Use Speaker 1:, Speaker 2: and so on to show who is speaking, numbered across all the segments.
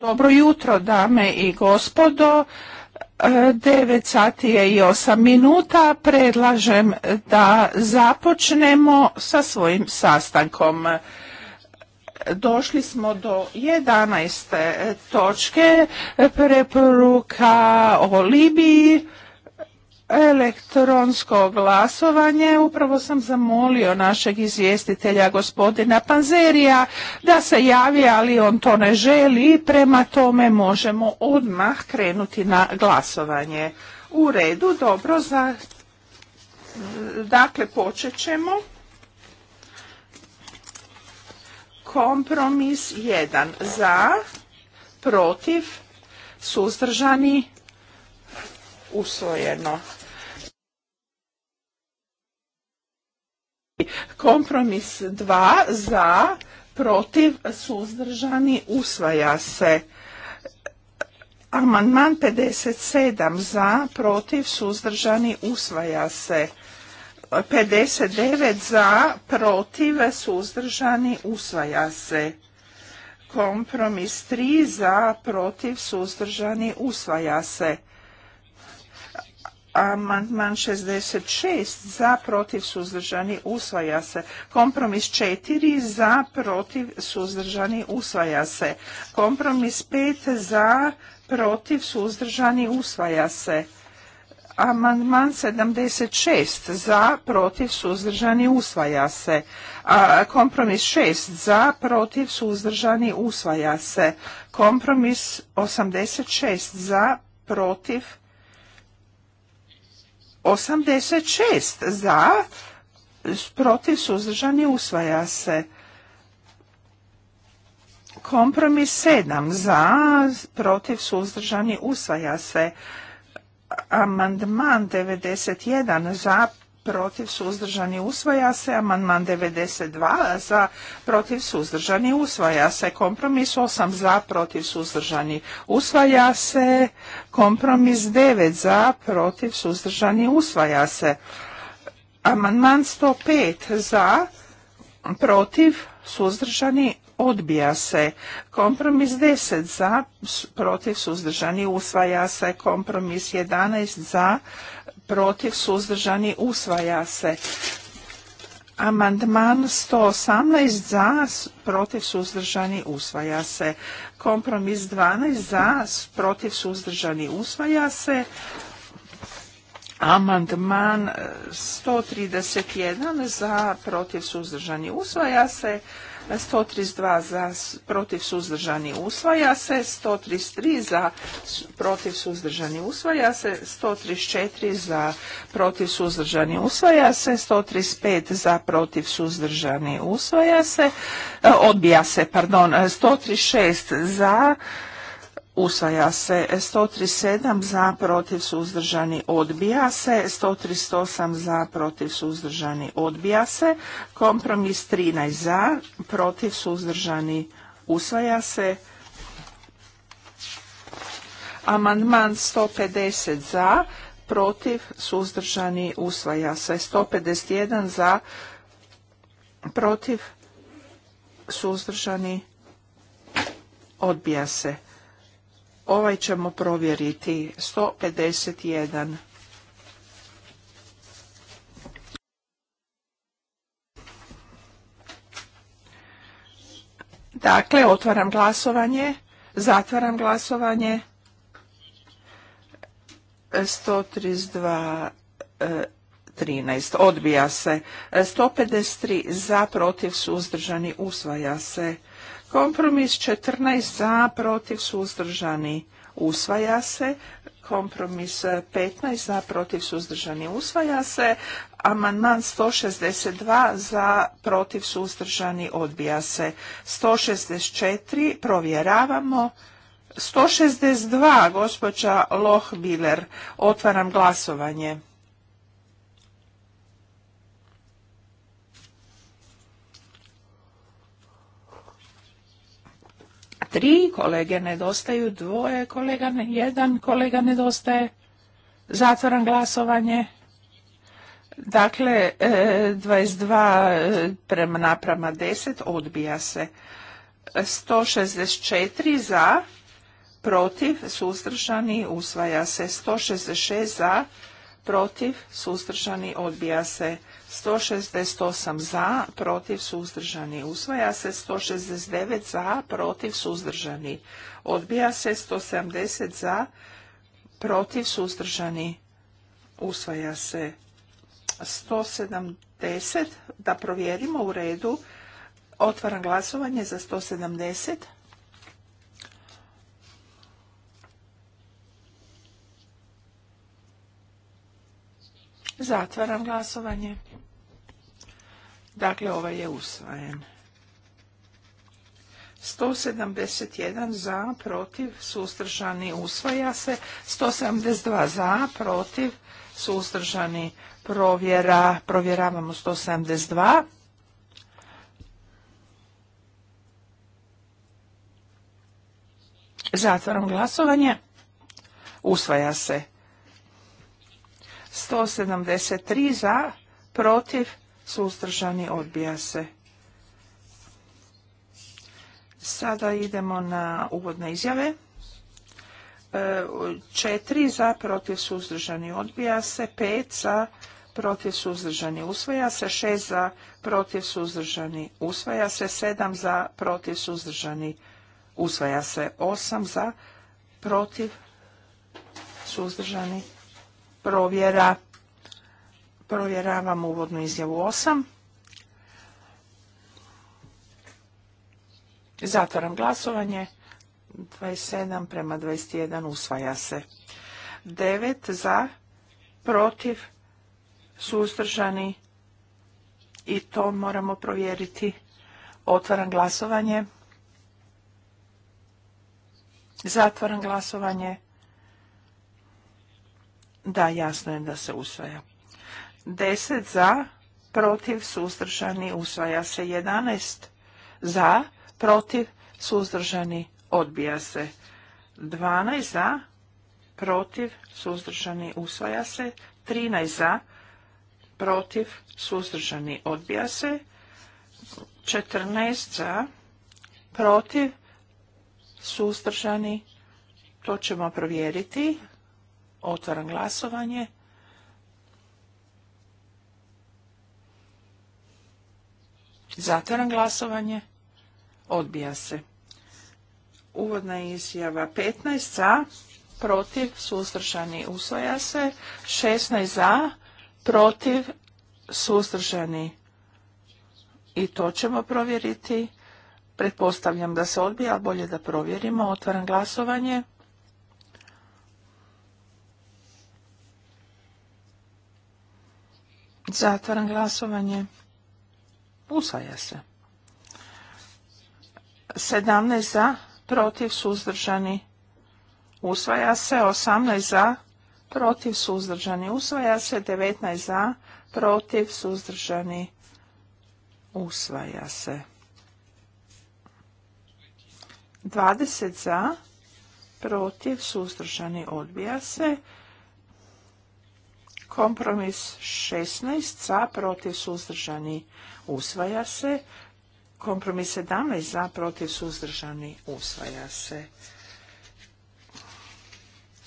Speaker 1: Dobro
Speaker 2: jutro, dame i gospodo. 9 e, sati je i 8 minuta. Predlažem da započnemo sa svojim sastankom. Došli smo do 11. točke preporuka o Libiji elektronsko glasovanje. Upravo sam zamolio našeg izvjestitelja gospodina Panzerija da se javi, ali on to ne želi. Prema tome možemo odmah krenuti na glasovanje. U redu, dobro, za... dakle počet ćemo. Kompromis 1 za, protiv, suzdržani, usvojeno. Kompromis 2 za, protiv, suzdržani, usvaja se. Amandman 57 za, protiv, suzdržani, usvaja se. 59 za, protiv, suzdržani, usvaja se. Kompromis 3 za, protiv, suzdržani, usvaja se. Amandman 66 za protiv suzdržani usvaja se. Kompromis 4 za protiv suzdržani usvaja se. Kompromis 5 za protiv suzdržani usvaja se. Amandman 76 za protiv suzdržani usvaja se. kompromis 6 za protiv suzdržani usvaja se. Kompromis 86 za protiv 86 za, protiv suzdržani usvaja se. Kompromis 7 za, protiv suzdržani usvaja se. Amandman 91 za, protiv suzdržani usvaja se, amandman 92 za protiv suzdržani usvaja se, kompromis 8 za protiv suzdržani usvaja se, kompromis 9 za protiv suzdržani usvaja se, amandman 105 za protiv suzdržani odbija se. Kompromis 10 za, protiv suzdržani usvaja se. Kompromis 11 za, protiv, suzdržani, usvaja se. Amandman 118 za, protiv, suzdržani, usvaja se. Kompromis 12 za, protiv, suzdržani, usvaja se. Amandman 131 za, protiv, suzdržani, usvaja se. 132 za protiv suzdržani usvaja se, 133 za protiv suzdržani usvaja se, 134 za protiv suzdržani usvaja se, 135 za protiv suzdržani usvaja se, e, odbija se, pardon, 136 za usvaja se 137 za protiv suzdržani odbija se 138 za protiv suzdržani odbija se kompromis 13 za protiv suzdržani usvaja se amandman 150 za protiv suzdržani usvaja se 151 za protiv suzdržani odbija se Ovaj ćemo provjeriti. 151. Dakle, otvaram glasovanje, zatvaram glasovanje. 132 13 e, odbija se 153 za protiv suzdržani usvaja se Kompromis 14 za, protiv, suzdržani, usvaja se. Kompromis 15 za, protiv, suzdržani, usvaja se. Amandman 162 za, protiv, suzdržani, odbija se. 164 provjeravamo. 162, gospođa Lohbiler, otvaram glasovanje. Tri kolege nedostaju, dvoje kolega, jedan kolega nedostaje. Zatvoran glasovanje. Dakle, 22 e, e, prema naprama 10 odbija se. 164 za, protiv, sustršani, usvaja se. 166 za, protiv, sustršani, odbija se. 168 za, protiv suzdržani. Usvaja se 169 za, protiv suzdržani. Odbija se 170 za, protiv suzdržani. Usvaja se 170. Da provjerimo u redu. Otvaram glasovanje za 170. Zatvaram glasovanje. Dakle, ovaj je usvajen. 171 za, protiv, sustržani, usvaja se. 172 za, protiv, sustržani, provjera, provjeravamo 172. Zatvorom glasovanje. Usvaja se. 173 za, protiv, suzdržani, odbija se. Sada idemo na uvodne izjave. E, četiri za, protiv, suzdržani, odbija se. Pet za, protiv, suzdržani, usvaja se. Šest za, protiv, suzdržani, usvaja se. Sedam za, protiv, suzdržani, usvaja se. Osam za, protiv, suzdržani, provjera. Provjeravam uvodnu izjavu 8. Zatvaram glasovanje. 27 prema 21 usvaja se. 9 za, protiv, suzdržani i to moramo provjeriti. Otvaram glasovanje. Zatvaram glasovanje. Da, jasno je da se usvaja. 10 za, protiv, suzdržani, usvaja se. 11 za, protiv, suzdržani, odbija se. 12 za, protiv, suzdržani, usvaja se. 13 za, protiv, suzdržani, odbija se. 14 za, protiv, suzdržani, to ćemo provjeriti. Otvaram glasovanje. Zatvaram glasovanje. Odbija se. Uvodna izjava 15 za, protiv, suzdržani, usvaja se. 16 za, protiv, suzdržani. I to ćemo provjeriti. Pretpostavljam da se odbija, ali bolje da provjerimo. Otvaram glasovanje. Zatvaram glasovanje. Usvaja se. 17 za, protiv, suzdržani. Usvaja se. 18 za, protiv, suzdržani. Usvaja se. 19 za, protiv, suzdržani. Usvaja se. 20 za, protiv, suzdržani. Odbija se. Kompromis 16 za, protiv, suzdržani, usvaja se. Kompromis 17 za, protiv, suzdržani, usvaja se.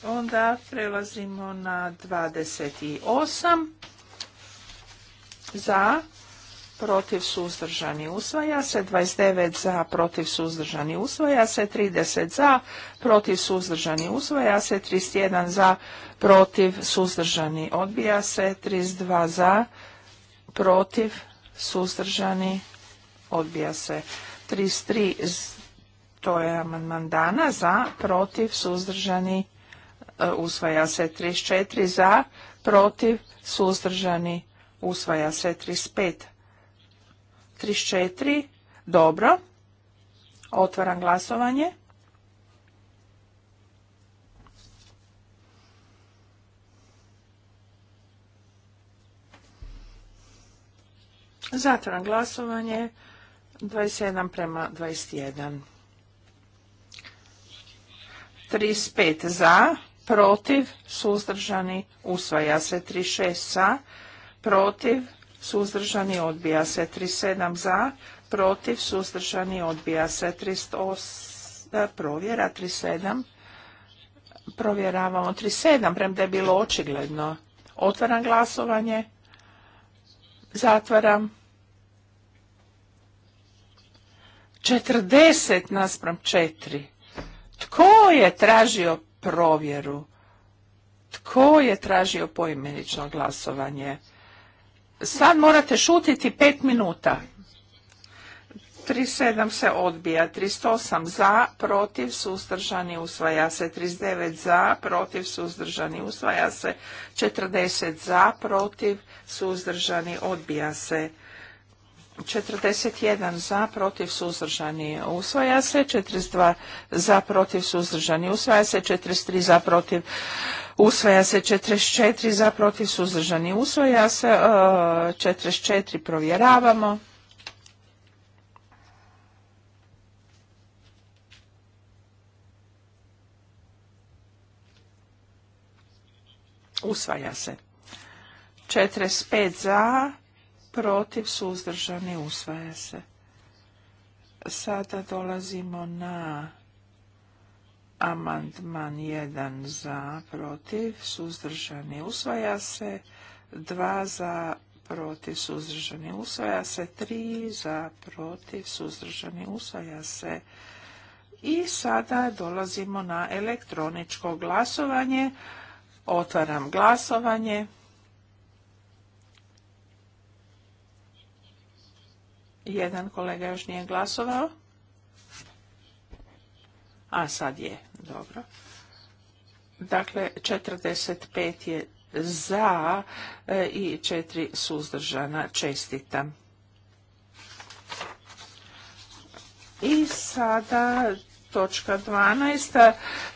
Speaker 2: Onda prelazimo na 28 za, protiv suzdržani usvaja se, 29 za protiv suzdržani usvaja se, 30 za protiv suzdržani usvaja se, 31 za protiv suzdržani odbija se, 32 za protiv suzdržani odbija se, 33 to je amandman dana za protiv suzdržani e, usvaja se, 34 za protiv suzdržani usvaja se, 35 34. Dobro. Otvaram glasovanje. Zatvaram glasovanje. 27 prema 21. 35 za, protiv, suzdržani, usvaja se. 36 sa, protiv, suzdržani odbija se 37 za, protiv suzdržani odbija se 308, provjera 37, provjeravamo 37, premda je bilo očigledno. Otvaram glasovanje, zatvaram. 40 naspram 4. Tko je tražio provjeru? Tko je tražio poimenično glasovanje? Sad morate šutiti pet minuta. 37 se odbija, 308 za, protiv, suzdržani, usvaja se, 39 za, protiv, suzdržani, usvaja se, 40 za, protiv, suzdržani, odbija se, 41 za, protiv suzdržani usvaja se, 42 za, protiv suzdržani usvaja se, 43 za, protiv usvaja se, 44 za, protiv suzdržani usvaja se, 44 e, provjeravamo. Usvaja se. 45 za, protiv, suzdržani, usvaja se. Sada dolazimo na amandman 1 za, protiv, suzdržani, usvaja se. 2 za, protiv, suzdržani, usvaja se. 3 za, protiv, suzdržani, usvaja se. I sada dolazimo na elektroničko glasovanje. Otvaram glasovanje. Jedan kolega još nije glasovao. A sad je, dobro. Dakle, 45 je za e, i 4 suzdržana. Čestitam. I sada točka 12.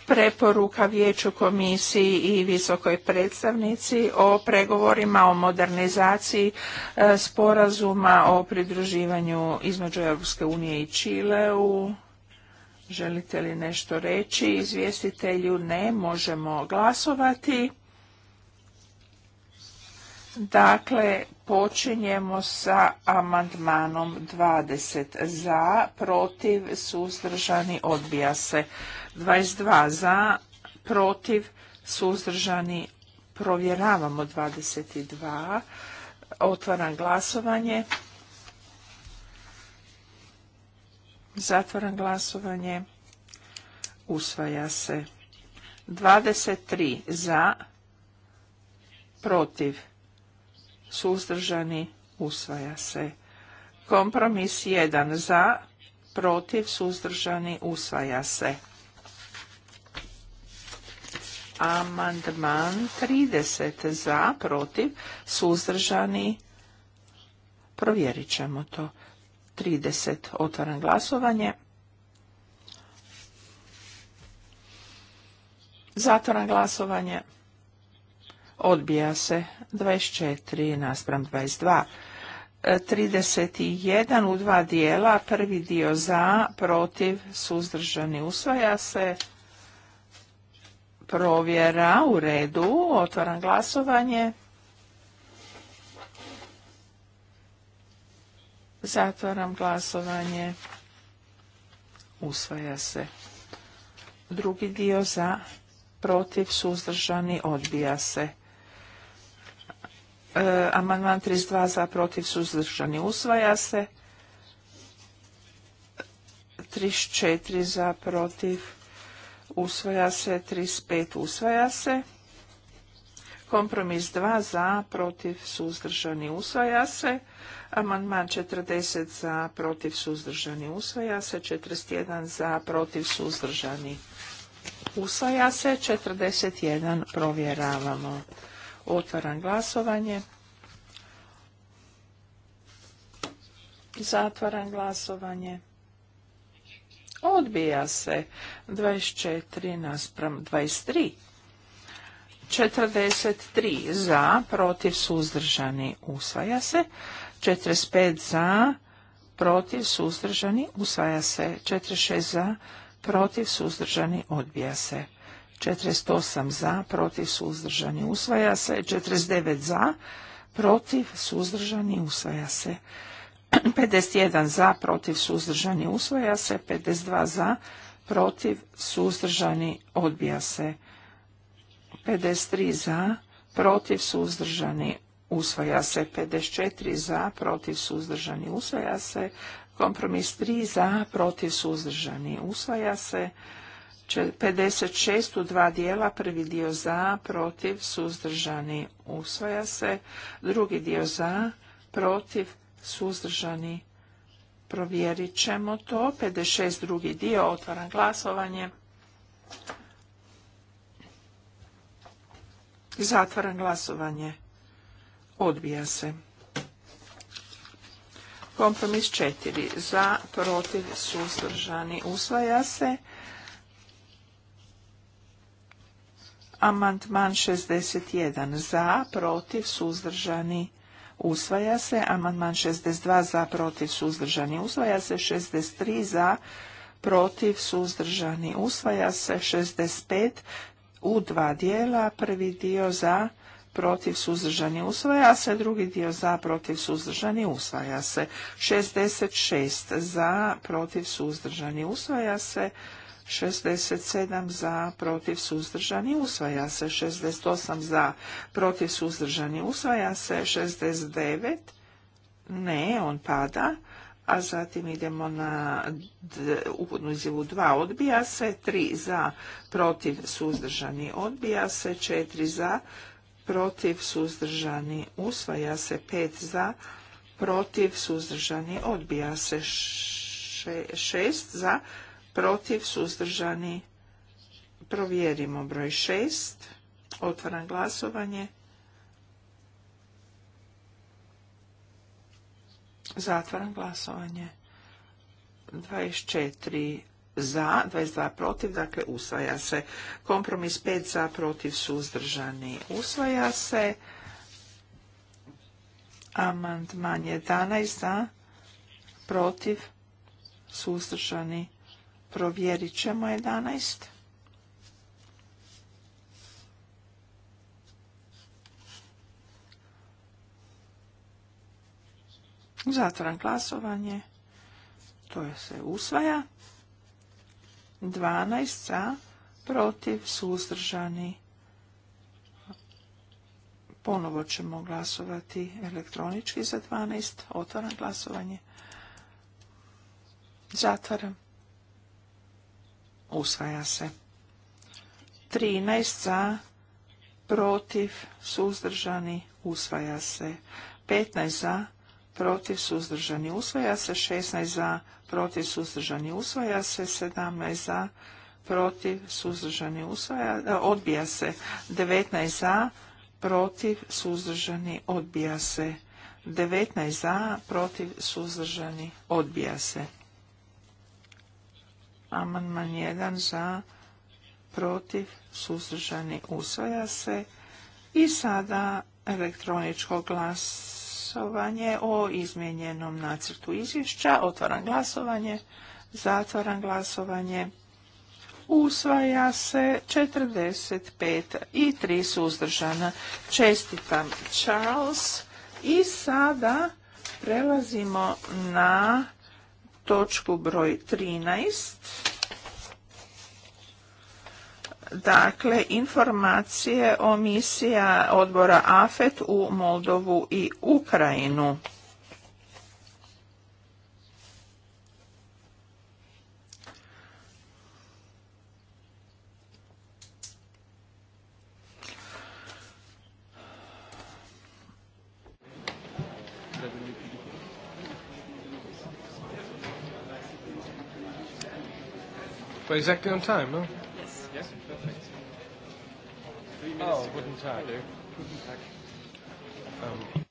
Speaker 2: preporuka vijeću komisiji i visokoj predstavnici o pregovorima o modernizaciji e, sporazuma o pridruživanju između Europske unije i Čileu. Želite li nešto reći? Izvjestitelju ne možemo glasovati. Dakle, počinjemo sa amandmanom 20 za, protiv, suzdržani, odbija se. 22 za, protiv, suzdržani, provjeravamo 22. Otvaram glasovanje. Zatvaram glasovanje. Usvaja se. 23 za, protiv, suzdržani, usvaja se. Kompromis 1 za, protiv, suzdržani, usvaja se. Amandman 30 za, protiv, suzdržani, provjerit ćemo to. 30, otvaram glasovanje. Zatvoran glasovanje. Odbija se 24 naspram 22. 31 e, u dva dijela, prvi dio za, protiv, suzdržani usvaja se. Provjera u redu, otvaram glasovanje. Zatvaram glasovanje. Usvaja se. Drugi dio za, protiv, suzdržani, odbija se. E, amandman 32 za protiv suzdržani usvaja se. 34 za protiv usvaja se. 35 usvaja se. Kompromis 2 za protiv suzdržani usvaja se. Amandman 40 za protiv suzdržani usvaja se. 41 za protiv suzdržani usvaja se. 41 provjeravamo. Otvaram glasovanje. Zatvaram glasovanje. Odbija se 24 naspram 23. 43 za, protiv suzdržani usvaja se. 45 za, protiv suzdržani usvaja se. 46 za, protiv suzdržani odbija se. 48 za, protiv suzdržani usvaja se, 49 za, protiv suzdržani usvaja se, 51 za, protiv suzdržani usvaja se, 52 za, protiv suzdržani odbija se, 53 za, protiv suzdržani usvaja se, 54 za, protiv suzdržani usvaja se, kompromis 3 za, protiv suzdržani usvaja se, 56 u dva dijela, prvi dio za, protiv, suzdržani, usvaja se, drugi dio za, protiv, suzdržani, provjerit ćemo to, 56 drugi dio, otvaram glasovanje, zatvaram glasovanje, odbija se. Kompromis 4. Za, protiv, suzdržani, usvaja se. Amandman 61 za, protiv, suzdržani, usvaja se. Amandman 62 za, protiv, suzdržani, usvaja se. 63 za, protiv, suzdržani, usvaja se. 65 u dva dijela, prvi dio za, protiv, suzdržani, usvaja se. Drugi dio za, protiv, suzdržani, usvaja se. 66 za, protiv, suzdržani, usvaja se. 67 za, protiv, suzdržani, usvaja se. 68 za, protiv, suzdržani, usvaja se. 69, ne, on pada. A zatim idemo na uvodnu izjavu 2, odbija se. 3 za, protiv, suzdržani, odbija se. 4 za, protiv, suzdržani, usvaja se. 5 za, protiv, suzdržani, odbija se. 6 za, protiv, protiv, suzdržani, provjerimo broj 6, otvaram glasovanje, zatvaram glasovanje, 24 za, 22 protiv, dakle usvaja se. Kompromis 5 za, protiv, suzdržani, usvaja se. Amandman 11 za, protiv, suzdržani, Provjerit ćemo 11. Zatvoram glasovanje. To se usvaja. 12 za, protiv, suzdržani. Ponovo ćemo glasovati elektronički za 12. Otvaram glasovanje. Zatvaram usvaja se. 13 za, protiv, suzdržani, usvaja se. 15 za, protiv, suzdržani, usvaja se. 16 za, protiv, suzdržani, usvaja se. 17 za, protiv, suzdržani, usvaja, e, odbija se. 19 za, protiv, suzdržani, odbija se. 19 za, protiv, suzdržani, odbija se. Amandman 1 za, protiv, suzdržani, usvaja se. I sada elektroničko glasovanje o izmijenjenom nacrtu izvješća. Otvaram glasovanje, zatvaram glasovanje. Usvaja se 45 i 3 suzdržana. Čestitam Charles. I sada prelazimo na točku broj 13. Dakle, informacije o misija odbora AFET u Moldovu i Ukrajinu.
Speaker 1: We're exactly on time, no? Yes. Yes, perfect. Three oh, minutes. Oh, guten Tag. Wouldn't Tag. Um,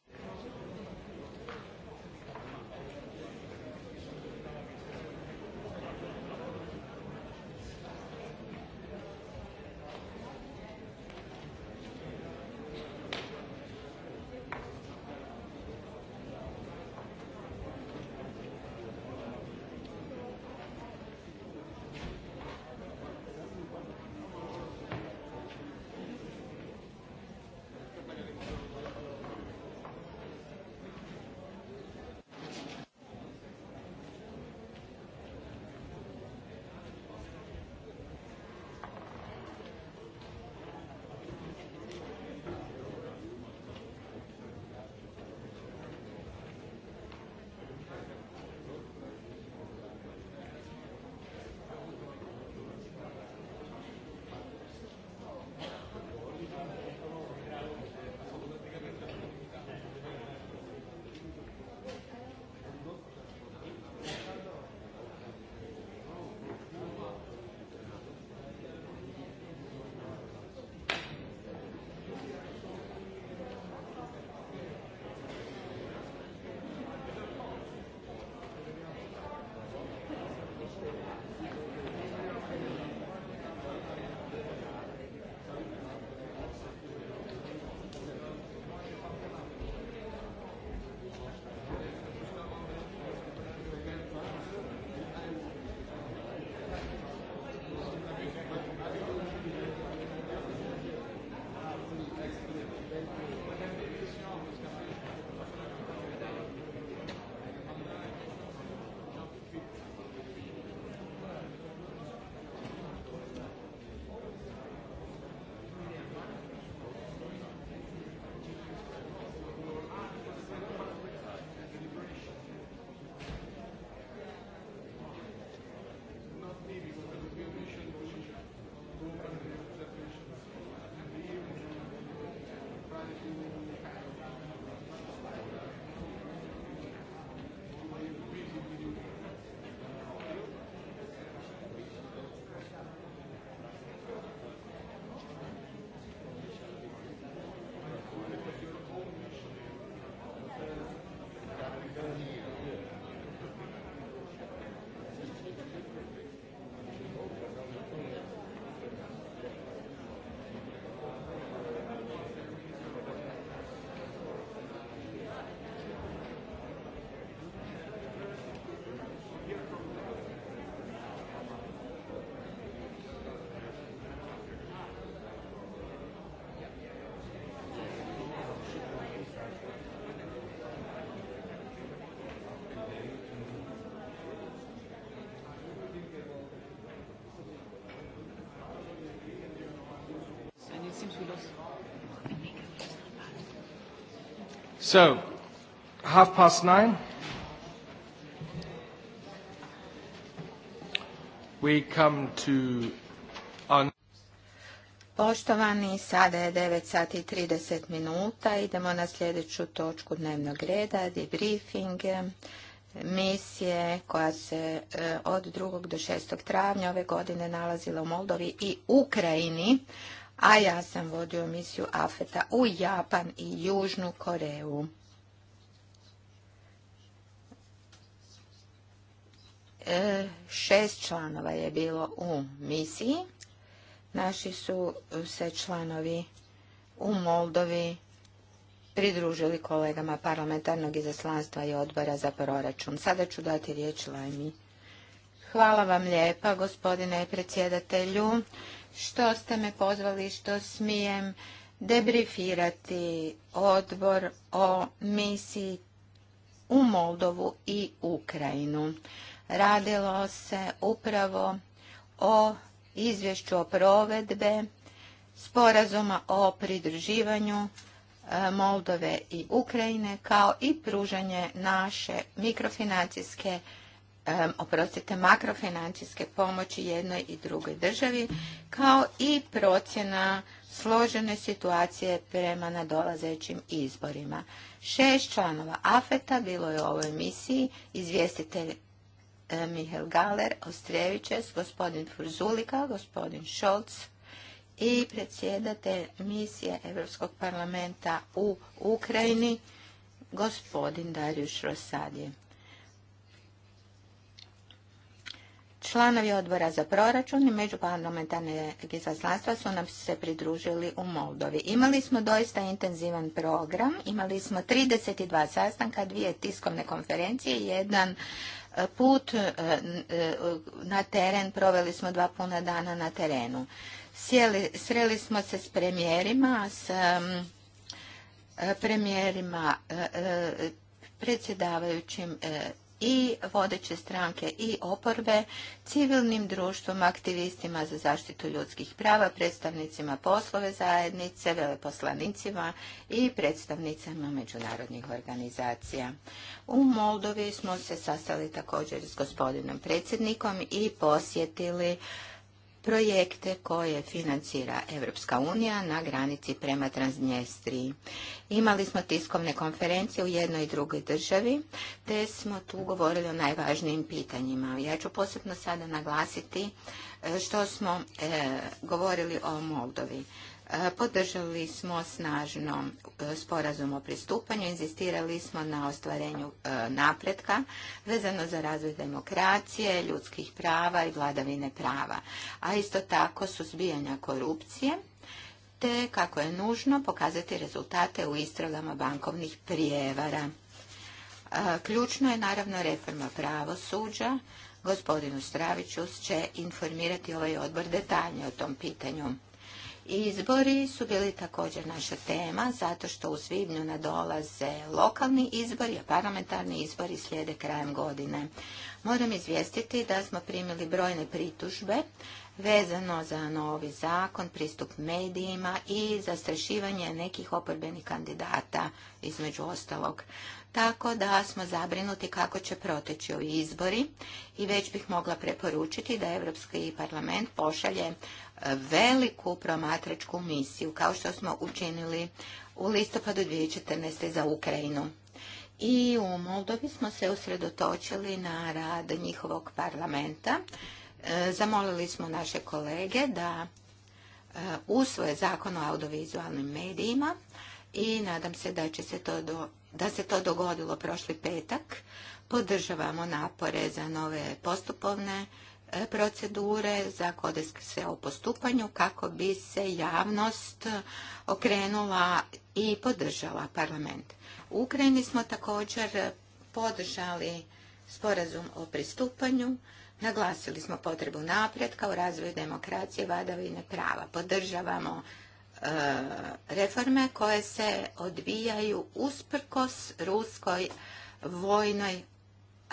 Speaker 1: So, half past nine. We come to on...
Speaker 3: Poštovani, sada je 9 sati i 30 minuta. Idemo na sljedeću točku dnevnog reda, debriefing eh, misije koja se eh, od 2. do 6. travnja ove godine nalazila u Moldovi i Ukrajini a ja sam vodio misiju AFETA u Japan i Južnu Koreju. E, šest članova je bilo u misiji. Naši su se članovi u Moldovi pridružili kolegama parlamentarnog izaslanstva i odbora za proračun. Sada ću dati riječ Lajmi. Hvala vam lijepa, gospodine predsjedatelju što ste me pozvali, što smijem debrifirati odbor o misiji u Moldovu i Ukrajinu. Radilo se upravo o izvješću o provedbe sporazuma o pridruživanju e, Moldove i Ukrajine kao i pružanje naše mikrofinancijske oprostite, makrofinancijske pomoći jednoj i drugoj državi, kao i procjena složene situacije prema nadolazećim izborima. Šest članova AFETA bilo je u ovoj misiji, izvjestitelj e, Mihel Galer, Ostrevićes, gospodin Furzulika, gospodin Šolc i predsjedatelj misije Europskog parlamenta u Ukrajini, gospodin Darius Rosadjev. Članovi odbora za proračun i međuparlamentarne izaslanstva su nam se pridružili u Moldovi. Imali smo doista intenzivan program, imali smo 32 sastanka, dvije tiskovne konferencije, jedan e, put e, e, na teren, proveli smo dva puna dana na terenu. Sjeli, sreli smo se s premijerima, s premijerima predsjedavajućim i vodeće stranke i oporbe, civilnim društvom, aktivistima za zaštitu ljudskih prava, predstavnicima poslove zajednice, veleposlanicima i predstavnicama međunarodnih organizacija. U Moldovi smo se sastali također s gospodinom predsjednikom i posjetili projekte koje financira Europska unija na granici prema Transnjestriji. Imali smo tiskovne konferencije u jednoj i drugoj državi, te smo tu govorili o najvažnijim pitanjima. Ja ću posebno sada naglasiti e, što smo e, govorili o Moldovi. E, podržali smo snažno e, sporazum o pristupanju, inzistirali smo na ostvarenju e, napretka vezano za razvoj demokracije, ljudskih prava i vladavine prava, a isto tako suzbijanja korupcije te kako je nužno pokazati rezultate u istragama bankovnih prijevara. Ključno je naravno reforma pravosuđa. Gospodinu Straviću će informirati ovaj odbor detaljnije o tom pitanju. Izbori su bili također naša tema, zato što u svibnju nadolaze lokalni izbori, a parlamentarni izbori slijede krajem godine. Moram izvijestiti da smo primili brojne pritužbe vezano za novi zakon, pristup medijima i zastrašivanje nekih oporbenih kandidata, između ostalog. Tako da smo zabrinuti kako će proteći ovi izbori i već bih mogla preporučiti da Europski parlament pošalje veliku promatračku misiju, kao što smo učinili u listopadu 2014. za Ukrajinu. I u Moldovi smo se usredotočili na rad njihovog parlamenta. E, zamolili smo naše kolege da e, usvoje zakon o audiovizualnim medijima i nadam se da će se to da se to dogodilo prošli petak. Podržavamo napore za nove postupovne procedure za se o postupanju kako bi se javnost okrenula i podržala parlament. U Ukrajini smo također podržali sporazum o pristupanju, naglasili smo potrebu napretka u razvoju demokracije vladavine prava. Podržavamo e, reforme koje se odvijaju usprkos ruskoj vojnoj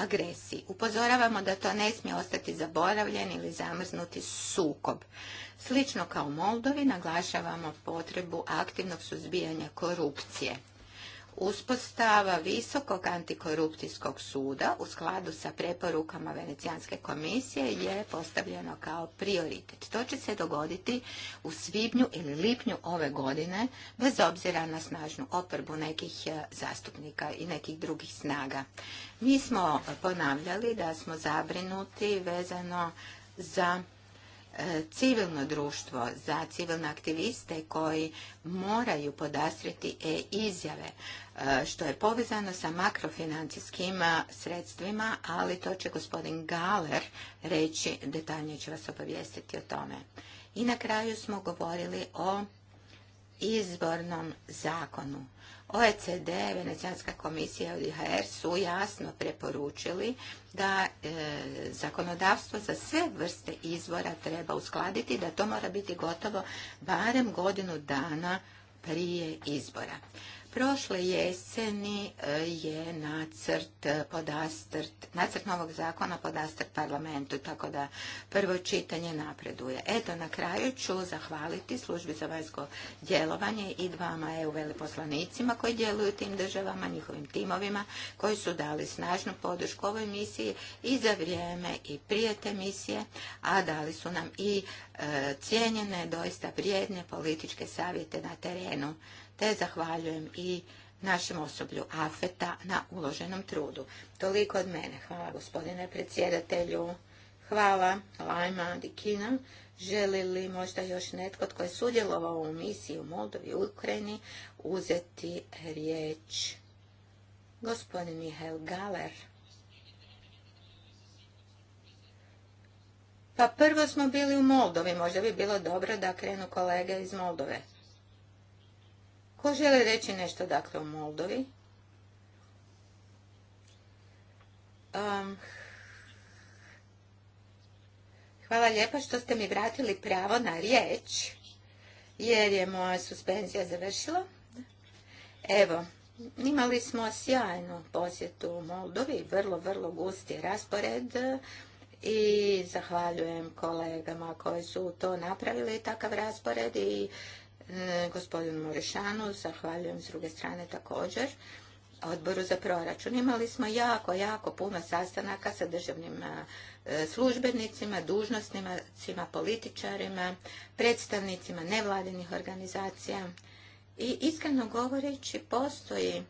Speaker 3: agresiji. Upozoravamo da to ne smije ostati zaboravljen ili zamrznuti sukob. Slično kao Moldovi naglašavamo potrebu aktivnog suzbijanja korupcije uspostava visokog antikorupcijskog suda u skladu sa preporukama Venecijanske komisije je postavljeno kao prioritet. To će se dogoditi u svibnju ili lipnju ove godine, bez obzira na snažnu oprbu nekih e, zastupnika i nekih drugih snaga. Mi smo ponavljali da smo zabrinuti vezano za E, civilno društvo, za civilne aktiviste koji moraju podastriti e-izjave, e, što je povezano sa makrofinancijskim e, sredstvima, ali to će gospodin Galer reći, detaljnije će vas obavijestiti o tome. I na kraju smo govorili o izbornom zakonu. OECD, Venecijanska komisija i IHR su jasno preporučili da e, zakonodavstvo za sve vrste izvora treba uskladiti, da to mora biti gotovo barem godinu dana prije izbora. Prošle jeseni e, je nacrt, e, podastrt, nacrt novog zakona podastrt parlamentu, tako da prvo čitanje napreduje. Eto, na kraju ću zahvaliti službi za vanjsko djelovanje i dvama EU veleposlanicima koji djeluju tim državama, njihovim timovima, koji su dali snažnu podršku ovoj misiji i za vrijeme i prije te misije, a dali su nam i e, cijenjene, doista vrijedne političke savjete na terenu te zahvaljujem i našem osoblju AFETA na uloženom trudu. Toliko od mene. Hvala gospodine predsjedatelju. Hvala Lajma Dikina. Želi li možda još netko tko je sudjelovao u misiji u Moldovi i Ukrajini uzeti riječ? Gospodin Mihael Galer. Pa prvo smo bili u Moldovi, možda bi bilo dobro da krenu kolege iz Moldove. Ko žele reći nešto dakle o Moldovi? hvala lijepo što ste mi vratili pravo na riječ, jer je moja suspenzija završila. Evo, imali smo sjajnu posjetu u Moldovi, vrlo, vrlo gusti raspored i zahvaljujem kolegama koji su to napravili, takav raspored i E, gospodinu Murešanu, zahvaljujem s druge strane također odboru za proračun. Imali smo jako, jako puno sastanaka sa državnim e, službenicima, dužnosnicima, političarima, predstavnicima nevladinih organizacija. I iskreno govoreći, postoji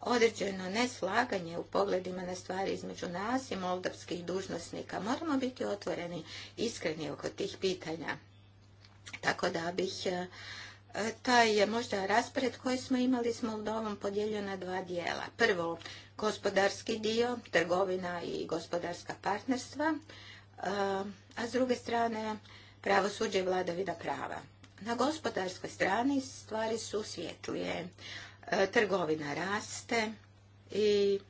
Speaker 3: određeno neslaganje u pogledima na stvari između nas i moldavskih dužnosnika. Moramo biti otvoreni, iskreni oko tih pitanja. Tako da bih e, E, taj je možda raspored koji smo imali s Moldovom podijelio na dva dijela. Prvo, gospodarski dio, trgovina i gospodarska partnerstva, e, a s druge strane pravosuđe i vladavida prava. Na gospodarskoj strani stvari su svjetlije. E, trgovina raste i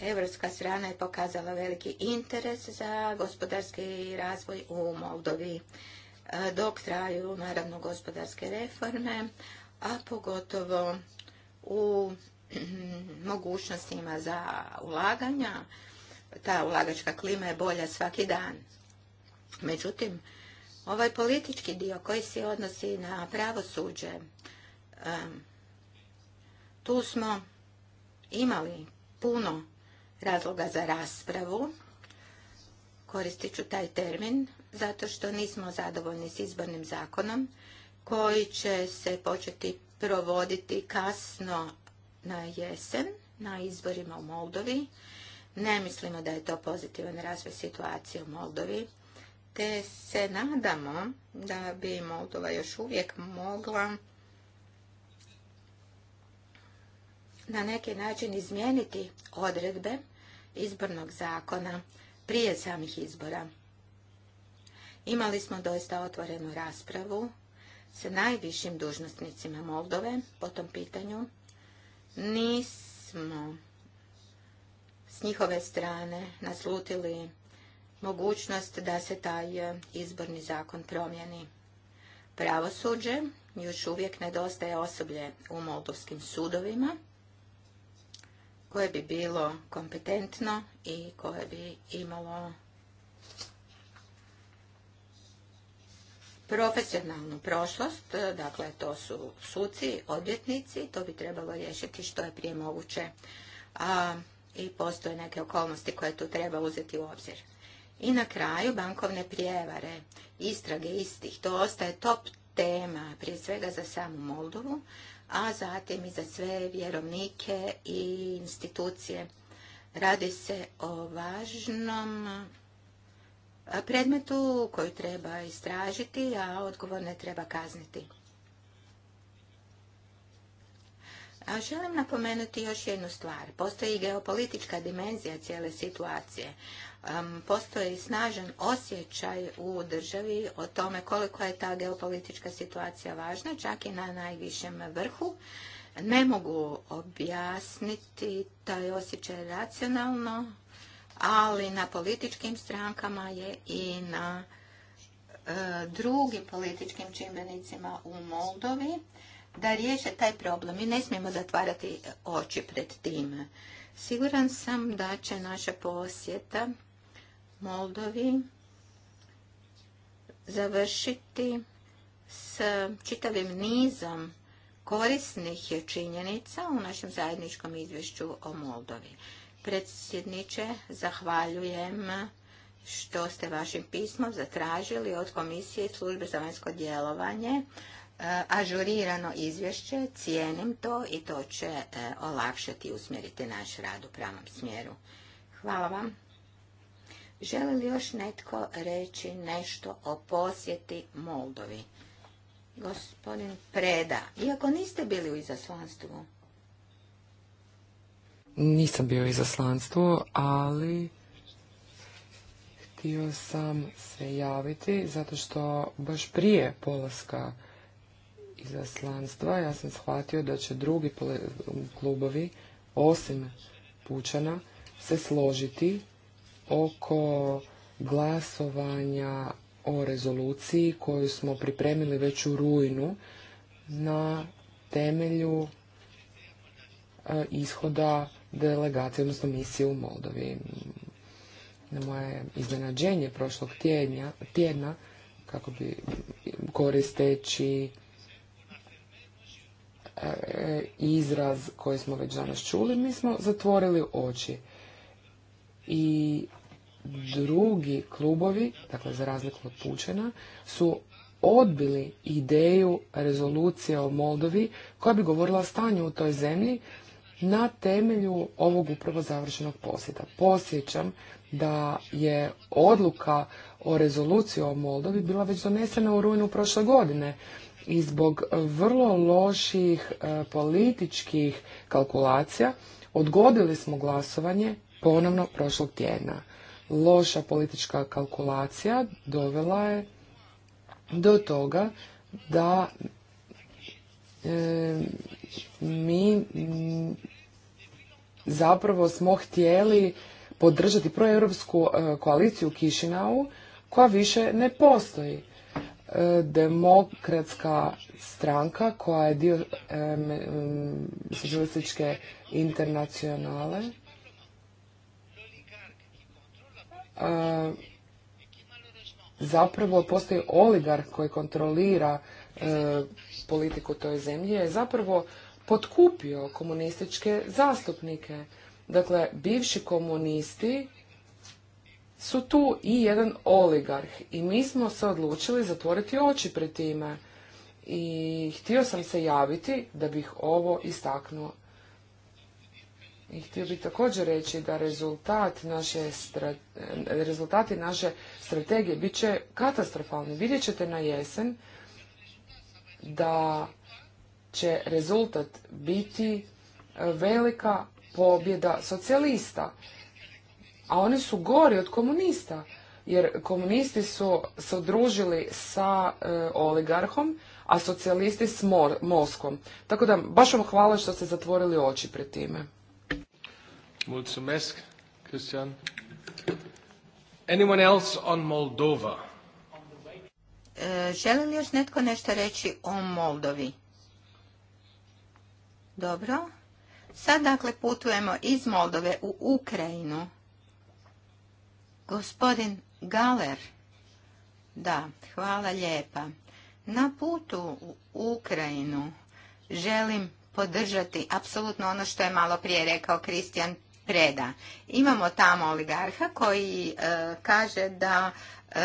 Speaker 3: Evropska strana je pokazala veliki interes za gospodarski razvoj u Moldovi. E, dok traju naravno gospodarske reforme, a pogotovo u mogućnostima za ulaganja. Ta ulagačka klima je bolja svaki dan. Međutim, ovaj politički dio koji se odnosi na pravosuđe, e, tu smo imali puno razloga za raspravu, koristit ću taj termin, zato što nismo zadovoljni s izbornim zakonom koji će se početi provoditi kasno na jesen na izborima u Moldovi. Ne mislimo da je to pozitivan razvoj situacije u Moldovi, te se nadamo da bi Moldova još uvijek mogla na neki način izmijeniti odredbe izbornog zakona prije samih izbora. Imali smo doista otvorenu raspravu sa najvišim dužnostnicima Moldove po tom pitanju. Nismo s njihove strane naslutili mogućnost da se taj e, izborni zakon promijeni. Pravosuđe još uvijek nedostaje osoblje u moldovskim sudovima koje bi bilo kompetentno i koje bi imalo profesionalnu prošlost, e, dakle to su suci, odvjetnici, to bi trebalo riješiti što je prije moguće a, i postoje neke okolnosti koje tu treba uzeti u obzir. I na kraju bankovne prijevare, istrage istih, to ostaje top tema, prije svega za samu Moldovu, a zatim i za sve vjerovnike i institucije. Radi se o važnom predmetu koji treba istražiti, a ne treba kazniti. A želim napomenuti još jednu stvar. Postoji geopolitička dimenzija cijele situacije. Postoji snažan osjećaj u državi o tome koliko je ta geopolitička situacija važna, čak i na najvišem vrhu. Ne mogu objasniti taj osjećaj racionalno, ali na političkim strankama je i na e, drugim političkim čimbenicima u Moldovi da riješe taj problem. Mi ne smijemo zatvarati oči pred tim. Siguran sam da će naša posjeta Moldovi završiti s čitavim nizom korisnih činjenica u našem zajedničkom izvješću o Moldovi predsjedniče. Zahvaljujem što ste vašim pismom zatražili od Komisije i službe za vanjsko djelovanje e, ažurirano izvješće. Cijenim to i to će e, olakšati i usmjeriti naš rad u pravom smjeru. Hvala vam. Želi li još netko reći nešto o posjeti Moldovi? Gospodin Preda, iako niste bili u izaslanstvu,
Speaker 4: nisam bio izaslanstvo, ali htio sam se javiti zato što baš prije polaska izaslanstva ja sam shvatio da će drugi klubovi osim pučana se složiti oko glasovanja o rezoluciji koju smo pripremili već u rujnu na temelju e, ishoda delegacije, odnosno misije u Moldovi. Na moje iznenađenje prošlog tjednja, tjedna, kako bi koristeći e, izraz koji smo već danas čuli, mi smo zatvorili oči. I drugi klubovi, dakle za razliku od Pučena, su odbili ideju rezolucije o Moldovi koja bi govorila o stanju u toj zemlji na temelju ovog upravo završenog posjeta. Posjećam da je odluka o rezoluciji o Moldovi bila već donesena u rujnu prošle godine i zbog vrlo loših e, političkih kalkulacija odgodili smo glasovanje ponovno prošlog tjedna. Loša politička kalkulacija dovela je do toga da E, mi zapravo smo htjeli podržati proeuropsku e, koaliciju u Kišinau koja više ne postoji. E, demokratska stranka koja je dio socijalističke internacionale zapravo postoji oligar koji kontrolira E, politiku toj zemlji je zapravo potkupio komunističke zastupnike. Dakle, bivši komunisti su tu i jedan oligarh i mi smo se odlučili zatvoriti oči pred time. I htio sam se javiti da bih ovo istaknuo. I htio bih također reći da rezultat naše rezultati naše strategije bit će katastrofalni. Vidjet ćete na jesen da će rezultat biti velika pobjeda socijalista. A oni su gori od komunista, jer komunisti su se odružili sa e, oligarhom, a socijalisti s Moskom. Tako da, baš vam hvala što ste zatvorili oči pred time.
Speaker 1: Mulcumesk, Christian. Anyone else on Moldova?
Speaker 3: Želi li još netko nešto reći o Moldovi? Dobro. Sad dakle putujemo iz Moldove u Ukrajinu. Gospodin Galer. Da, hvala lijepa. Na putu u Ukrajinu želim podržati apsolutno ono što je malo prije rekao Kristijan preda. Imamo tamo oligarha koji e, kaže da e,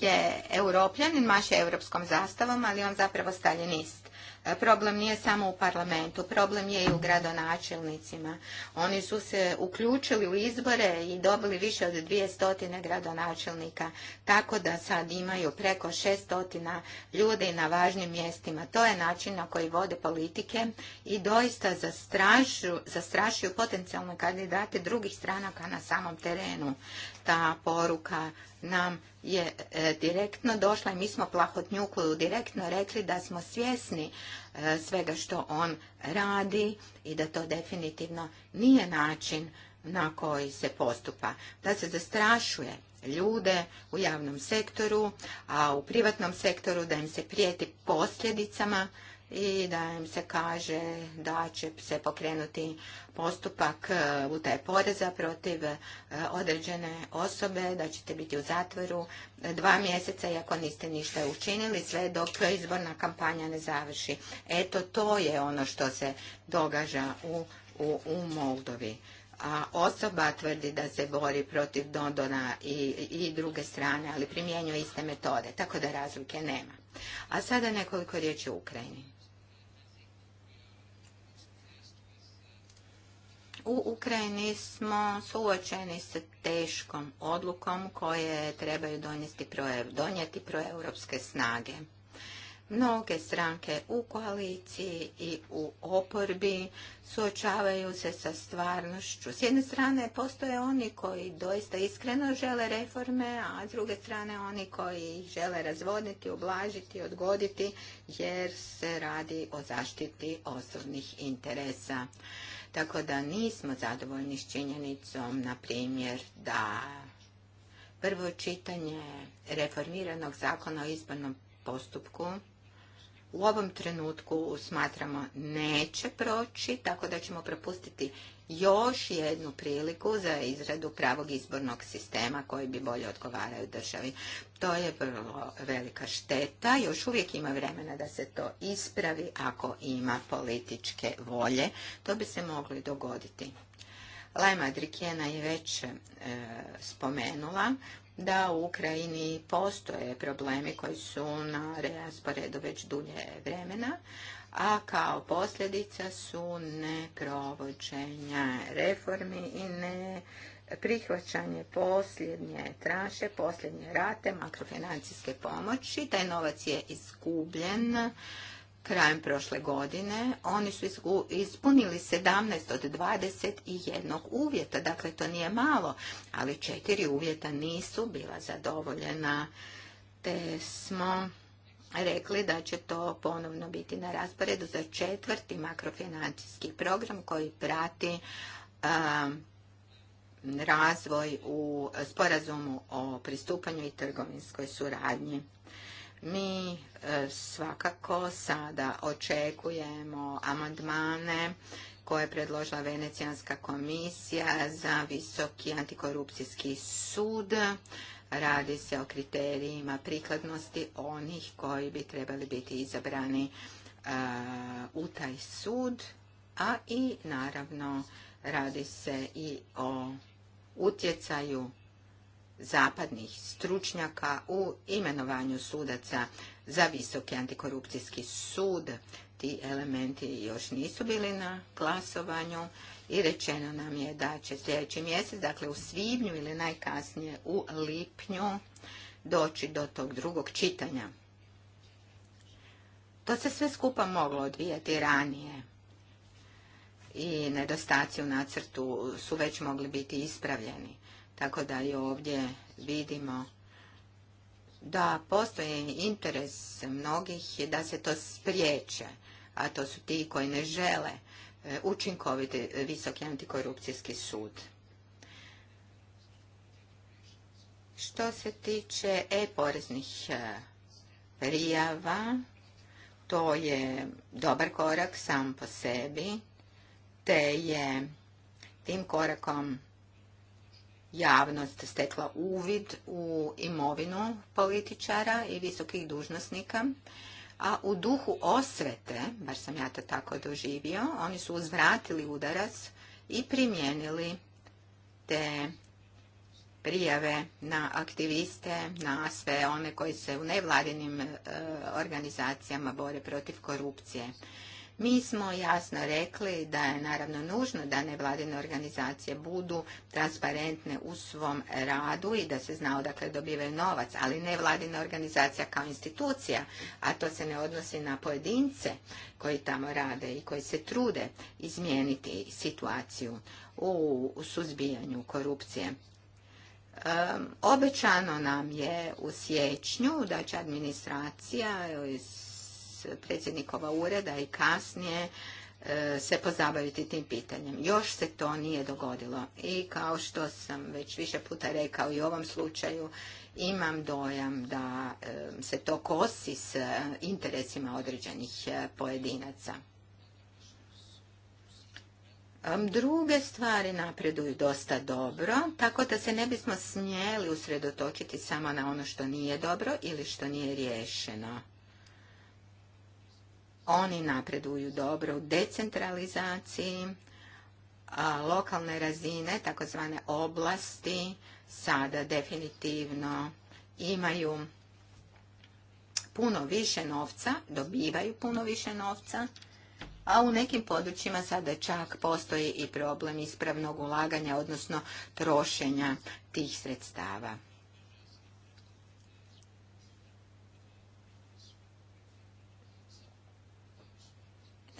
Speaker 3: je europljanin, maše europskom zastavom, ali on zapravo staljenist. E, problem nije samo u parlamentu, problem je i u gradonačelnicima. Oni su se uključili u izbore i dobili više od 200 gradonačelnika, tako da sad imaju preko 600 ljudi na važnim mjestima. To je način na koji vode politike i doista zastrašuju, zastrašuju potencijalne kandidate drugih stranaka na samom terenu. Ta poruka nam je e, direktno došla i mi smo Plahotnjuku direktno rekli da smo svjesni e, svega što on radi i da to definitivno nije način na koji se postupa. Da se zastrašuje ljude u javnom sektoru, a u privatnom sektoru da im se prijeti posljedicama i da im se kaže da će se pokrenuti postupak e, utaje poreza protiv e, određene osobe, da ćete biti u zatvoru dva mjeseca iako niste ništa učinili, sve dok izborna kampanja ne završi. Eto, to je ono što se događa u, u, u Moldovi a osoba tvrdi da se bori protiv Dondona i, i druge strane, ali primjenjuje iste metode, tako da razlike nema. A sada nekoliko riječi o Ukrajini. U Ukrajini smo suočeni s teškom odlukom koje trebaju donijeti, proevropske donijeti snage. Mnoge stranke u koaliciji i u oporbi suočavaju se sa stvarnošću. S jedne strane postoje oni koji doista iskreno žele reforme, a s druge strane oni koji ih žele razvodniti, ublažiti, odgoditi jer se radi o zaštiti osobnih interesa. Tako da nismo zadovoljni s činjenicom, na primjer, da prvo čitanje reformiranog zakona o izbornom postupku u ovom trenutku smatramo neće proći, tako da ćemo propustiti još jednu priliku za izradu pravog izbornog sistema koji bi bolje odgovaraju državi. To je vrlo velika šteta. Još uvijek ima vremena da se to ispravi ako ima političke volje. To bi se i dogoditi. Lajma Drikjena je već e, spomenula da u Ukrajini postoje problemi koji su na rasporedu već dulje vremena, a kao posljedica su neprovođenja reformi i ne prihvaćanje posljednje traše, posljednje rate makrofinancijske pomoći. Taj novac je izgubljen krajem prošle godine. Oni su ispunili 17 od 21 uvjeta, dakle to nije malo, ali četiri uvjeta nisu bila zadovoljena, te smo rekli da će to ponovno biti na rasporedu za četvrti makrofinancijski program koji prati um, razvoj u sporazumu o pristupanju i trgovinskoj suradnji. Mi eh, svakako sada očekujemo amandmane koje je predložila Venecijanska komisija za visoki antikorupcijski sud. Radi se o kriterijima prikladnosti onih koji bi trebali biti izabrani e, u taj sud, a i naravno radi se i o utjecaju zapadnih stručnjaka u imenovanju sudaca za Visoki antikorupcijski sud. Ti elementi još nisu bili na glasovanju i rečeno nam je da će sljedeći mjesec, dakle u svibnju ili najkasnije u lipnju, doći do tog drugog čitanja. To se sve skupa moglo odvijati ranije i nedostaci u nacrtu su već mogli biti ispravljeni. Tako da i ovdje vidimo da postoji interes mnogih da se to spriječe, a to su ti koji ne žele učinkoviti visoki antikorupcijski sud. Što se tiče e-poreznih e, prijava, to je dobar korak sam po sebi, te je tim korakom javnost stekla uvid u imovinu političara i visokih dužnosnika a u duhu osvete, bar sam ja to tako doživio, oni su uzvratili udarac i primijenili te prijave na aktiviste, na sve one koji se u nevladinim e, organizacijama bore protiv korupcije. Mi smo jasno rekli da je naravno nužno da nevladine organizacije budu transparentne u svom radu i da se zna odakle dobivaju novac, ali nevladina organizacija kao institucija, a to se ne odnosi na pojedince koji tamo rade i koji se trude izmijeniti situaciju u suzbijanju korupcije. Ehm, obećano nam je u siječnju da će administracija iz predsjednikova ureda i kasnije e, se pozabaviti tim pitanjem. Još se to nije dogodilo i kao što sam već više puta rekao i u ovom slučaju imam dojam da e, se to kosi s e, interesima određenih pojedinaca. Druge stvari napreduju dosta dobro, tako da se ne bismo smjeli usredotočiti samo na ono što nije dobro ili što nije riješeno. Oni napreduju dobro u decentralizaciji a lokalne razine, takozvane oblasti, sada definitivno imaju puno više novca, dobivaju puno više novca, a u nekim područjima sada čak postoji i problem ispravnog ulaganja, odnosno trošenja tih sredstava.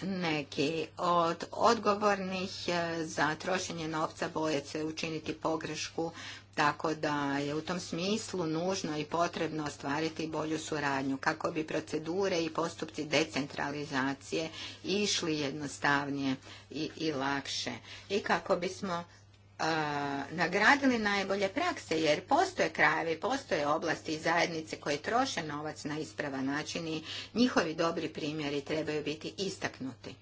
Speaker 3: neki od odgovornih e, za trošenje novca boje se učiniti pogrešku, tako da je u tom smislu nužno i potrebno ostvariti bolju suradnju kako bi procedure i postupci decentralizacije išli jednostavnije i, i lakše i kako bismo nagradili najbolje prakse, jer postoje krajevi, postoje oblasti i zajednice koje troše novac na ispravan način i njihovi dobri primjeri trebaju biti istaknuti.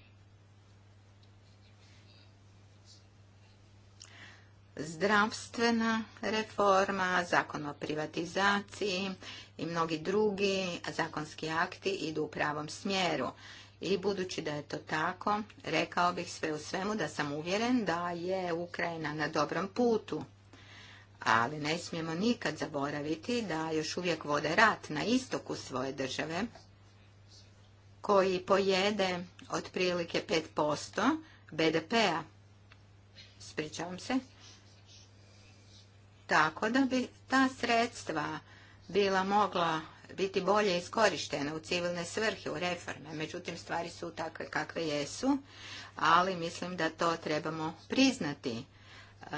Speaker 3: zdravstvena reforma, zakon o privatizaciji i mnogi drugi zakonski akti idu u pravom smjeru. I budući da je to tako, rekao bih sve u svemu da sam uvjeren da je Ukrajina na dobrom putu. Ali ne smijemo nikad zaboraviti da još uvijek vode rat na istoku svoje države, koji pojede otprilike 5% BDP-a. Spričavam se. Tako da bi ta sredstva bila mogla biti bolje iskorištene u civilne svrhe, u reforme. Međutim, stvari su takve kakve jesu, ali mislim da to trebamo priznati. E,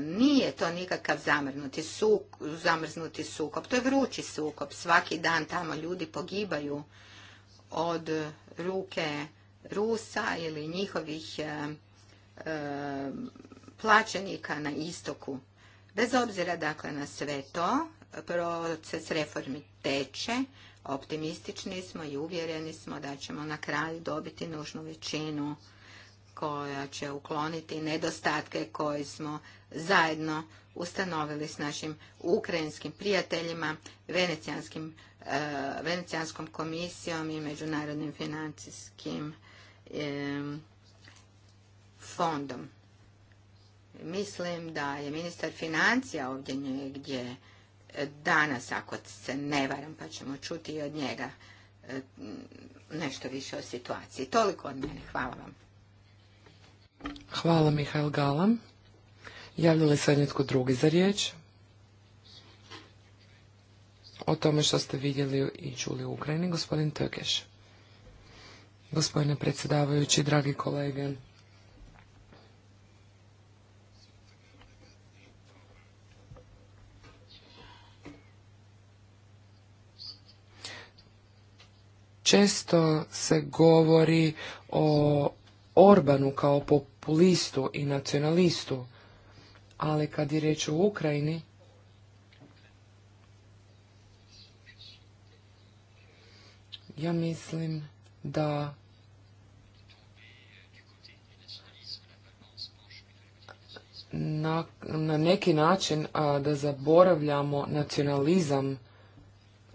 Speaker 3: nije to nikakav zamrznuti, suk, zamrznuti sukob, to je vrući sukob. Svaki dan tamo ljudi pogibaju od ruke Rusa ili njihovih e, e, plaćenika na istoku. Bez obzira dakle na sve to, proces reformi teče. Optimistični smo i uvjereni smo da ćemo na kraju dobiti nužnu većinu koja će ukloniti nedostatke koje smo zajedno ustanovili s našim ukrajinskim prijateljima, e, venecijanskom komisijom i međunarodnim financijskim e, fondom. Mislim da je ministar financija ovdje negdje danas, ako se ne varam, pa ćemo čuti i od njega e, nešto više o situaciji. Toliko od mene. Hvala vam.
Speaker 4: Hvala Mihajl Galam. Javlja li se netko drugi za riječ? O tome što ste vidjeli i čuli u Ukrajini, gospodin Tökeš. Gospodine predsjedavajući, dragi kolege, Često se govori o Orbanu kao populistu i nacionalistu, ali kad je reč o Ukrajini, ja mislim da na, neki način da zaboravljamo nacionalizam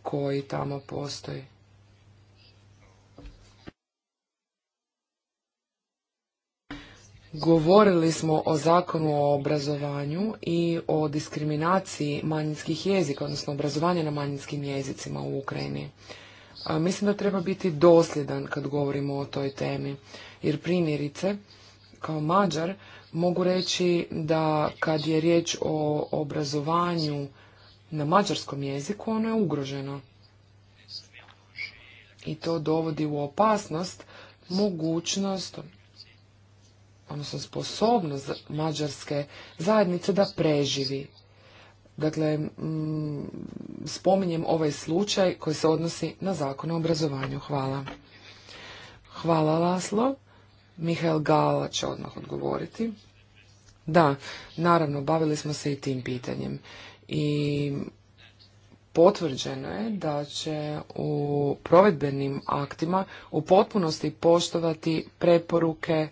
Speaker 4: koji tamo postoji. Govorili smo o zakonu o obrazovanju i o diskriminaciji manjinskih jezika, odnosno obrazovanja na manjinskim jezicima u Ukrajini. mislim da treba biti dosljedan kad govorimo o toj temi, jer primjerice, kao mađar, mogu reći da kad je riječ o obrazovanju na mađarskom jeziku, ono je ugroženo. I to dovodi u opasnost mogućnost, odnosno sposobnost mađarske zajednice da preživi. Dakle, mm, spominjem ovaj slučaj koji se odnosi na zakon o obrazovanju. Hvala. Hvala, Laslo. Mihael Gala će odmah odgovoriti. Da, naravno, bavili smo se i tim pitanjem. I potvrđeno je da će u provedbenim aktima u potpunosti poštovati preporuke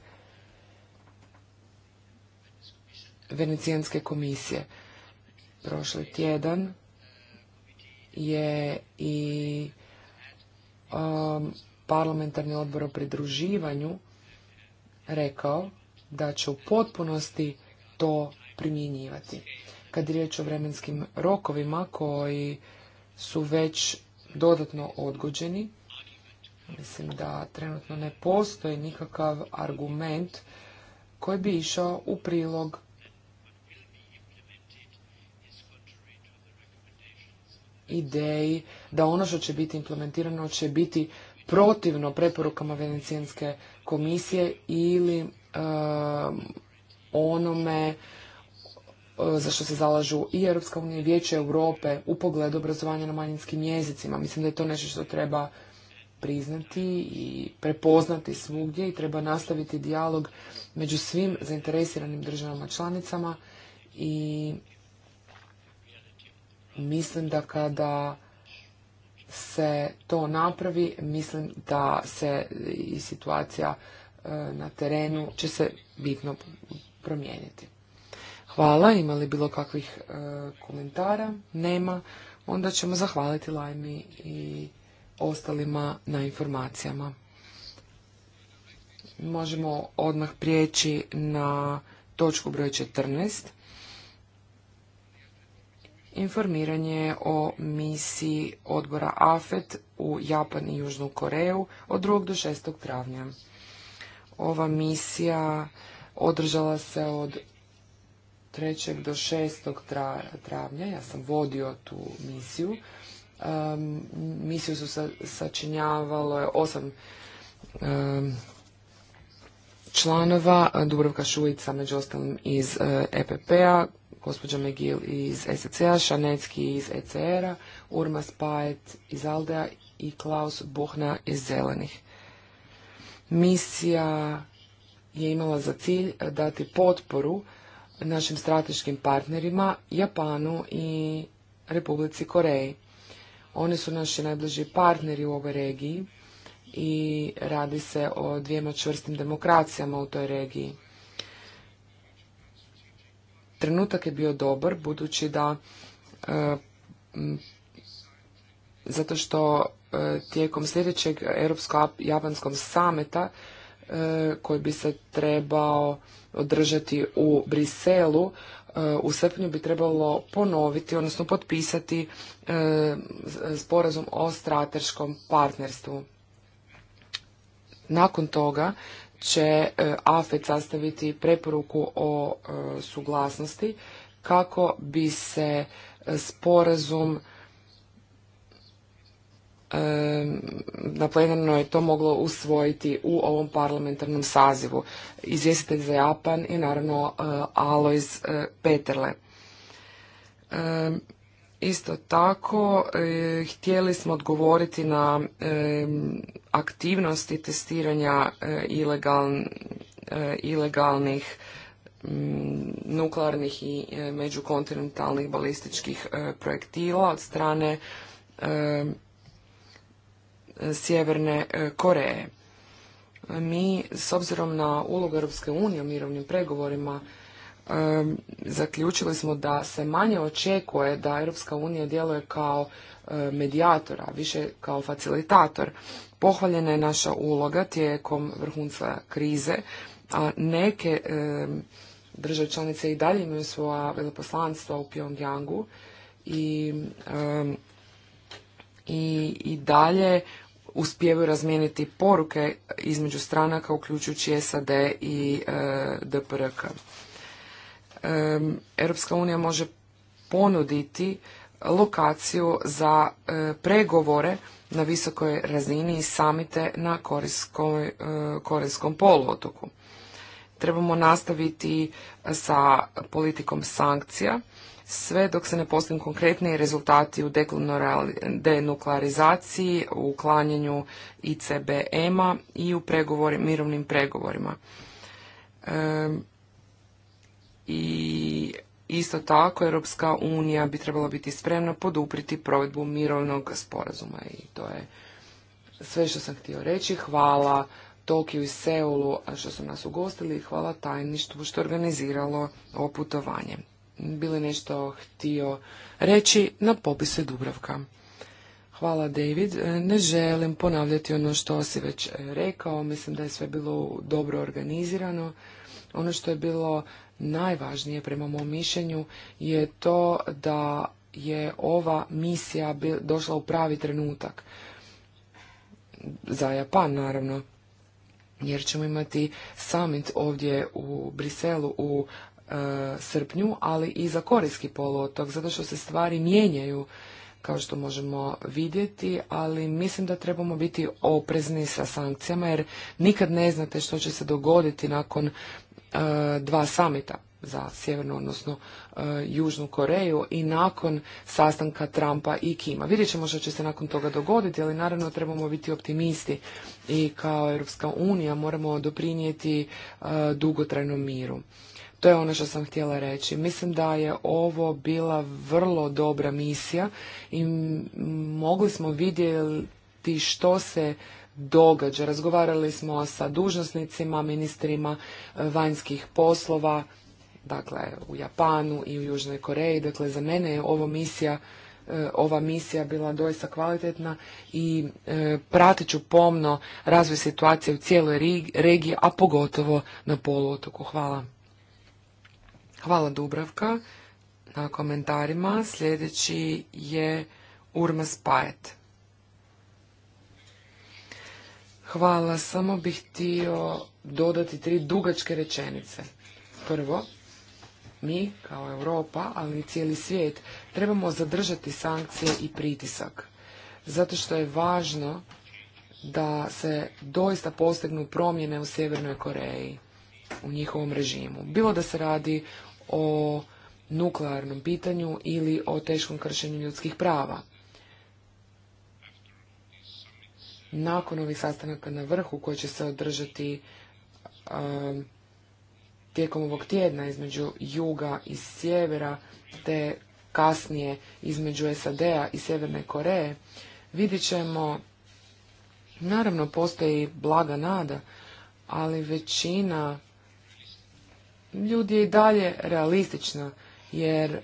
Speaker 4: Venecijanske komisije. Prošli tjedan je i um, parlamentarni odbor o pridruživanju rekao da će u potpunosti to primjenjivati. Kad je riječ o vremenskim rokovima koji su već dodatno odgođeni, mislim da trenutno ne postoji nikakav argument koji bi išao u prilog ideji da ono što će biti implementirano će biti protivno preporukama Venecijanske komisije ili um, onome uh, za što se zalažu i Europska unija i Vijeće Europe u pogledu obrazovanja na manjinskim jezicima. Mislim da je to nešto što treba priznati i prepoznati svugdje i treba nastaviti dijalog među svim zainteresiranim državama članicama i Mislim da kada se to napravi, mislim da se i situacija e, na terenu će se bitno promijeniti. Hvala, ima li bilo kakvih e, komentara? Nema. Onda ćemo zahvaliti Lajmi i ostalima na informacijama. Možemo odmah prijeći na točku broj 14 informiranje o misiji odbora AFET u Japan i Južnu Koreju od 2. do 6. travnja. Ova misija održala se od 3. do 6. travnja. Ja sam vodio tu misiju. misiju su sačinjavalo je osam članova, Dubrovka Šuica među ostalim iz EPP-a, e gospođa Megil iz SCA, Šanecki iz ECR-a, Urma Spajet iz Aldea i Klaus Buhna iz Zelenih. Misija je imala za cilj dati potporu našim strateškim partnerima, Japanu i Republici Koreji. Oni su naši najbliži partneri u ovoj regiji i radi se o dvijema čvrstim demokracijama u toj regiji trenutak je bio dobar budući da e, zato što e, tijekom sljedećeg Europsko-Japanskog sameta e, koji bi se trebao održati u Briselu, u srpnju bi trebalo ponoviti, odnosno potpisati sporazum o strateškom partnerstvu. Nakon toga će e, AFET sastaviti preporuku o e, suglasnosti kako bi se e, sporazum na plenarno je to moglo usvojiti u ovom parlamentarnom sazivu. Izvjestitelj za Japan i naravno Alois Peterle. Isto tako, e, htjeli smo odgovoriti na e, aktivnosti testiranja e, ilegalnih mm, nuklearnih i međukontinentalnih balističkih projektila od strane Sjeverne Koreje. Mi, s obzirom na ulogu Europske unije u mirovnim pregovorima, um, zaključili smo da se manje očekuje da Europska unija djeluje kao eh, medijator, a više kao facilitator. Pohvaljena je naša uloga tijekom vrhunca krize, a neke države članice i dalje imaju svoja veleposlanstva u Pyongyangu i, i, i dalje uspijevaju razmijeniti poruke između stranaka uključujući SAD i eh, DPRK. Europska unija može ponuditi lokaciju za e, pregovore na visokoj razini i samite na Korejskoj, e, Korejskom poluotoku. Trebamo nastaviti e, sa politikom sankcija sve dok se ne postignu konkretni rezultati u denuklearizaciji, u uklanjanju ICBM-a i u mirovnim pregovorima i isto tako Europska unija bi trebala biti spremna podupriti provedbu mirovnog sporazuma i to je sve što sam htio reći. Hvala Tokiju i Seulu što su nas ugostili i hvala tajništvu što je organiziralo ovo putovanje. Bili nešto htio reći na popisu Dubravka. Hvala David. E, ne želim ponavljati ono što si već rekao. Mislim da je sve bilo dobro organizirano. Ono što je bilo najvažnije prema mom mišljenju je to da je ova misija došla u pravi trenutak. Za Japan, naravno. Jer ćemo imati summit ovdje u Briselu u e, srpnju, ali i za korejski poluotok, zato što se stvari mijenjaju kao što možemo vidjeti, ali mislim da trebamo biti oprezni sa sankcijama jer nikad ne znate što će se dogoditi nakon E, dva samita za sjevernu, odnosno e, južnu Koreju i nakon sastanka Trumpa i Kima. Vidjet ćemo što će se nakon toga dogoditi, ali naravno trebamo biti optimisti i kao Europska unija moramo doprinijeti e, dugotrajnom miru. To je ono što sam htjela reći. Mislim da je ovo bila vrlo dobra misija i mogli smo vidjeti što se događa. Razgovarali smo sa dužnosnicima, ministrima e, vanjskih poslova, dakle u Japanu i u Južnoj Koreji. Dakle, za mene je ovo misija e, ova misija bila doista kvalitetna i e, pratit ću pomno razvoj situacije u cijeloj regiji, a pogotovo na poluotoku. Hvala. Hvala Dubravka na komentarima. Sljedeći je Urmas Pajet. Hvala, samo bih htio dodati tri dugačke rečenice. Prvo, mi kao Europa, ali i cijeli svijet, trebamo zadržati sankcije i pritisak. Zato što je važno da se doista postignu promjene u Sjevernoj Koreji, u njihovom režimu. Bilo da se radi o nuklearnom pitanju ili o teškom kršenju ljudskih prava. nakon ovih sastanaka na vrhu koji će se održati um, tijekom ovog tjedna između juga i sjevera te kasnije između SAD-a i Sjeverne Koreje, vidjet ćemo, naravno postoji blaga nada, ali većina ljudi je i dalje realistična, jer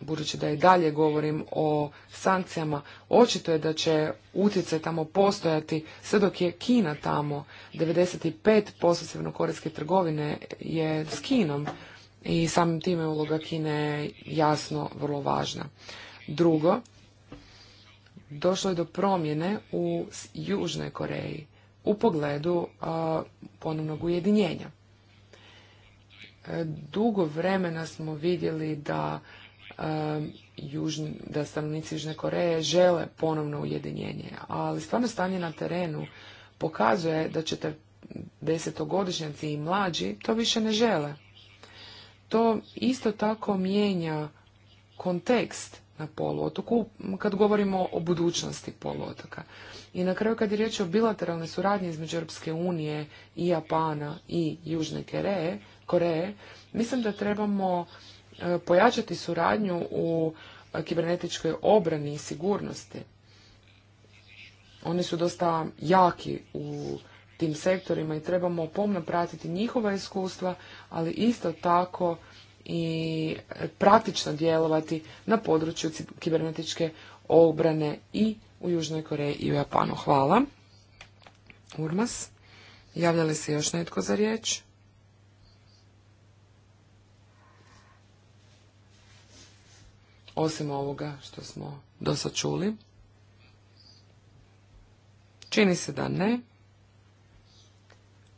Speaker 4: budući da i dalje govorim o sankcijama, očito je da će utjecaj tamo postojati sve dok je Kina tamo. 95% sjevernokorijeske trgovine je s Kinom i samim time uloga Kine je jasno vrlo važna. Drugo, došlo je do promjene u Južnoj Koreji u pogledu ponovnog ujedinjenja. E, dugo vremena smo vidjeli da da stanovnici Južne Koreje žele ponovno ujedinjenje, ali stvarno stanje na terenu pokazuje da ćete desetogodišnjaci i mlađi to više ne žele. To isto tako mijenja kontekst na poluotoku kad govorimo o budućnosti poluotoka. I na kraju kad je riječ o bilateralnoj suradnji između Europske unije i Japana i Južne Koreje mislim da trebamo E, pojačati suradnju u e, kibernetičkoj obrani i sigurnosti. Oni su dosta jaki u tim sektorima i trebamo pomno pratiti njihova iskustva, ali isto tako i e, praktično djelovati na području kibernetičke obrane i u Južnoj Koreji i u Japanu. Hvala. Urmas, javlja li se još netko za riječ? osim ovoga što smo sad čuli? Čini se da ne.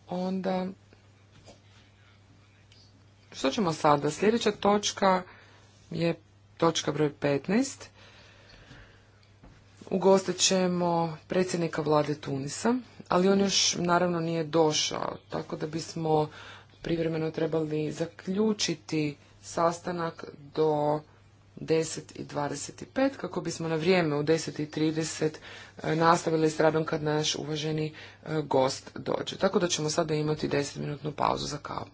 Speaker 4: Onda, što ćemo sada? Sljedeća točka je točka broj 15. Ugostit ćemo predsjednika vlade Tunisa, ali on još naravno nije došao, tako da bismo privremeno trebali zaključiti sastanak do 10 i 25 kako bismo na vrijeme u 10 i 30 e, nastavili s radom kad naš uvaženi e, gost dođe. Tako da ćemo sada imati 10 minutnu pauzu za kavu.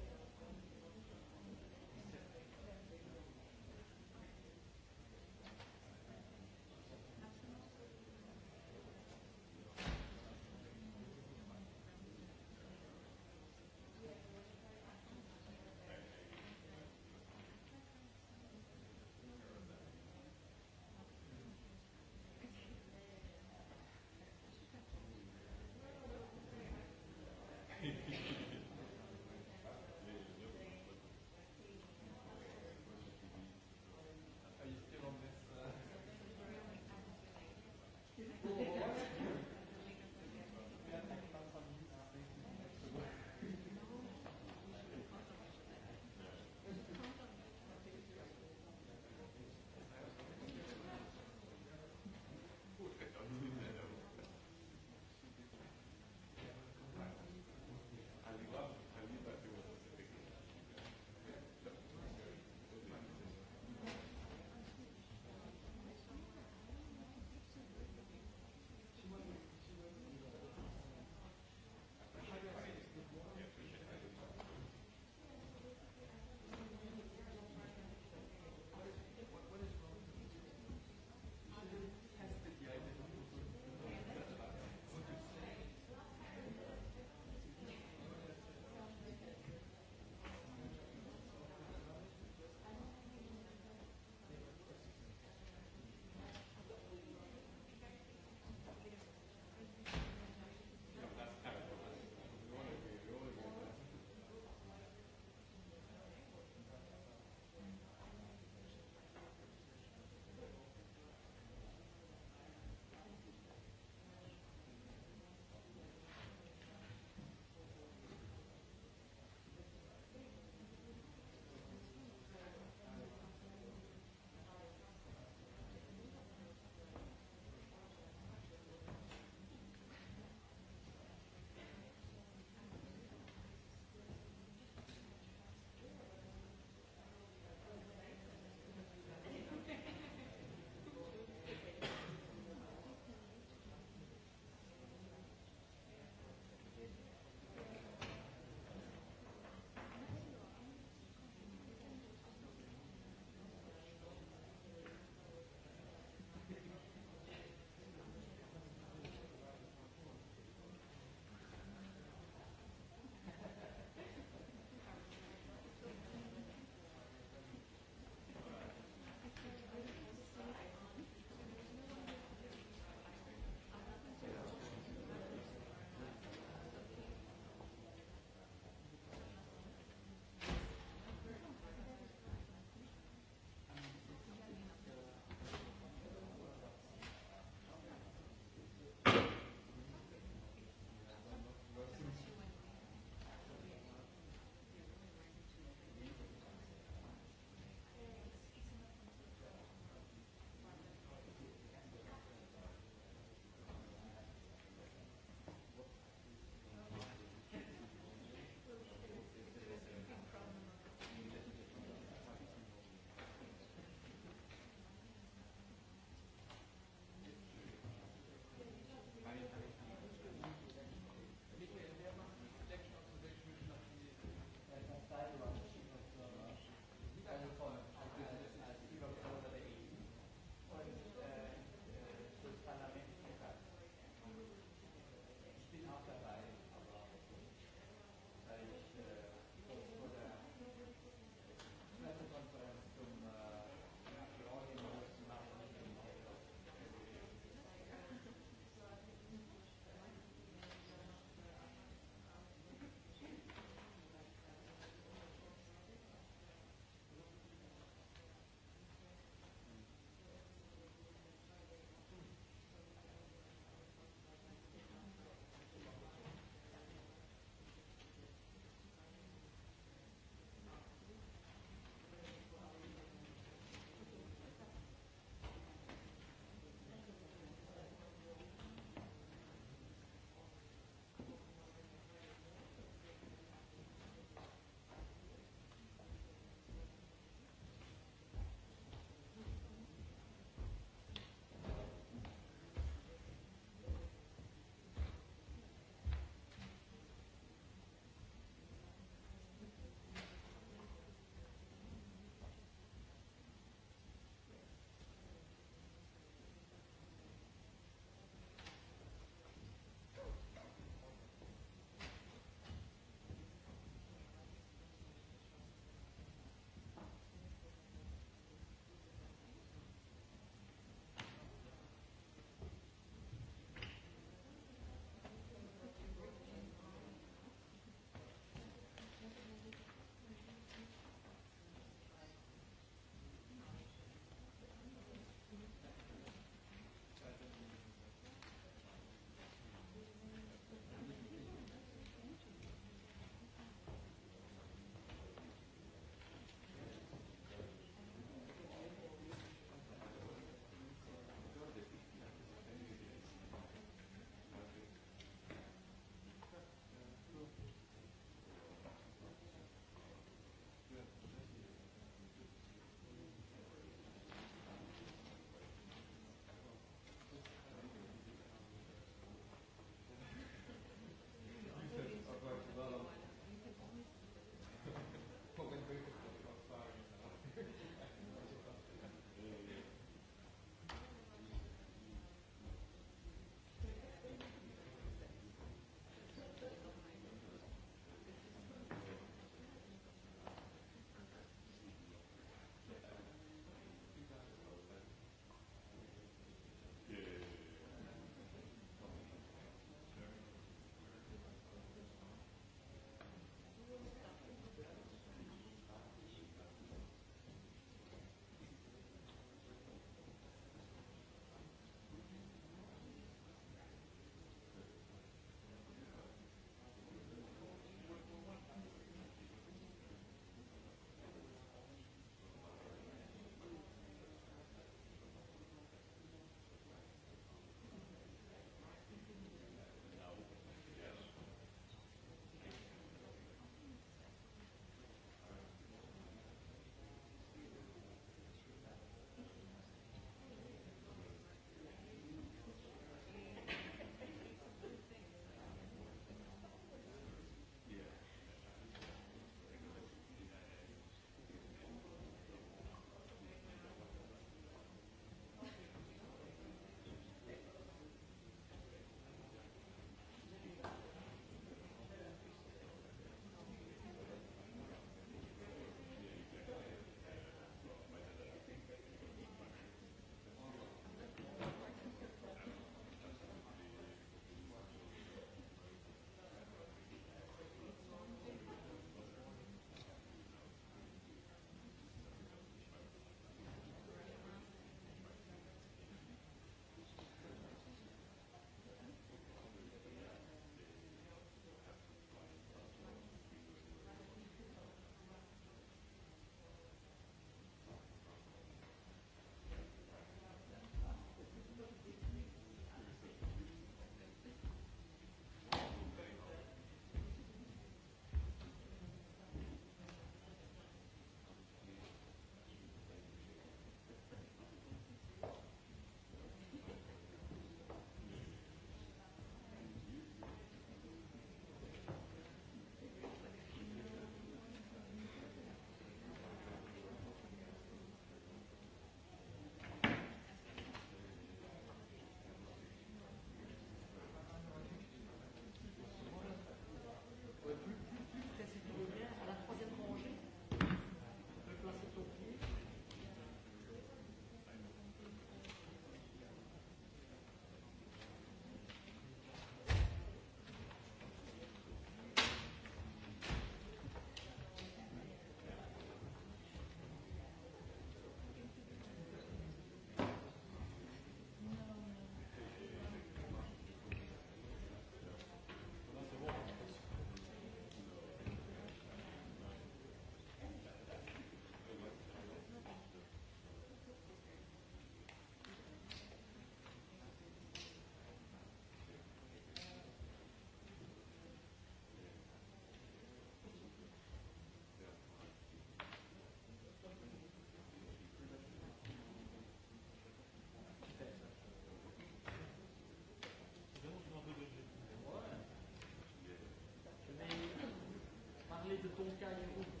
Speaker 1: U.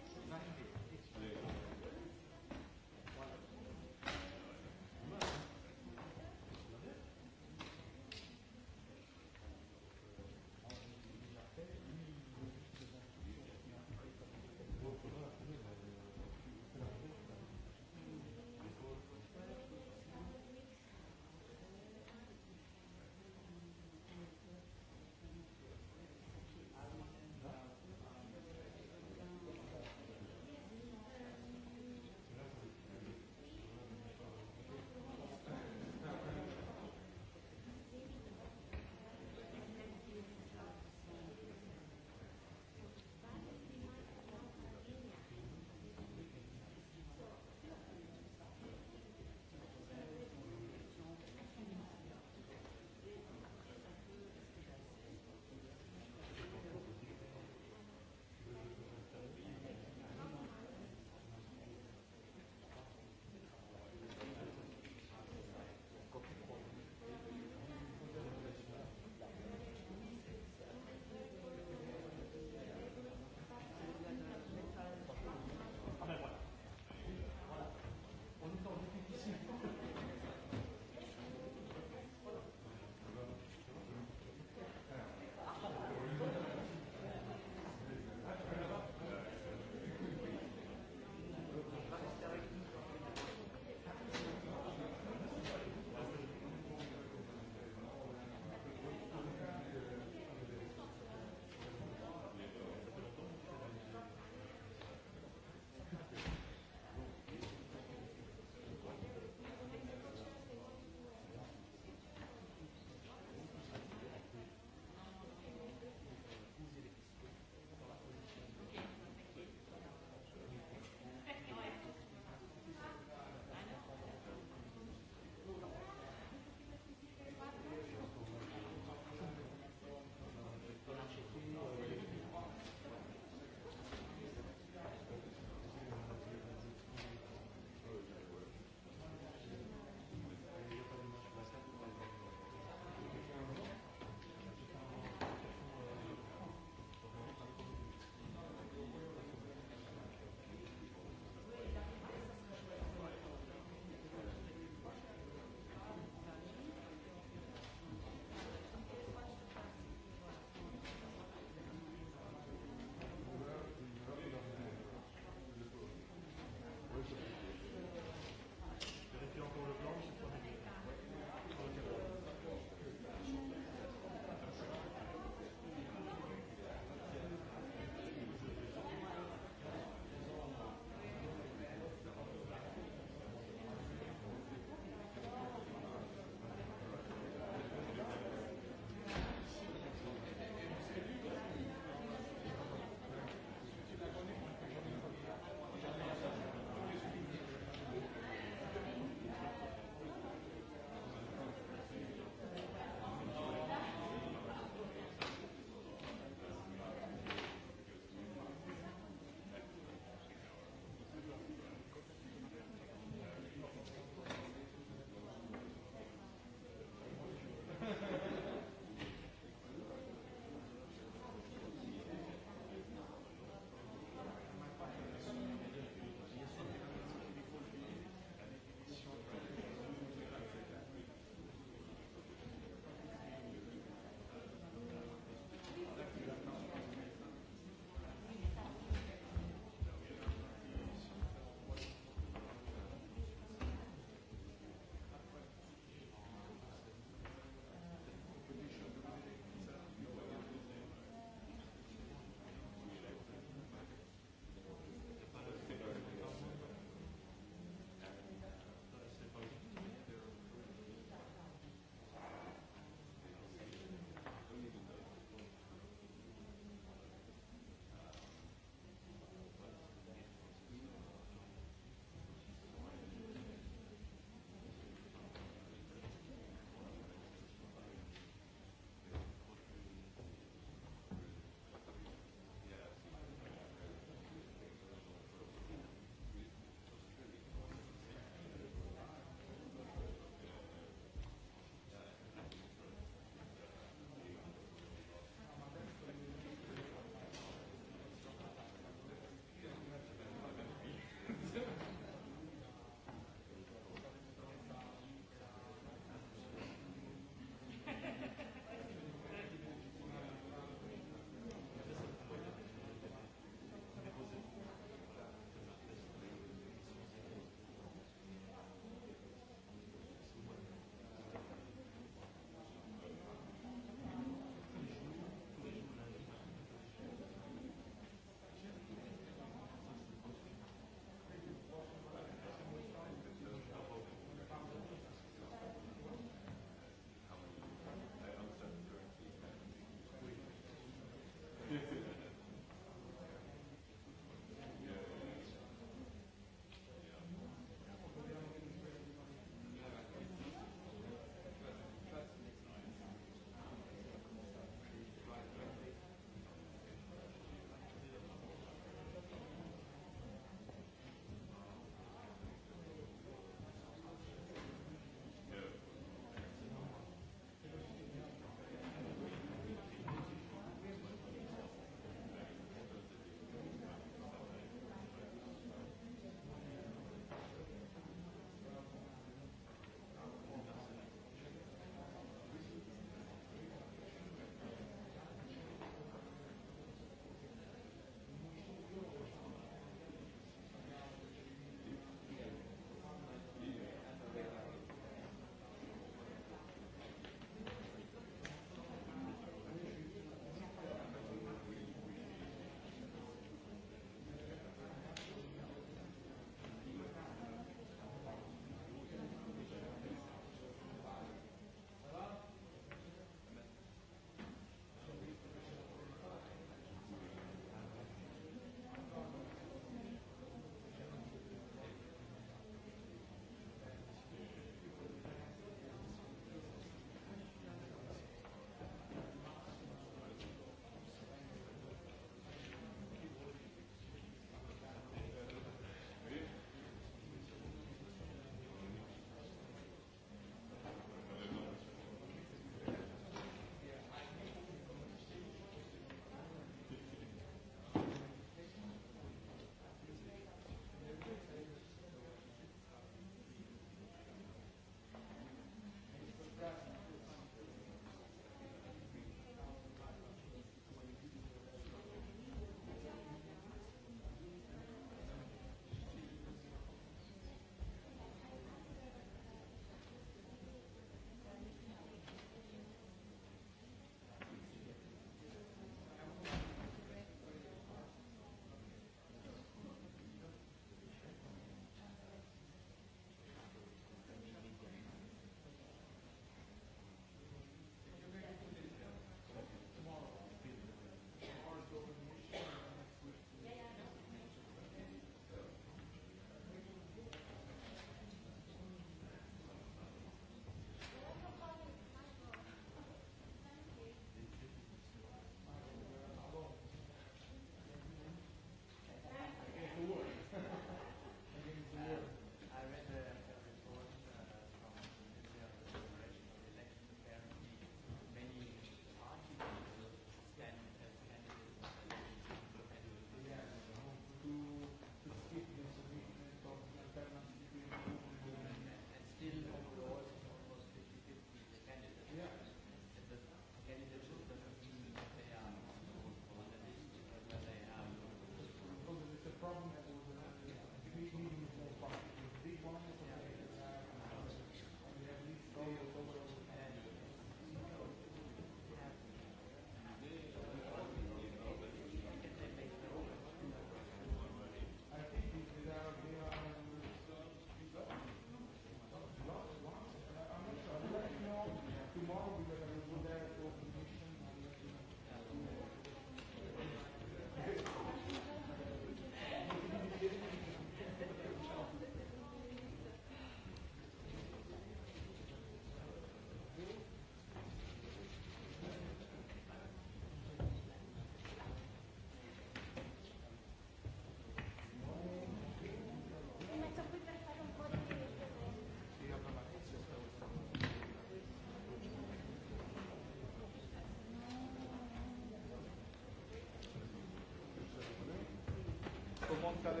Speaker 1: fonda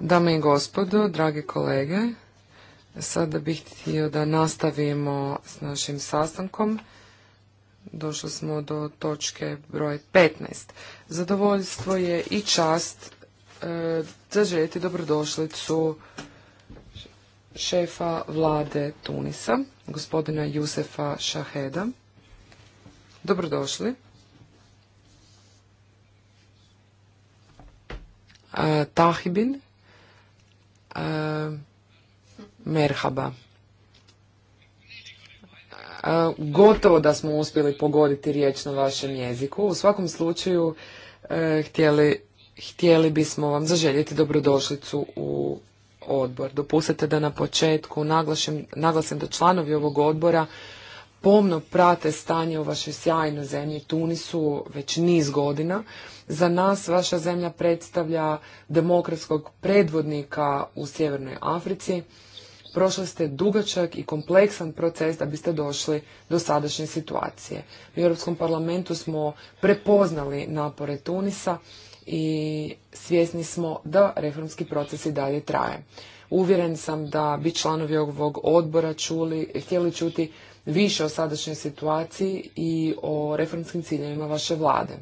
Speaker 4: Dame i gospodo, drage kolege, sada bih htio da nastavimo s našim sastankom. Došli smo do točke broj 15. Zadovoljstvo je i čast e, dobrodošlicu šefa vlade Tunisa, gospodina Jusefa Šaheda. Dobrodošli. E, Tahibin, e, Merhaba. E, gotovo da smo uspjeli pogoditi riječ na vašem jeziku. U svakom slučaju htjeli, htjeli bismo vam zaželjeti dobrodošlicu u odbor. Dopustite da na početku naglasim da članovi ovog odbora pomno prate stanje u vašoj sjajnoj zemlji Tunisu već niz godina. Za nas vaša zemlja predstavlja demokratskog predvodnika u Sjevernoj Africi. Prošli ste dugačak i kompleksan proces da biste došli do sadašnje situacije. U Europskom parlamentu smo prepoznali napore Tunisa i svjesni smo da reformski proces i dalje traje. Uvjeren sam da bi članovi ovog odbora čuli, htjeli čuti više o sadašnjoj situaciji i o reformskim ciljevima vaše vlade.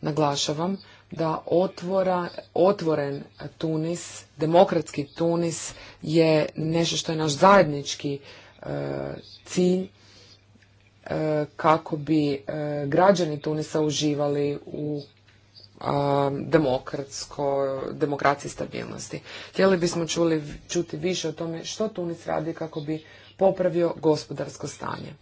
Speaker 4: Naglašavam da otvora, otvoren Tunis, demokratski Tunis je nešto što je naš zajednički e, cilj e, kako bi e, građani Tunisa uživali u demokratsko, demokraciji stabilnosti. Htjeli bismo čuti više o tome što Tunis radi kako bi popravio gospodarsko stanje.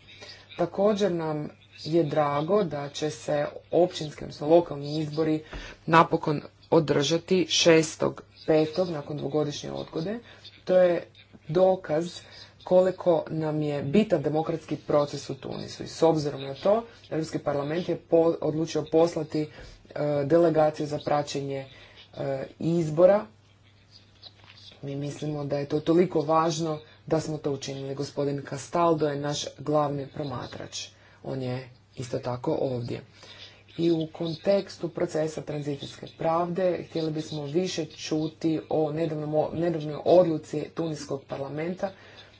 Speaker 4: Također nam je drago da će se općinski, odnosno lokalni izbori napokon održati 6.5. nakon dvogodišnje odgode. To je dokaz koliko nam je bitan demokratski proces u Tunisu. I s obzirom na to, Europski parlament je odlučio poslati e, delegaciju za praćenje e, izbora. Mi mislimo da je to toliko važno da smo to učinili. Gospodin Castaldo je naš glavni promatrač. On je isto tako ovdje. I u kontekstu procesa tranzicijske pravde htjeli bismo više čuti o nedavnoj odluci Tunijskog parlamenta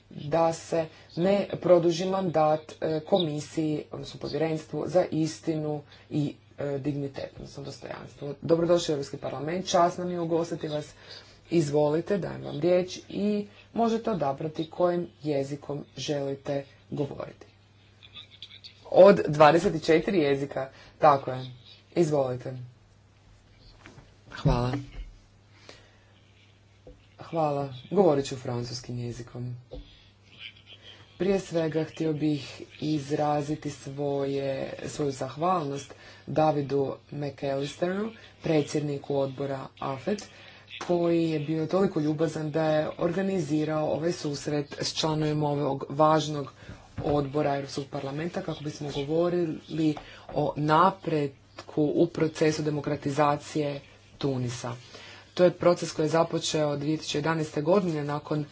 Speaker 4: da se ne produži mandat e, komisiji, odnosno povjerenstvu za istinu i e, dignitet, odnosno dostojanstvo. Dobrodošli u Europski parlament, Čas nam je ugostiti vas, izvolite, dajem vam riječ i možete odabrati kojim jezikom želite govoriti. Od 24 jezika, tako je. Izvolite. Hvala. Hvala. Govorit ću francuskim jezikom. Prije svega htio bih izraziti svoje, svoju zahvalnost Davidu McAllisteru, predsjedniku odbora AFET, koji je bio toliko ljubazan da je organizirao ovaj susret s članovima ovog važnog odbora Europskog parlamenta kako bismo govorili o napretku u procesu demokratizacije Tunisa. To je proces koji je započeo 2011. godine nakon e,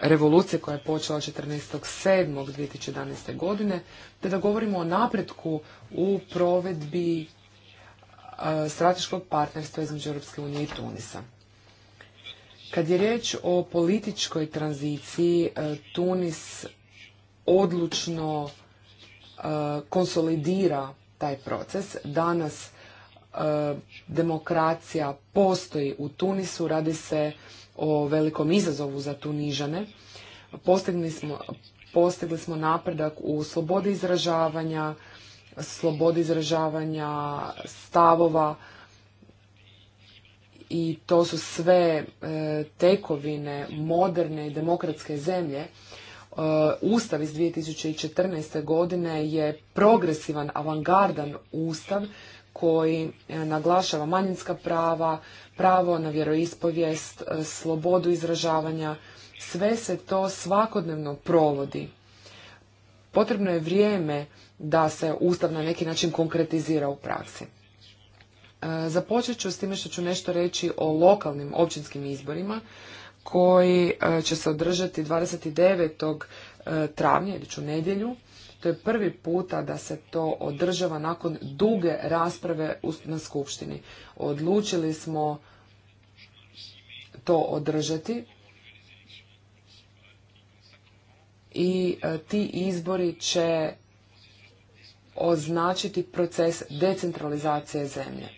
Speaker 4: revolucije koja je počela 14.7.2011. godine, te da govorimo o napretku u provedbi E, strateškog partnerstva između Europske unije i Tunisa. Kad je riječ o političkoj tranziciji, e, Tunis odlučno e, konsolidira taj proces. Danas demokracija postoji u Tunisu, radi se o velikom izazovu za Tunižane. Postigli smo, postigli smo napredak u slobodi izražavanja, slobodi izražavanja, stavova i to su sve e, tekovine moderne i demokratske zemlje. E, ustav iz 2014. godine je progresivan, avangardan ustav koji e, naglašava manjinska prava, pravo na vjeroispovijest, slobodu izražavanja. Sve se to svakodnevno provodi. Potrebno je vrijeme da se Ustav na neki način konkretizira u praksi. E, započet ću s time što ću nešto reći o lokalnim općinskim izborima koji e, će se održati 29. E, travnja ili ću nedjelju. To je prvi puta da se to održava nakon duge rasprave na Skupštini. Odlučili smo to održati i ti izbori će označiti proces decentralizacije zemlje.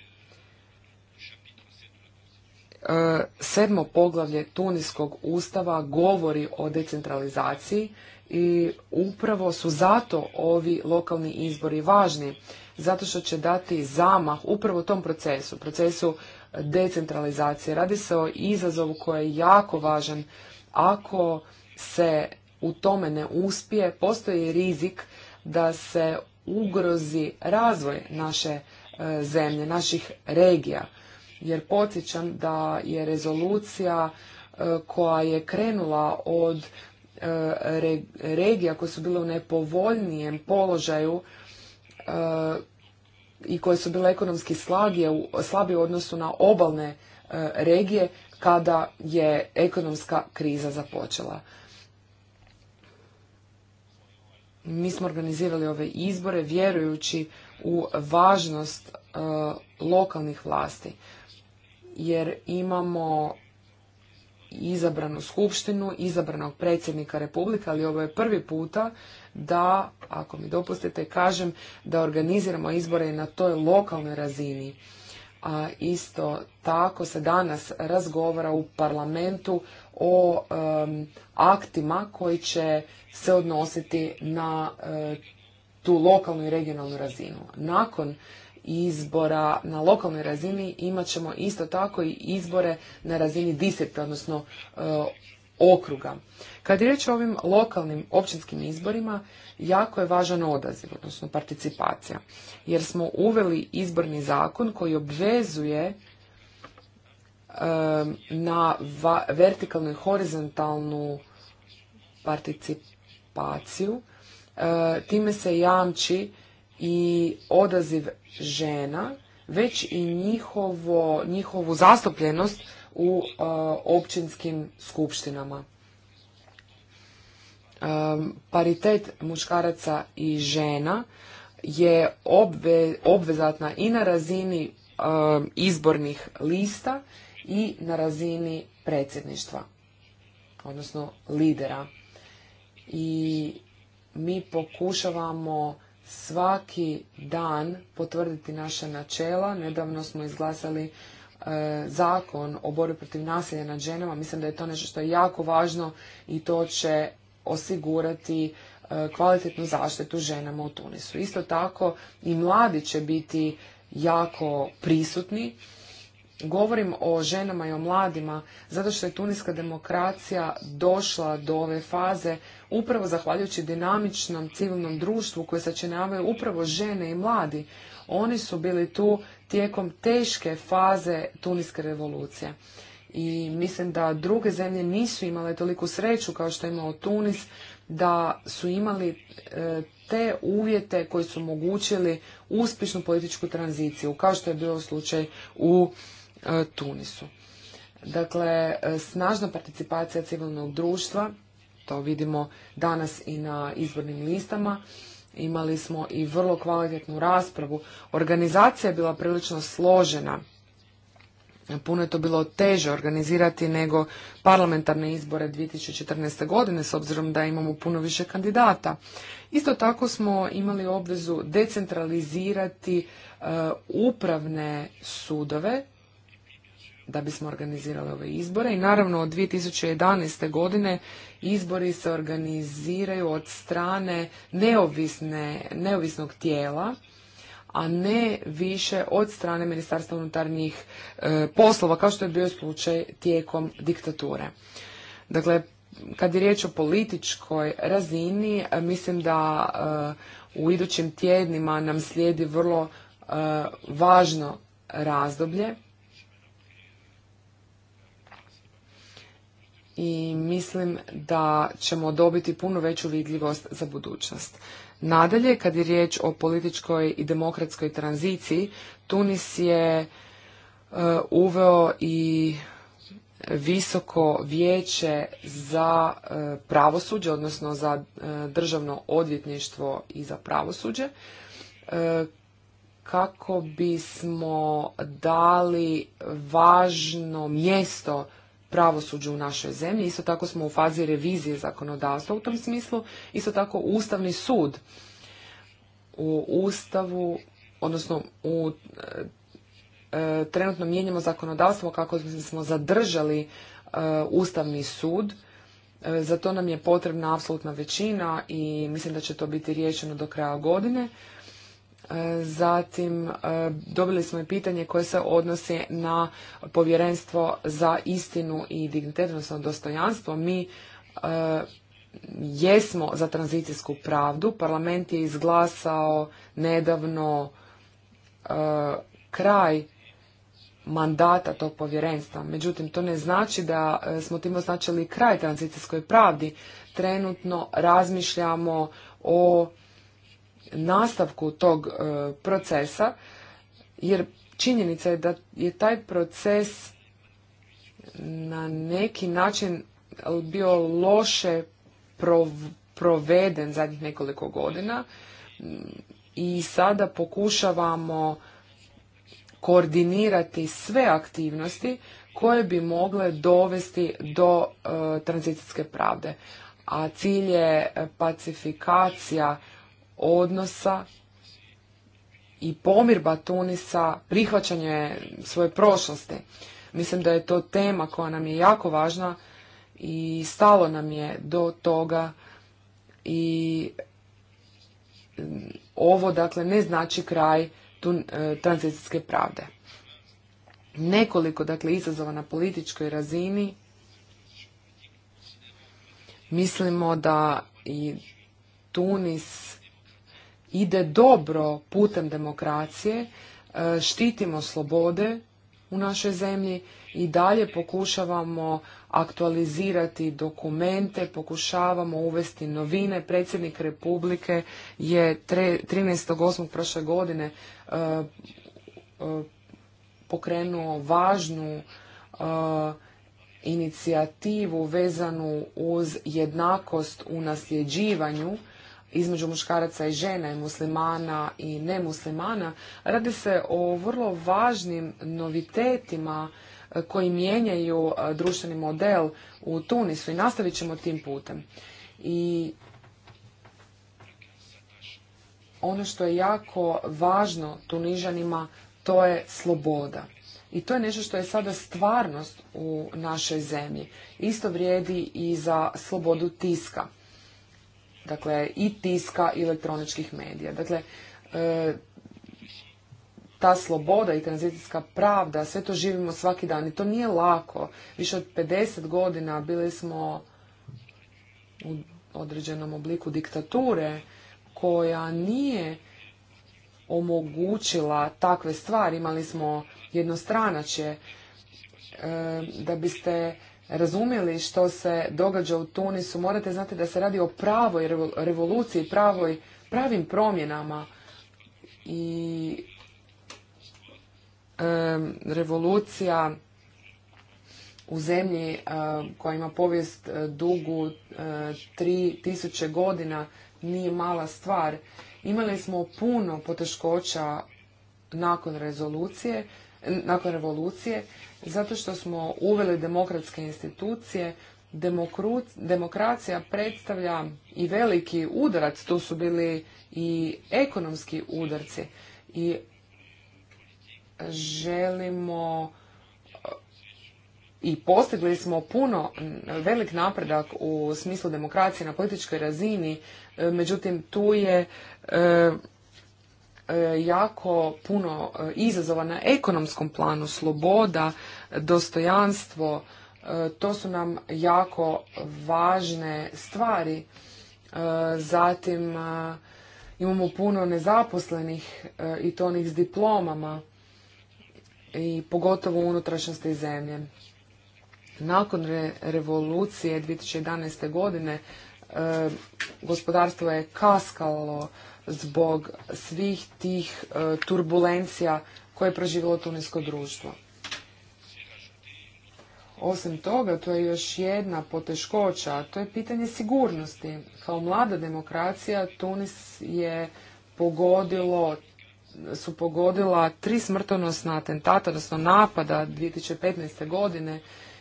Speaker 4: E, sedmo poglavlje Tuniskog ustava govori o decentralizaciji i upravo su zato ovi lokalni izbori važni, zato što će dati zamah upravo tom procesu, procesu decentralizacije. Radi se o izazovu koji je jako važan. Ako se u tome ne uspije, postoji rizik da se ugrozi razvoj naše e, zemlje, naših regija. Jer podsjećam da je rezolucija e, koja je krenula od e, regija koje su bile u nepovoljnijem položaju i koje su bile ekonomski slabije u odnosu na obalne regije kada je ekonomska kriza započela mi smo organizirali ove izbore vjerujući u važnost e, lokalnih vlasti jer imamo izabranu skupštinu, izabranog predsjednika republike, ali ovo je prvi puta da, ako mi dopustite, kažem da organiziramo izbore na toj lokalnoj razini a isto tako se danas razgovara u parlamentu o aktima koji će se odnositi na e, tu lokalnu i regionalnu razinu. Nakon izbora na lokalnoj razini imat ćemo isto tako i izbore na razini distrikta, odnosno e, okruga. Kad je riječ o ovim lokalnim općinskim izborima, jako je važan odaziv, odnosno participacija, jer smo uveli izborni zakon koji obvezuje na vertikalnu i horizontalnu participaciju. E, time se jamči i odaziv žena, već i njihovu zastupljenost u općinskim skupštinama. Paritet muškaraca i žena je obvezatna i na razini izbornih lista i na razini predsjedništva, odnosno lidera. I mi pokušavamo svaki dan potvrditi naše načela. Nedavno smo izglasali E, zakon o borbi protiv nasilja nad ženama, mislim da je to nešto što je jako važno i to će osigurati e, kvalitetnu zaštitu ženama u Tunisu. Isto tako i mladi će biti jako prisutni. Govorim o ženama i o mladima zato što je tuniska demokracija došla do ove faze upravo zahvaljujući dinamičnom civilnom društvu koje sačinavaju upravo žene i mladi oni su bili tu tijekom teške faze Tuniske revolucije. I mislim da druge zemlje nisu imale toliku sreću kao što je imao Tunis, da su imali e, te uvjete koji su omogućili uspješnu političku tranziciju, kao što je bio slučaj u e, Tunisu. Dakle, e, snažna participacija civilnog društva, to vidimo danas i na izbornim listama, imali smo i vrlo kvalitetnu raspravu. Organizacija je bila prilično složena. Puno je to bilo teže organizirati nego parlamentarne izbore 2014. godine, s obzirom da imamo puno više kandidata. Isto tako smo imali obvezu decentralizirati e, upravne sudove da bismo organizirali ove izbore i naravno od 2011. godine izbori se organiziraju od strane neovisne, neovisnog tijela, a ne više od strane Ministarstva unutarnjih e, poslova, kao što je bio slučaj tijekom diktature. Dakle, kad je riječ o političkoj razini, e, mislim da e, u idućim tjednima nam slijedi vrlo važno razdoblje i mislim da ćemo dobiti puno veću vidljivost za budućnost. Nadalje, kad je riječ o političkoj i demokratskoj tranziciji, Tunis je e, uveo i visoko vijeće za e, pravosuđe, odnosno za e, državno odvjetništvo i za pravosuđe, kako bismo dali važno mjesto pravosuđu u našoj zemlji. Isto tako smo u fazi revizije zakonodavstva u tom smislu. Isto tako Ustavni sud u Ustavu, odnosno u e, trenutno mijenjamo zakonodavstvo kako smo zadržali e, Ustavni sud. E, za to nam je potrebna apsolutna većina i mislim da će to biti riješeno do kraja godine. Zatim e, dobili smo i pitanje koje se odnosi na povjerenstvo za istinu i dignitet, odnosno dostojanstvo. Mi e, jesmo za tranzicijsku pravdu. Parlament je izglasao nedavno e, kraj mandata tog povjerenstva. Međutim, to ne znači da smo tim označili kraj tranzicijskoj pravdi. Trenutno razmišljamo o nastavku tog e, procesa jer činjenica je da je taj proces na neki način bio loše proveden zadnjih nekoliko godina i sada pokušavamo koordinirati sve aktivnosti koje bi mogle dovesti do e, tranzicijske pravde. A cilj je e, pacifikacija odnosa i pomirba Tunisa, prihvaćanje svoje prošlosti. Mislim da je to tema koja nam je jako važna i stalo nam je do toga i mm, ovo dakle ne znači kraj e, tranzicijske pravde. Nekoliko dakle izazova na političkoj razini mislimo da i Tunis ide dobro putem demokracije, e, štitimo slobode u našoj zemlji i dalje pokušavamo aktualizirati dokumente, pokušavamo uvesti novine. Predsjednik Republike je 13.8. prošle godine e, e, pokrenuo važnu inicijativu vezanu uz jednakost u nasljeđivanju između muškaraca i žena i muslimana i nemuslimana, radi se o vrlo važnim novitetima e, koji mijenjaju e, društveni model u Tunisu i nastavit ćemo tim putem. I ono što je jako važno Tunižanima to je sloboda. I to je nešto što je sada stvarnost u našoj zemlji. Isto vrijedi i za slobodu tiska dakle i tiska i elektroničkih medija. Dakle, e, ta sloboda i tranzicijska pravda, sve to živimo svaki dan i to nije lako. Više od 50 godina bili smo u određenom obliku diktature koja nije omogućila takve stvari. Imali smo jednostranače e, da biste razumjeli što se događa u Tunisu, morate znati da se radi o pravoj revoluciji, pravoj, pravim promjenama i revolucija u zemlji e, koja ima povijest e, dugu dugu e, tisuće godina nije mala stvar. Imali smo puno poteškoća nakon rezolucije, nakon revolucije, zato što smo uveli demokratske institucije, demokracija predstavlja i veliki udarac, to su bili i ekonomski udarci i želimo i postigli smo puno velik napredak u smislu demokracije na političkoj razini, međutim tu je e, E, jako puno e, izazova na ekonomskom planu, sloboda, dostojanstvo, e, to su nam jako važne stvari. Zatim imamo puno nezaposlenih i to onih s diplomama i pogotovo u unutrašnjosti zemlje. Nakon revolucije 2011. godine gospodarstvo je kaskalo zbog svih tih e, turbulencija koje je proživjelo tunisko društvo. Osim toga, to je još jedna poteškoća, to je pitanje sigurnosti. Kao mlada demokracija Tunis je pogodilo su pogodila tri smrtonosna atentata, odnosno napada 2015. godine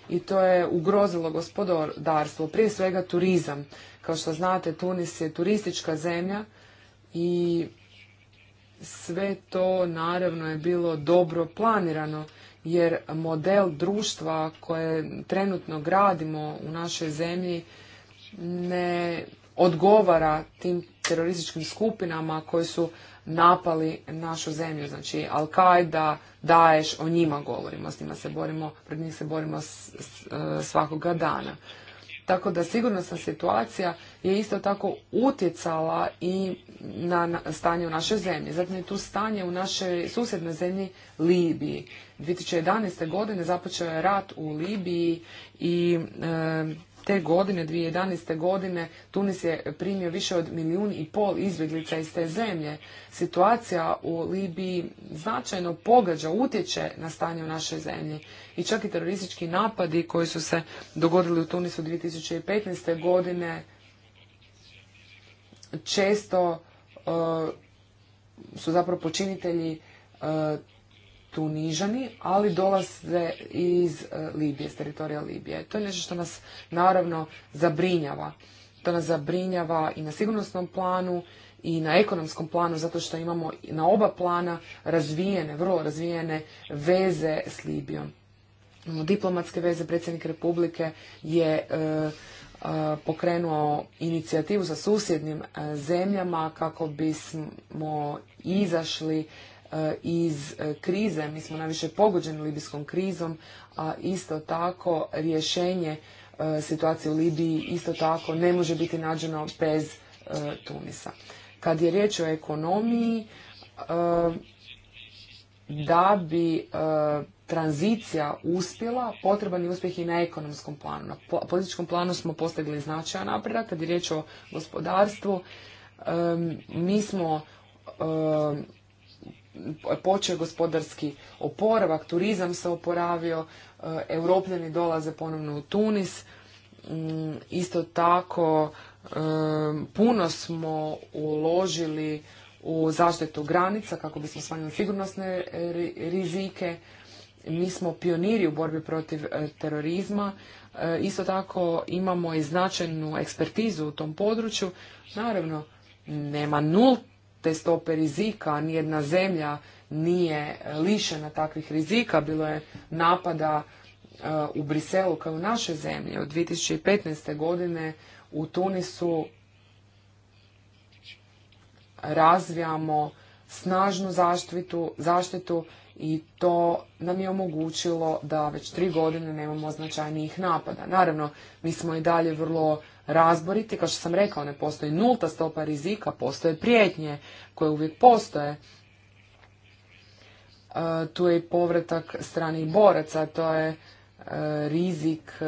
Speaker 4: i to je ugrozilo gospodarstvo, prije svega turizam. Kao što znate, Tunis je turistička zemlja i sve to naravno je bilo dobro planirano jer model društva koje trenutno gradimo u našoj zemlji ne odgovara tim terorističkim skupinama koji su napali našu zemlju. Znači Al-Qaida, Daesh, o njima govorimo, s njima se borimo, pred njih se borimo e, svakoga dana. Tako da sigurnosna situacija je isto tako utjecala i na stanje u našoj zemlji. Zatim je tu stanje u našoj susjednoj zemlji Libiji. 2011. godine započeo je rat u Libiji i te godine, 2011. godine, Tunis je primio više od milijun i pol izbjeglica iz te zemlje. Situacija u Libiji značajno pogađa, utječe na stanje u našoj zemlji. I čak i teroristički napadi koji su se dogodili u Tunisu 2015. godine često e, su zapravo počinitelji e, Tunižani, ali dolaze iz e, Libije, s teritorija Libije. To je nešto što nas naravno zabrinjava. To nas zabrinjava i na sigurnosnom planu i na ekonomskom planu, zato što imamo na oba plana razvijene, vrlo razvijene veze s Libijom. Diplomatske veze predsjednik Republike je Eh, pokrenuo inicijativu sa susjednim eh, zemljama kako bismo izašli eh, iz krize. Mi smo najviše pogođeni libijskom krizom, a isto tako rješenje situacije u Libiji isto tako ne može biti nađeno bez Tunisa. Kad je riječ o ekonomiji, da bi tranzicija uspjela, potreban je uspjeh i na ekonomskom planu. Na političkom planu smo postigli značajan napredak, kad je riječ o gospodarstvu, mi smo počeo gospodarski oporavak, turizam se oporavio, eh, europljani dolaze ponovno u Tunis, mm, isto tako puno smo uložili u zaštitu granica kako bismo smanjili sigurnosne rizike, mi smo pioniri u borbi protiv e, terorizma, e, isto tako imamo i značajnu ekspertizu u tom području. Naravno, nema nulte stope rizika, nijedna zemlja nije lišena takvih rizika, bilo je napada e, u Briselu kao u našoj zemlji od 2015. godine u Tunisu razvijamo snažnu zaštitu, zaštitu i to nam je omogućilo da već tri godine nemamo značajnijih napada. Naravno, mi smo i dalje vrlo razboriti, kao što sam rekao, ne postoji nulta stopa rizika, postoje prijetnje koje uvijek postoje. E, tu je i povratak stranih boraca, to je e, rizik e,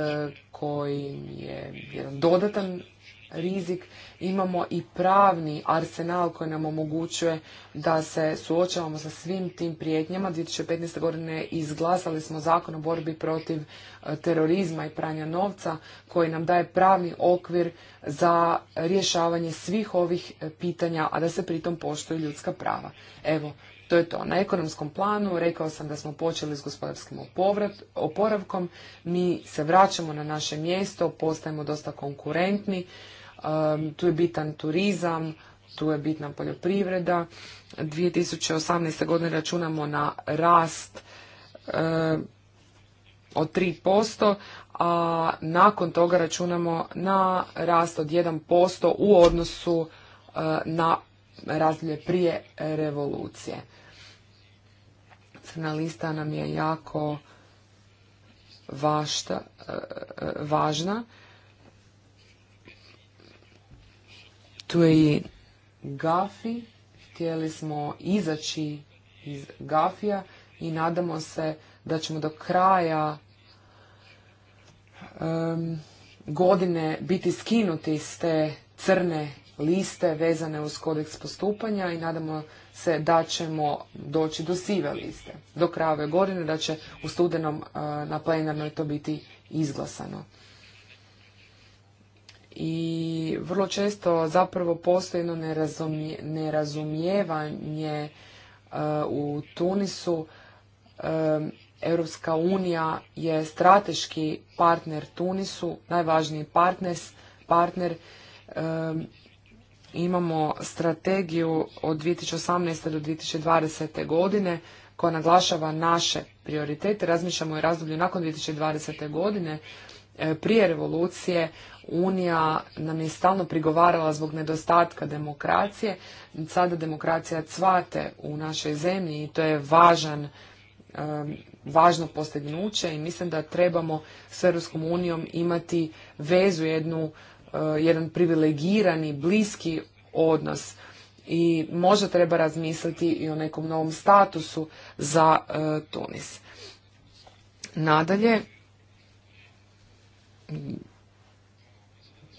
Speaker 4: koji je jedan dodatan rizik, imamo i pravni arsenal koji nam omogućuje da se suočavamo sa svim tim prijetnjama. 2015. godine izglasali smo zakon o borbi protiv e, terorizma i pranja novca koji nam daje pravni okvir za rješavanje svih ovih e, pitanja, a da se pritom poštuju ljudska prava. Evo, to je to. Na ekonomskom planu rekao sam da smo počeli s gospodarskim oporavkom. Mi se vraćamo na naše mjesto, postajemo dosta konkurentni tu je bitan turizam, tu je bitna poljoprivreda. 2018. godine računamo na rast od 3%, a nakon toga računamo na rast od 1% u odnosu na razdoblje prije revolucije. Crna lista nam je jako važna Tu je i Gafi, htjeli smo izaći iz Gafija i nadamo se da ćemo do kraja godine biti skinuti s te crne liste vezane uz kodeks postupanja i nadamo se da ćemo doći do sive liste do kraja ove godine, da će u studenom eh, na plenarnoj to biti izglasano i vrlo često zapravo postoji jedno nerazumijevanje e, u Tunisu. E, Europska unija je strateški partner Tunisu, najvažniji partner. E, imamo strategiju od 2018. do 2020. godine koja naglašava naše prioritete. Razmišljamo i razdoblju nakon 2020. godine E, prije revolucije Unija nam je stalno prigovarala zbog nedostatka demokracije. Sada demokracija cvate u našoj zemlji i to je važan, e, važno postignuće i mislim da trebamo s Europskom unijom imati vezu jednu, e, jedan privilegirani, bliski odnos i možda treba razmisliti i o nekom novom statusu za Tunis. Nadalje,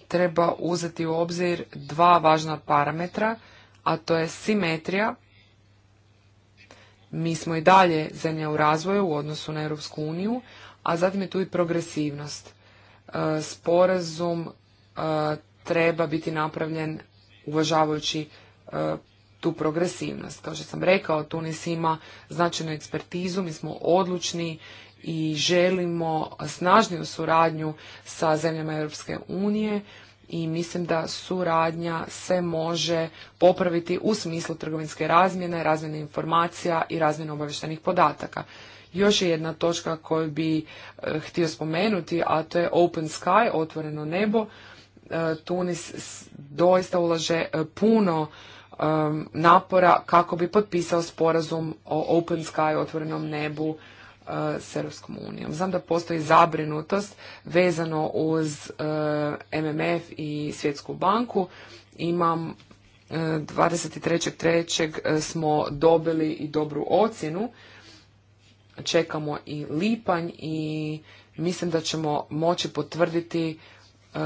Speaker 4: treba uzeti u obzir dva važna parametra, a to je simetrija. Mi smo i dalje zemlja u razvoju u odnosu na Europsku uniju, a zatim je tu i progresivnost. E, sporazum e, treba biti napravljen uvažavajući e, tu progresivnost. Kao što sam rekao, Tunis ima značajnu ekspertizu, mi smo odlučni i želimo snažniju suradnju sa zemljama Europske unije i mislim da suradnja se može popraviti u smislu trgovinske razmjene, razmjene informacija i razmjene obavještenih podataka. Još je jedna točka koju bi eh, htio spomenuti, a to je Open Sky, otvoreno nebo. Eh, Tunis doista ulaže eh, puno napora kako bi potpisao sporazum o Open Sky, otvorenom nebu s Europskom unijom. Znam da postoji zabrinutost vezano uz e, MMF i Svjetsku banku. Imam 23.3. E, smo dobili i dobru ocjenu. Čekamo i lipanj i mislim da ćemo moći potvrditi e,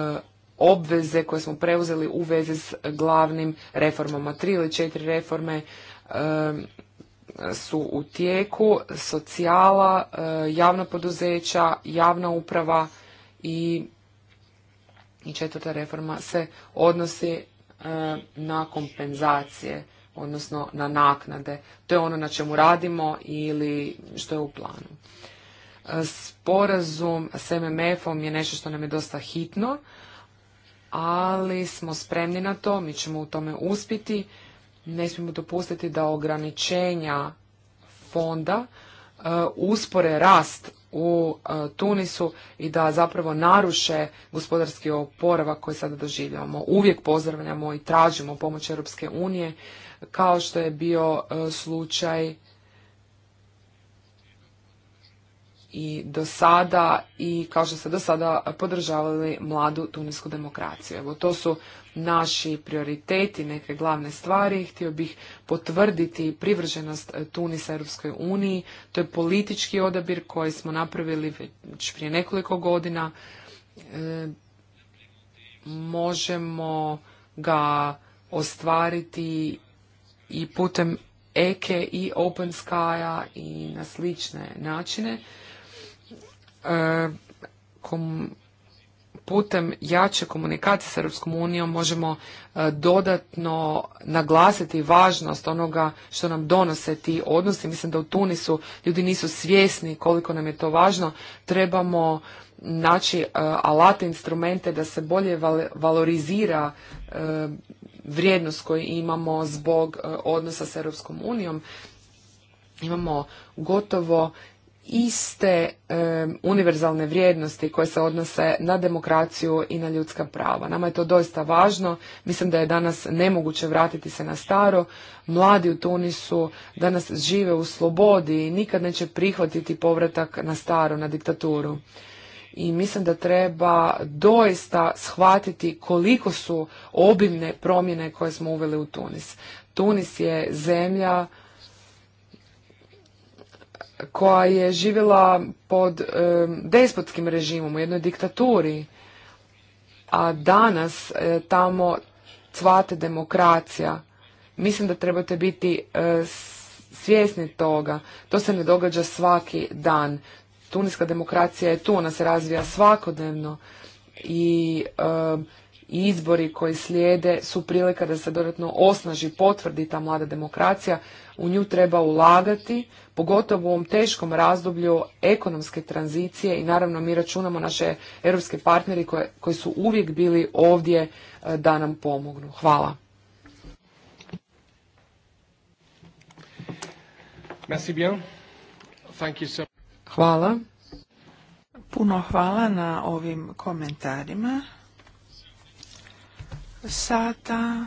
Speaker 4: obveze koje smo preuzeli u vezi s glavnim reformama. Tri ili četiri reforme su u tijeku socijala, e, javna poduzeća, javna uprava i, četvrta reforma se odnosi e, na kompenzacije, odnosno na naknade. To je ono na čemu radimo ili što je u planu. E, sporazum s MMF-om je nešto što nam je dosta hitno, ali smo spremni na to, mi ćemo u tome uspjeti ne smijemo dopustiti da ograničenja fonda e, uspore rast u e, Tunisu i da zapravo naruše gospodarski oporavak koji sada doživljavamo. Uvijek pozdravljamo i tražimo pomoć Europske unije kao što je bio e, slučaj i do sada i kao što ste do sada podržavali mladu tunisku demokraciju. Evo, to su naši prioriteti, neke glavne stvari. Htio bih potvrditi privrženost e, Tunisa Europskoj uniji. To je politički odabir koji smo napravili već prije nekoliko godina. E, možemo ga ostvariti i putem Eke i Open Skya i na slične načine. E, putem jače komunikacije s Europskom unijom možemo e, dodatno naglasiti važnost onoga što nam donose ti odnosi. Mislim da u Tunisu ljudi nisu svjesni koliko nam je to važno. Trebamo naći e, alate, instrumente da se bolje valorizira e, vrijednost koju imamo zbog odnosa s Europskom unijom. Imamo gotovo iste univerzalne vrijednosti koje se odnose na demokraciju i na ljudska prava. Nama je to doista važno. Mislim da je danas nemoguće vratiti se na staro. Mladi u Tunisu danas žive u slobodi i nikad neće prihvatiti povratak na staro, na diktaturu. I mislim da treba doista shvatiti koliko su obimne promjene koje smo uveli u Tunis. Tunis je zemlja koja je živjela pod despotskim režimom u jednoj diktaturi, a danas e, tamo cvate demokracija. Mislim da trebate biti e, svjesni toga. To se ne događa svaki dan. Tuniska demokracija je tu, ona se razvija svakodnevno i izbori koji slijede su prilika da se dodatno osnaži, potvrdi ta mlada demokracija. U nju treba ulagati, pogotovo u ovom teškom razdoblju ekonomske tranzicije i naravno mi računamo naše europske partneri koji su uvijek bili ovdje e, da nam pomognu. Hvala.
Speaker 1: Merci bien. Thank you so...
Speaker 4: Hvala.
Speaker 2: Puno hvala na ovim komentarima. Sada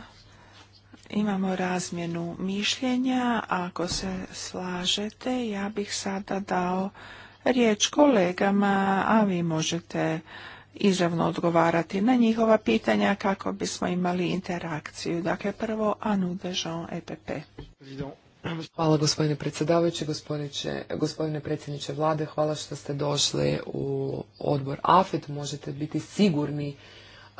Speaker 2: imamo razmjenu mišljenja. Ako se slažete, ja bih sada dao riječ kolegama, a vi možete izravno odgovarati na njihova pitanja kako bismo imali interakciju. Dakle, prvo Anu Dežon, EPP.
Speaker 4: Hvala gospodine predsjedavajući, gospodine predsjedniče vlade, hvala što ste došli u odbor AFET. Možete biti sigurni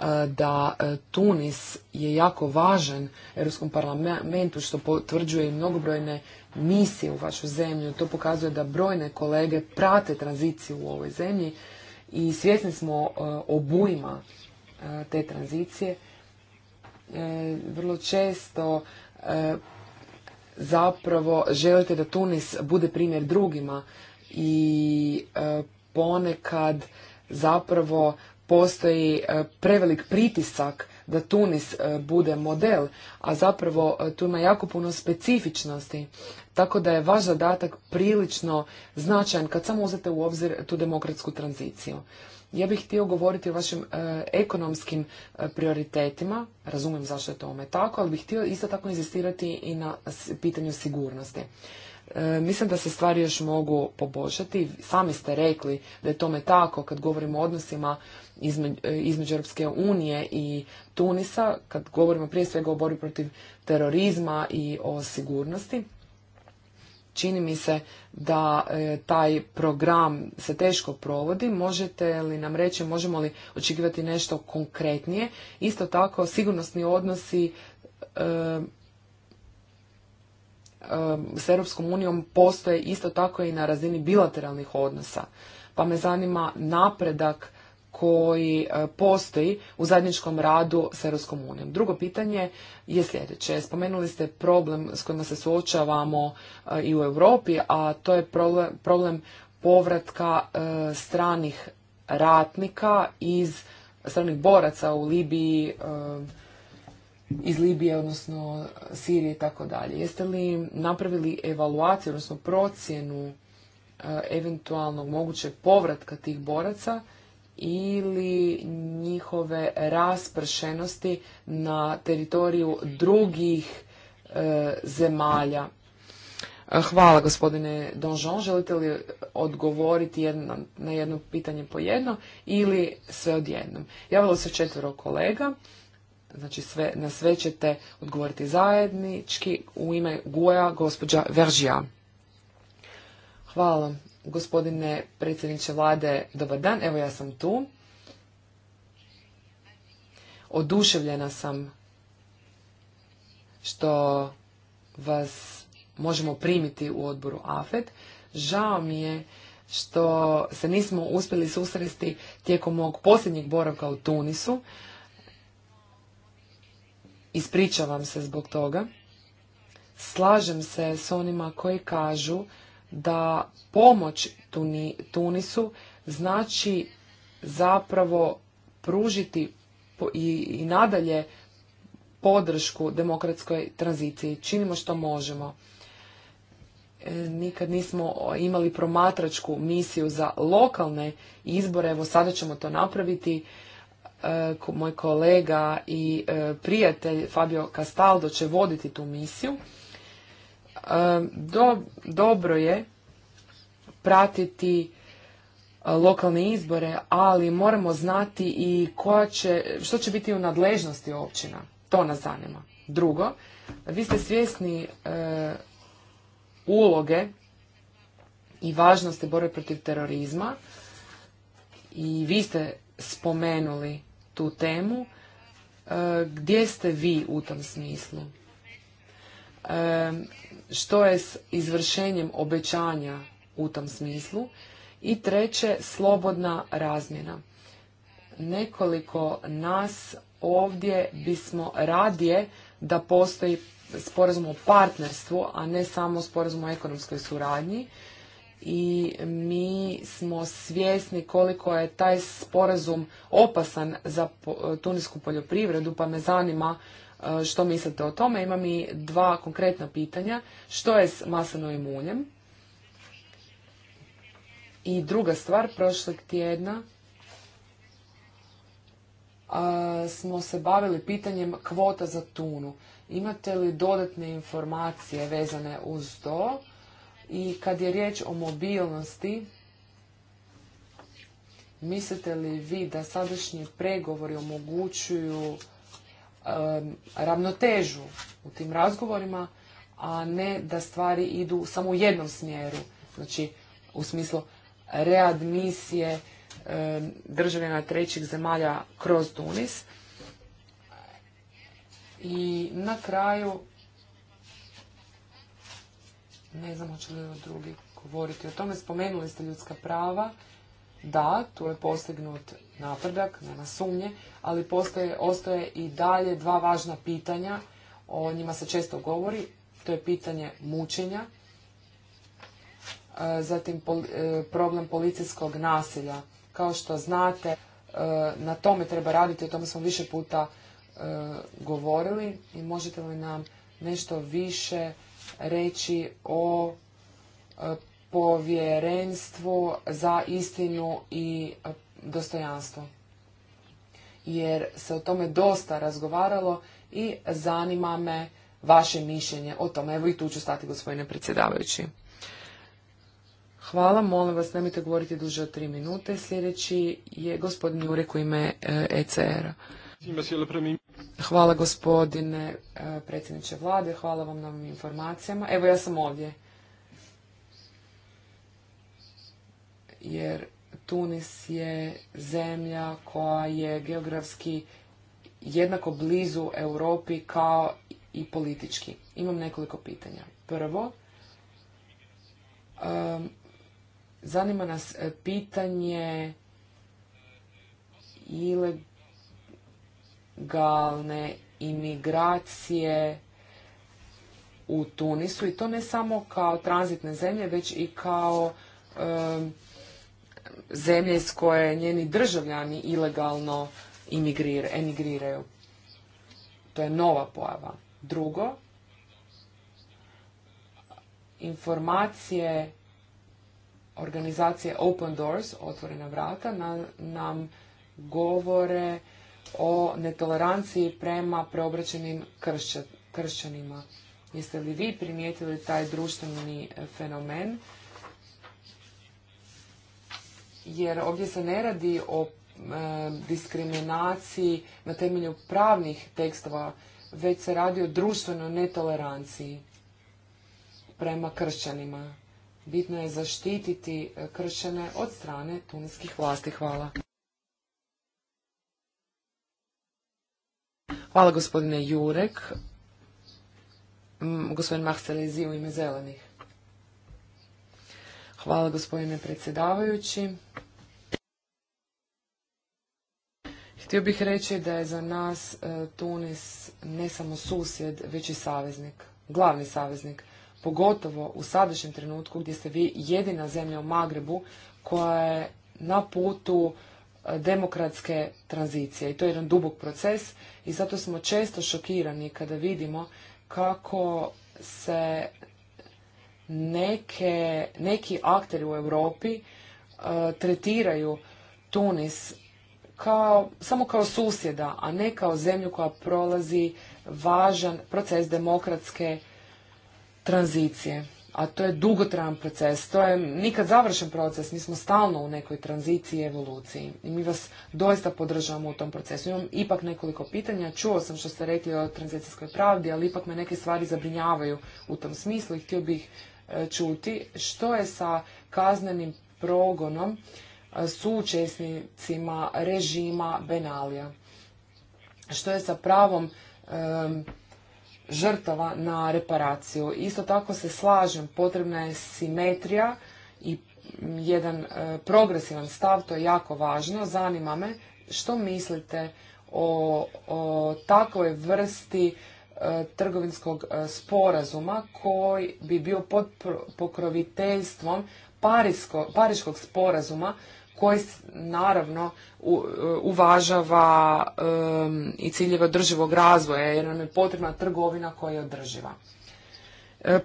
Speaker 4: E, da e, Tunis je jako važan Europskom parlamentu što potvrđuje i mnogobrojne misije u vašu zemlju. To pokazuje da brojne kolege prate tranziciju u ovoj zemlji i svjesni smo e, obujma te tranzicije. Vrlo često zapravo želite da Tunis bude primjer drugima i ponekad zapravo postoji e, prevelik pritisak da Tunis e, bude model, a zapravo e, tu ima jako puno specifičnosti. Tako da je vaš zadatak prilično značajan kad samo uzete u obzir tu demokratsku tranziciju. Ja bih htio govoriti o vašim ekonomskim prioritetima, razumijem zašto je tome tako, ali bih htio isto tako inzistirati i na pitanju sigurnosti. mislim da se stvari još mogu poboljšati. Sami ste rekli da je tome tako kad govorimo o odnosima E, između, Europske unije i Tunisa, kad govorimo prije svega o borbi protiv terorizma i o sigurnosti, čini mi se da e, taj program se teško provodi. Možete li nam reći, možemo li očekivati nešto konkretnije? Isto tako, sigurnosni odnosi e, s Europskom unijom postoje isto tako i na razini bilateralnih odnosa. Pa me zanima napredak koji e, postoji u zajedničkom radu s Europskom unijom. Drugo pitanje je sljedeće. Spomenuli ste problem s kojima se suočavamo e, i u Europi, a to je problem povratka e, stranih ratnika iz stranih boraca u Libiji, iz Libije, odnosno Sirije i tako dalje. Jeste li napravili evaluaciju, odnosno procjenu eventualnog mogućeg povratka tih boraca ili njihove raspršenosti na teritoriju drugih e, zemalja. E, hvala gospodine Donžon. Želite li odgovoriti na jedno pitanje po jedno ili sve odjednom? Javilo se četvero kolega, znači sve, na sve ćete odgovoriti zajednički u ime Guja gospođa Veržija. Hvala. Gospodine predsjedniče vlade, dobar dan, evo ja sam tu. Oduševljena sam što vas možemo primiti u odboru AFED. Žao mi je što se nismo uspjeli susresti tijekom mog posljednjeg boravka u Tunisu. Ispričavam se zbog toga. Slažem se s onima koji kažu da pomoć Tunisu znači zapravo pružiti i nadalje podršku demokratskoj tranziciji. Činimo što možemo. E, nikad nismo imali promatračku misiju za lokalne izbore. Evo sada ćemo to napraviti. E, moj kolega i e, prijatelj Fabio Castaldo će voditi tu misiju do, dobro je pratiti e, lokalne izbore, ali moramo znati i koja će, što će biti u nadležnosti općina. To nas zanima. Drugo, vi ste svjesni e, uloge i važnosti borbe protiv terorizma i vi ste spomenuli tu temu. E, gdje ste vi u tom smislu? što je s izvršenjem obećanja u tom smislu i treće slobodna razmjena. Nekoliko nas ovdje bismo radije da postoji sporazum o partnerstvu, a ne samo sporazum o ekonomskoj suradnji i mi smo svjesni koliko je taj sporazum opasan za tunisku poljoprivredu, pa me zanima E, što mislite o tome. Imam i dva konkretna pitanja. Što je s maslinovim uljem? I druga stvar, prošlog tjedna smo se bavili pitanjem kvota za tunu. Imate li dodatne informacije vezane uz to? I kad je riječ o mobilnosti, mislite li vi da sadašnji pregovori omogućuju ravnotežu u tim razgovorima, a ne da stvari idu samo u jednom smjeru. Znači, u smislu readmisije državljana trećih zemalja kroz Tunis. I na kraju, ne znam hoće li drugi govoriti o tome, spomenuli ste ljudska prava, da, tu je postignut napredak, nema sumnje, ali postoje, ostaje i dalje dva važna pitanja, o njima se često govori, to je pitanje mučenja, e, zatim e, problem policijskog nasilja. Kao što znate, e, na tome treba raditi, o tome smo više puta govorili i možete li nam nešto više reći o povjerenstvu za istinu i dostojanstvo. Jer se o tome dosta razgovaralo i zanima me vaše mišljenje o tome. Evo i tu ću stati gospodine predsjedavajući. Hvala, molim vas nemojte govoriti duže od tri minute. Sljedeći je gospodin Jurek u ime ECR-a. E hvala gospodine e, predsjedniče vlade, hvala vam na ovim informacijama. Evo ja sam ovdje. Jer Tunis je zemlja koja je geografski jednako blizu Europi kao i politički. Imam nekoliko pitanja. Prvo, zanima nas e, pitanje ilegalne imigracije u Tunisu i to ne samo kao tranzitne zemlje, već i kao zemlje iz koje njeni državljani ilegalno emigriraju. To je nova pojava. Drugo, informacije organizacije Open Doors, otvorena vrata, nam govore o netoleranciji prema preobraćenim kršćanima. Jeste li vi primijetili taj društveni fenomen jer ovdje se ne radi o e, diskriminaciji na temelju pravnih tekstova, već se radi o društvenoj netoleranciji prema kršćanima. Bitno je zaštititi e, kršćane od strane tunijskih vlasti. Hvala. Hvala gospodine Jurek. Gospodin Mahcelezi u ime zelenih. Hvala gospodine predsjedavajući. Htio bih reći da je za nas e, Tunis ne samo susjed, već i saveznik, glavni saveznik, pogotovo u sadašnjem trenutku gdje ste vi jedina zemlja u Magrebu koja je na putu e, demokratske tranzicije i to je jedan dubok proces i zato smo često šokirani kada vidimo kako se neke, neki akteri u Europi e, tretiraju Tunis kao, samo kao susjeda, a ne kao zemlju koja prolazi važan proces demokratske tranzicije. A to je dugotrajan proces, to je nikad završen proces, mi smo stalno u nekoj tranziciji i evoluciji. I mi vas doista podržavamo u tom procesu. Imam ipak nekoliko pitanja, čuo sam što ste rekli o tranzicijskoj pravdi, ali ipak me neke stvari zabrinjavaju u tom smislu i htio bih E, čuti što je sa kaznenim progonom e, suučesnicima režima Benalija. Što je sa pravom žrtava na reparaciju. Isto tako se slažem, potrebna je simetrija i jedan e, progresivan stav, to je jako važno. Zanima me što mislite o, o takvoj vrsti E, trgovinskog e, sporazuma koji bi bio pod pokroviteljstvom pariškog sporazuma koji naravno e, uvažava i ciljeve održivog razvoja jer nam je potrebna trgovina koja je održiva.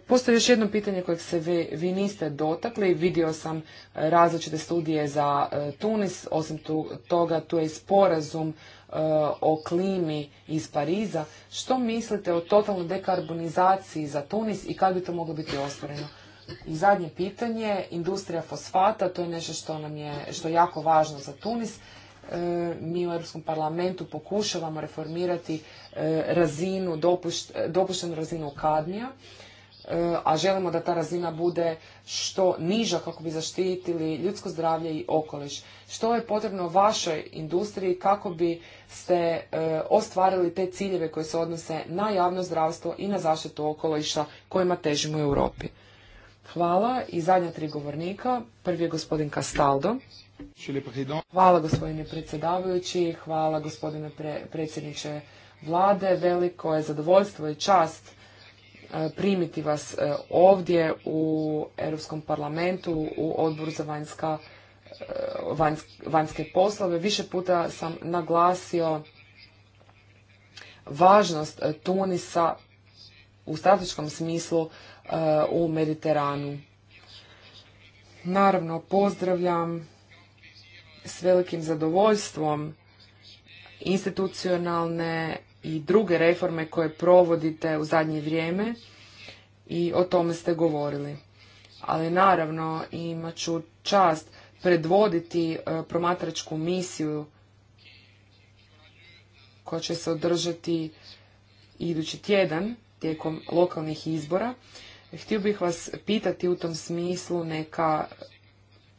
Speaker 4: postoji još jedno pitanje kojeg se vi, niste dotakli. Vidio sam različite studije za Tunis, osim toga tu je i sporazum E, o klimi iz Pariza. Što mislite o totalnoj dekarbonizaciji za Tunis i kad bi to moglo biti ostvareno? I zadnje pitanje, industrija fosfata, to je nešto što nam je, što je jako važno za Tunis. E, mi u Europskom parlamentu pokušavamo reformirati e, razinu, dopuštenu razinu kadmija a želimo da ta razina bude što niža kako bi zaštitili ljudsko zdravlje i okoliš. Što je potrebno vašoj industriji kako bi ste e, ostvarili te ciljeve koje se odnose na javno zdravstvo i na zaštitu okoliša kojima težimo u Europi? Hvala i zadnja tri govornika. Prvi je gospodin Castaldo. Hvala gospodine predsjedavajući, hvala gospodine predsjedniče vlade. Veliko je zadovoljstvo i čast E, primiti vas e, ovdje u Europskom parlamentu u odboru za vanjska, e, vanjske poslove. Više puta sam naglasio važnost Tunisa u strateškom smislu u Mediteranu. Naravno, pozdravljam s velikim zadovoljstvom institucionalne i druge reforme koje provodite u zadnje vrijeme i o tome ste govorili. Ali naravno imat ću čast predvoditi e, promatračku misiju koja će se održati idući tjedan tijekom lokalnih izbora. Htio bih vas pitati u tom smislu neka,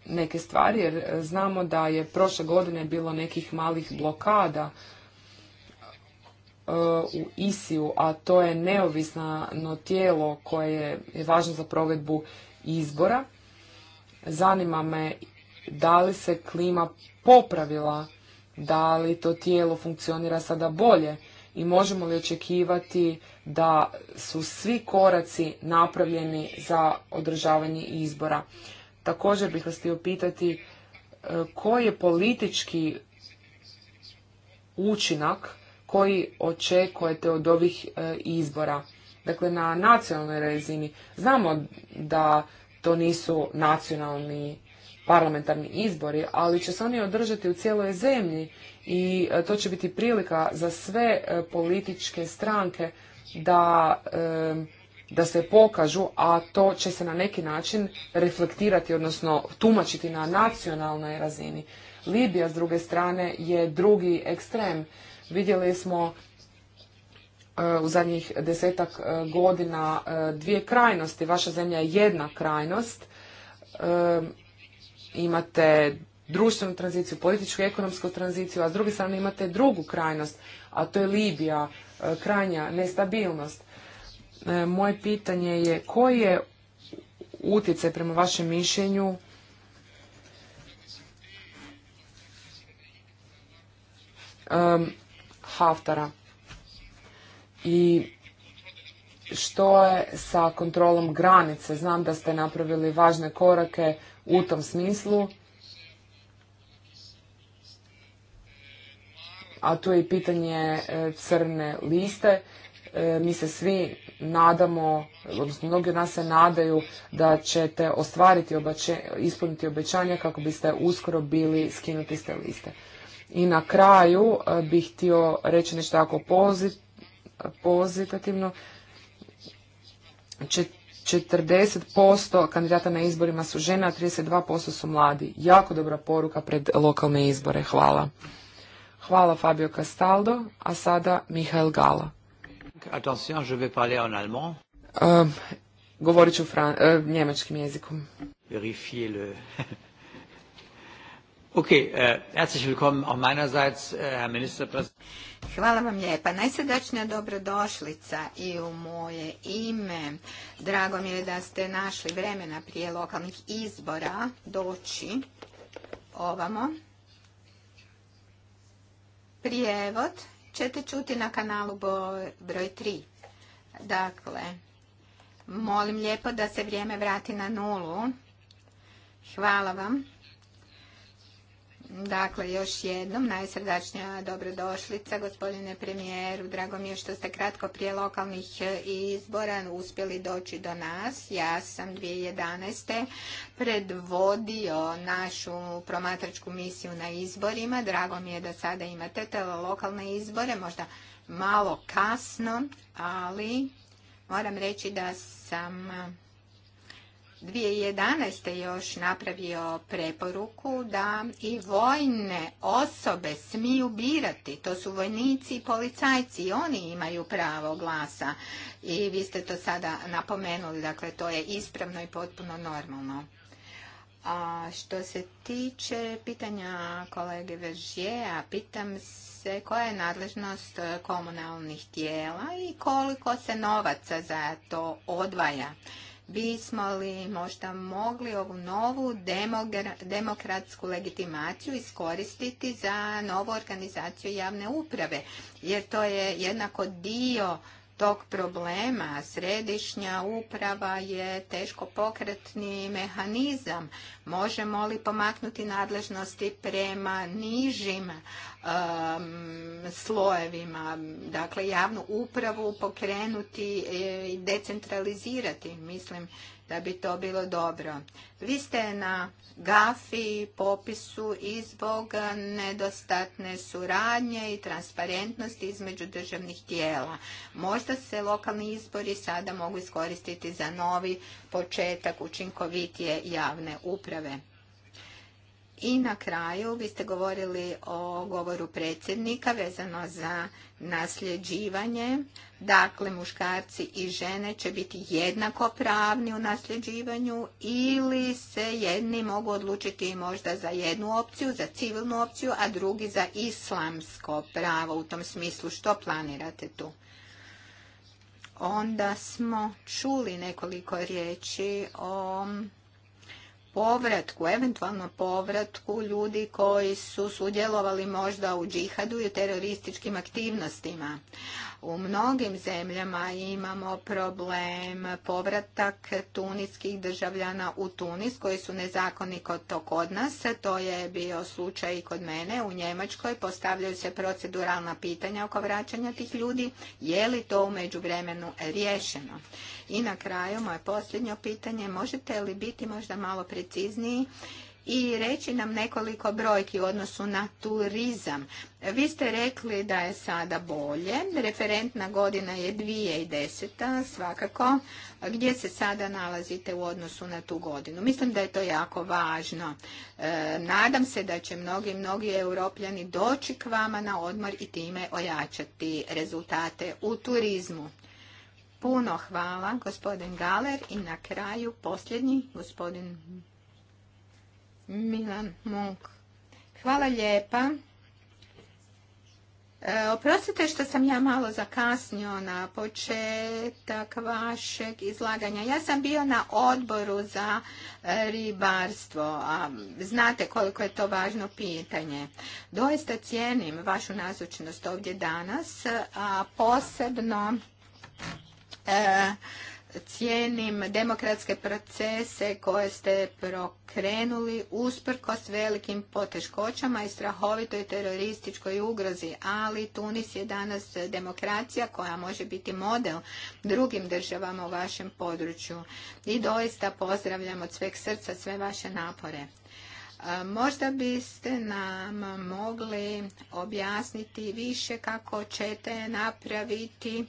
Speaker 4: neke stvari jer e, znamo da je prošle godine bilo nekih malih blokada Uh, u ISIU, a to je neovisno tijelo koje je važno za provedbu izbora. Zanima me da li se klima popravila, da li to tijelo funkcionira sada bolje i možemo li očekivati da su svi koraci napravljeni za održavanje izbora. Također bih vas htio pitati uh, koji je politički učinak koji očekujete od ovih e, izbora. Dakle, na nacionalnoj razini znamo da to nisu nacionalni parlamentarni izbori, ali će se oni održati u cijeloj zemlji i e, to će biti prilika za sve e, političke stranke da, da se pokažu, a to će se na neki način reflektirati, odnosno tumačiti na nacionalnoj razini. Libija, s druge strane, je drugi ekstrem Vidjeli smo e, u zadnjih desetak e, godina e, dvije krajnosti. Vaša zemlja je jedna krajnost. Imate društvenu tranziciju, političku i ekonomsku tranziciju, a s druge strane imate drugu krajnost, a to je Libija, krajnja nestabilnost. Moje pitanje je koji je utjecaj prema vašem mišljenju Haftara. I što je sa kontrolom granice? Znam da ste napravili važne korake u tom smislu. A tu je i pitanje e, crne liste. E, mi se svi nadamo, odnosno mnogi od nas se nadaju da ćete ostvariti, ispuniti obećanja kako biste uskoro bili skinuti s te liste. I na kraju e, bih htio reći nešto tako pozitativno 40% kandidata na izborima su žene, a 32% su mladi. Jako dobra poruka pred lokalne izbore. Hvala. Hvala Fabio Castaldo, a sada Mihael Gala. Attention, je vais parler en allemand. govorit ću njemačkim jezikom.
Speaker 2: Verifier le... Uh,
Speaker 3: uh, Hvala vam lijepa. Najsrdačnija dobrodošlica i u moje ime. Drago mi je da ste našli vremena prije lokalnih izbora doći ovamo. Prijevod ćete čuti na kanalu broj 3. Dakle, molim lijepo da se vrijeme vrati na nulu. Hvala vam. Dakle, još jednom najsrdačnija dobrodošlica gospodine premijeru. Drago mi je što ste kratko prije lokalnih e, izbora uspjeli doći do nas. Ja sam 2011. predvodio našu promatračku misiju na izborima. Drago mi je da sada imate te lokalne izbore, možda malo kasno, ali moram reći da sam 2011. još napravio preporuku da i vojne osobe smiju birati. To su vojnici i policajci i oni imaju pravo glasa. I vi ste to sada napomenuli, dakle to je ispravno i potpuno normalno. A što se tiče pitanja kolege Veržija, pitam se koja je nadležnost komunalnih tijela i koliko se novaca za to odvaja bismo li možda mogli ovu novu demokratsku legitimaciju iskoristiti za novu organizaciju javne uprave jer to je jednako dio tog problema. Središnja uprava je teško pokretni mehanizam. Možemo li pomaknuti nadležnosti prema nižim um, slojevima, dakle javnu upravu pokrenuti e, i decentralizirati. Mislim da bi to bilo dobro. Vi ste na GAFI popisu i zbog nedostatne suradnje i transparentnosti između državnih tijela. Možda se lokalni izbori sada mogu iskoristiti za novi početak učinkovitije javne uprave. I na kraju vi ste govorili o govoru predsjednika vezano za nasljeđivanje. Dakle, muškarci i žene će biti jednako pravni u nasljeđivanju ili se jedni mogu odlučiti možda za jednu opciju, za civilnu opciju, a drugi za islamsko pravo u tom smislu. Što planirate tu? Onda smo čuli nekoliko riječi o povratku, eventualno povratku ljudi koji su sudjelovali možda u džihadu i terorističkim aktivnostima. U mnogim zemljama imamo problem povratak tuniskih državljana u Tunis koji su nezakonito to kod nas. To je bio slučaj i kod mene u Njemačkoj. Postavljaju se proceduralna pitanja oko vraćanja tih ljudi. Je li to u međuvremenu riješeno? I na kraju moje posljednje pitanje. Možete li biti možda malo precizniji i reći nam nekoliko brojki u odnosu na turizam. Vi ste rekli da je sada bolje, referentna godina je 2010. svakako, gdje se sada nalazite u odnosu na tu godinu. Mislim da je to jako važno. E, nadam se da će mnogi, mnogi europljani doći k vama na odmor i time ojačati rezultate u turizmu. Puno hvala, gospodin Galer. I na kraju, posljednji, gospodin Milan Monk. Hvala lijepa. E, oprostite što sam ja malo zakasnio na početak vašeg izlaganja. Ja sam bio na odboru za e, ribarstvo, a znate koliko je to važno pitanje. Doista cijenim vašu nazočnost ovdje danas, a posebno e, cijenim demokratske procese koje ste prokrenuli usprkos velikim poteškoćama i strahovitoj terorističkoj ugrozi, ali Tunis je danas demokracija koja može biti model drugim državama u vašem području. I doista pozdravljam od sveg srca sve vaše napore. Možda biste nam mogli objasniti više kako ćete napraviti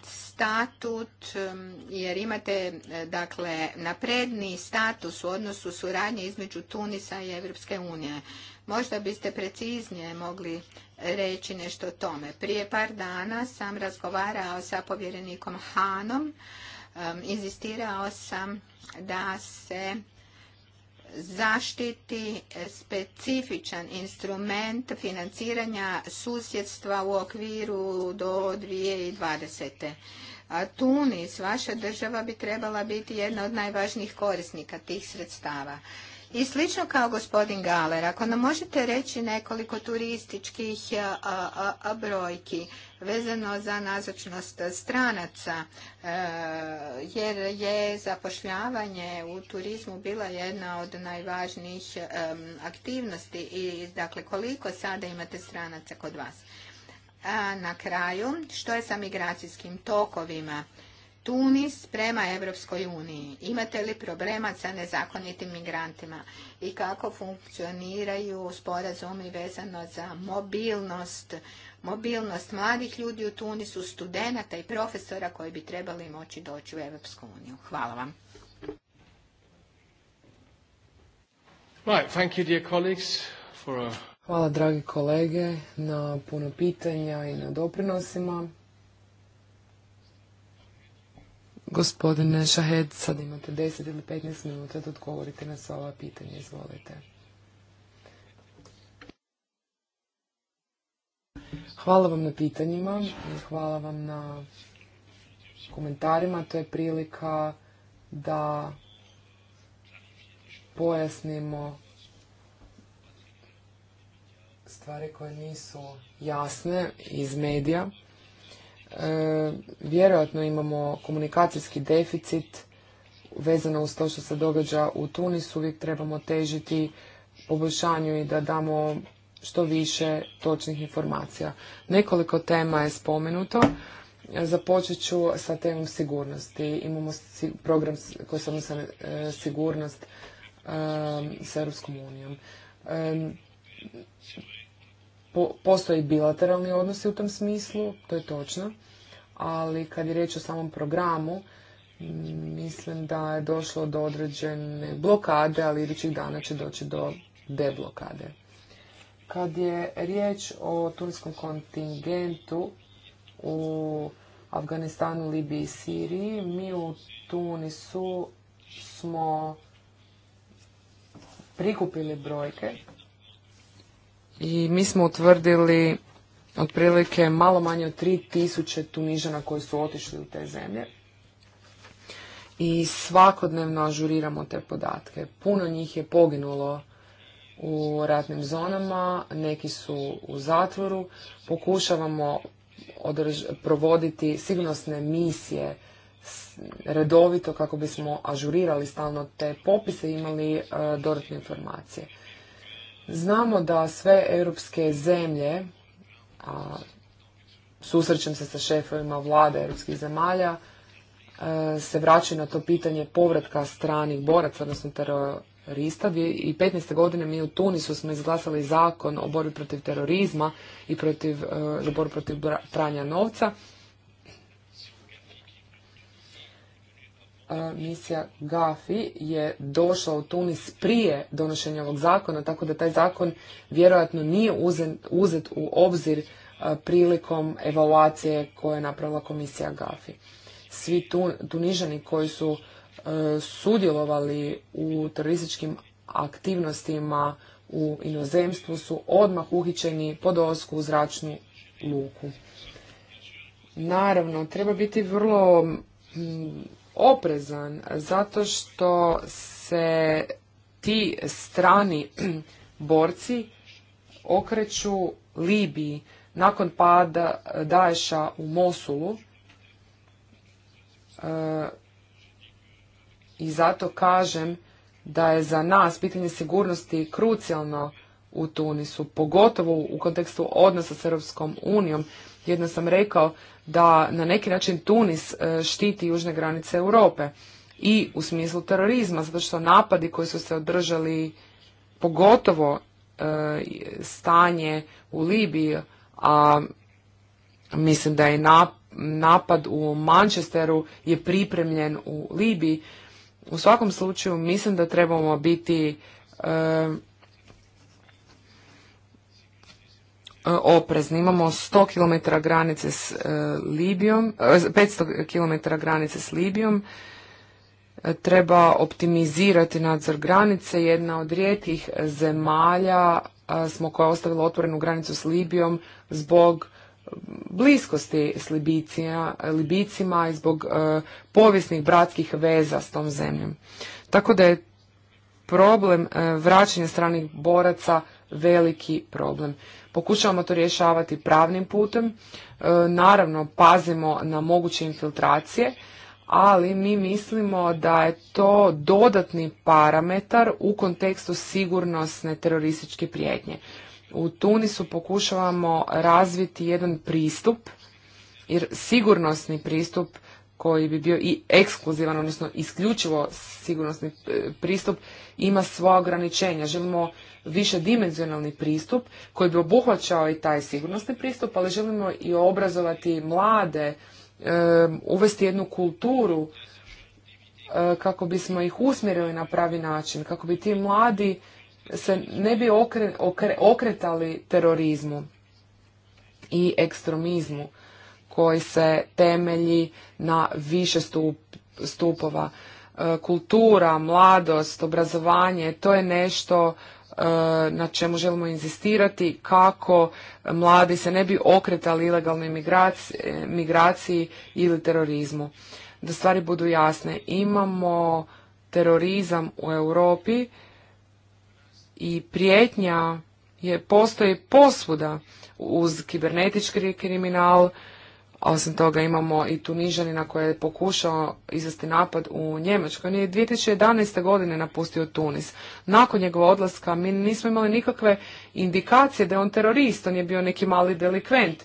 Speaker 3: statut um, jer imate e, dakle napredni status u odnosu suradnje između Tunisa i Europske unije. Možda biste preciznije mogli reći nešto o tome. Prije par dana sam razgovarao sa povjerenikom Hanom, um, inzistirao sam da se zaštiti specifičan instrument financiranja susjedstva u okviru do 2020. A Tunis, vaša država, bi trebala biti jedna od najvažnijih korisnika tih sredstava. I slično kao gospodin Galer, ako nam možete reći nekoliko turističkih brojki vezano za nazočnost stranaca, e, jer je zapošljavanje u turizmu bila jedna od najvažnijih aktivnosti i dakle koliko sada imate stranaca kod vas. na kraju, što je sa migracijskim tokovima? Tunis prema Europskoj uniji? Imate li problema sa nezakonitim migrantima? I kako funkcioniraju sporazumi vezano za mobilnost, mobilnost mladih ljudi u Tunisu, studenata i profesora koji bi trebali moći doći u Europsku uniju? Hvala vam.
Speaker 1: Uh,
Speaker 4: Hvala dragi kolege na puno pitanja i na doprinosima. Gospodine Šahed, sad imate 10 ili 15 minuta da odgovorite na sva ova pitanja. Izvolite. Hvala vam na pitanjima i hvala vam na komentarima. To je prilika da pojasnimo stvari koje nisu jasne iz medija. E, vjerojatno imamo komunikacijski deficit vezano uz to što se događa u Tunisu. Uvijek trebamo težiti poboljšanju i da damo što više točnih informacija. Nekoliko tema je spomenuto. E, započet ću sa temom sigurnosti. Imamo program koji se odnosi na e, sigurnost s Europskom unijom postoji bilateralni odnosi u tom smislu, to je točno, ali kad je riječ o samom programu, mislim da je došlo do određene blokade, ali idućih dana će doći do deblokade. Kad je riječ o turskom kontingentu u Afganistanu, Libiji i Siriji, mi u Tunisu smo prikupili brojke i mi smo utvrdili otprilike malo manje od 3000 Tunižana koji su otišli u te zemlje. I svakodnevno ažuriramo te podatke. Puno njih je poginulo u ratnim zonama, neki su u zatvoru. Pokušavamo provoditi sigurnosne misije redovito kako bismo ažurirali stalno te popise i imali e, dodatne informacije. Znamo da sve europske zemlje, a susrećem se sa šefovima vlade europskih zemalja, e, se vraćaju na to pitanje povratka stranih boraca, odnosno terorista. I 15. godine mi u Tunisu smo izglasali zakon o borbi protiv terorizma i protiv, e, za borbu protiv pranja novca misija Gafi je došla u Tunis prije donošenja ovog zakona, tako da taj zakon vjerojatno nije uzet, u obzir prilikom evaluacije koje je napravila komisija Gafi. Svi Tunižani koji su e, sudjelovali u terorističkim aktivnostima u inozemstvu su odmah uhićeni po dolasku u zračnu luku. Naravno, treba biti vrlo oprezan zato što se ti strani borci okreću Libiji nakon pada Daesha u Mosulu e, i zato kažem da je za nas pitanje sigurnosti krucijalno u Tunisu, pogotovo u kontekstu odnosa s Europskom unijom, jedno sam rekao da na neki način Tunis e, štiti južne granice Europe i u smislu terorizma, zato što napadi koji su se održali pogotovo e, stanje u Libiji, a mislim da je napad u Manchesteru je pripremljen u Libiji. U svakom slučaju mislim da trebamo biti e, E, oprezni. Imamo 100 km e, e, granice s Libijom, 500 km granice s Libijom. Treba optimizirati nadzor granice. Jedna od rijetkih zemalja smo koja je ostavila otvorenu granicu s Libijom zbog bliskosti s Libicima i zbog povijesnih bratskih veza s tom zemljom. Tako da je problem e, vraćanja stranih boraca veliki problem. Pokušavamo to rješavati pravnim putem, e, naravno pazimo na moguće infiltracije, ali mi mislimo da je to dodatni parametar u kontekstu sigurnosne terorističke prijetnje. U Tunisu pokušavamo razviti jedan pristup, jer sigurnosni pristup koji bi bio i ekskluzivan, odnosno isključivo sigurnosni e, pristup, ima sva ograničenja. Želimo više dimenzionalni pristup koji bi obuhvaćao i taj sigurnosni pristup, ali želimo i obrazovati mlade, e, uvesti jednu kulturu e, kako bismo ih usmjerili na pravi način, kako bi ti mladi se ne bi okretali terorizmu i ekstremizmu koji se temelji na više stupova. E, kultura, mladost, obrazovanje, to je nešto e, na čemu želimo inzistirati kako mladi se ne bi okretali ilegalnoj migraciji, migraciji ili terorizmu. Da stvari budu jasne, imamo terorizam u Europi i prijetnja je postoji posvuda uz kibernetički kriminal, osim toga imamo i Tunižanina koji je pokušao izvesti napad u Njemačkoj. On je 2011. godine napustio Tunis. Nakon njegova odlaska mi nismo imali nikakve indikacije da je on terorist. On je bio neki mali delikvent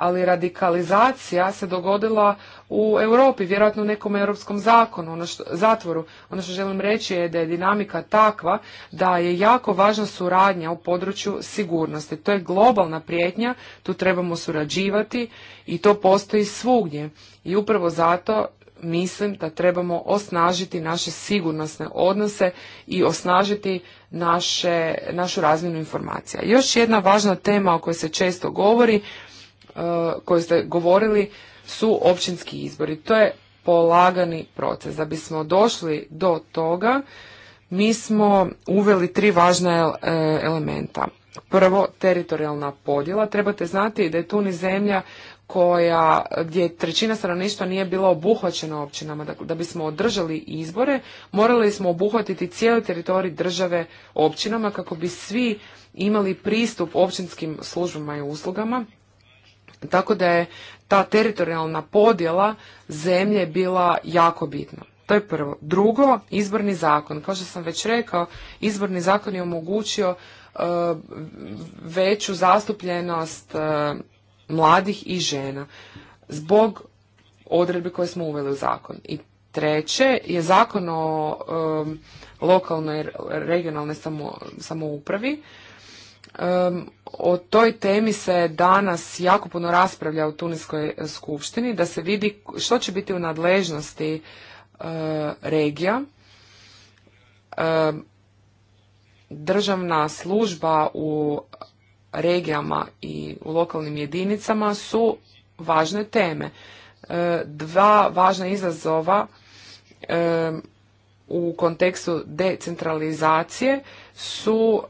Speaker 4: ali radikalizacija se dogodila u Europi, vjerojatno u nekom europskom zakonu, ono zatvoru. Ono što želim reći je da je dinamika takva da je jako važna suradnja u području sigurnosti. To je globalna prijetnja, tu trebamo surađivati i to postoji svugdje. I upravo zato mislim da trebamo osnažiti naše sigurnosne odnose i osnažiti naše, našu razmjenu informacija. Još jedna važna tema o kojoj se često govori E, koju ste govorili su općinski izbori. To je polagani proces. Da bismo došli do toga, mi smo uveli tri važna e, elementa. Prvo, teritorijalna podjela. Trebate znati da je tu ni zemlja koja, gdje trećina stanovništva nije bila obuhvaćena općinama. Dakle, da bismo održali izbore, morali smo obuhvatiti cijeli teritorij države općinama kako bi svi imali pristup općinskim službama i uslugama tako da je ta teritorijalna podjela zemlje bila jako bitna. To je prvo. Drugo, izborni zakon. Kao što sam već rekao, izborni zakon je omogućio e, veću zastupljenost e, mladih i žena zbog odredbi koje smo uveli u zakon. I treće je zakon o e, lokalnoj regionalnoj samoupravi o toj temi se danas jako puno raspravlja u Tuniskoj e, skupštini, da se vidi što će biti u nadležnosti e, regija. Državna služba u regijama i u lokalnim jedinicama su važne teme. E, dva važna izazova u kontekstu decentralizacije su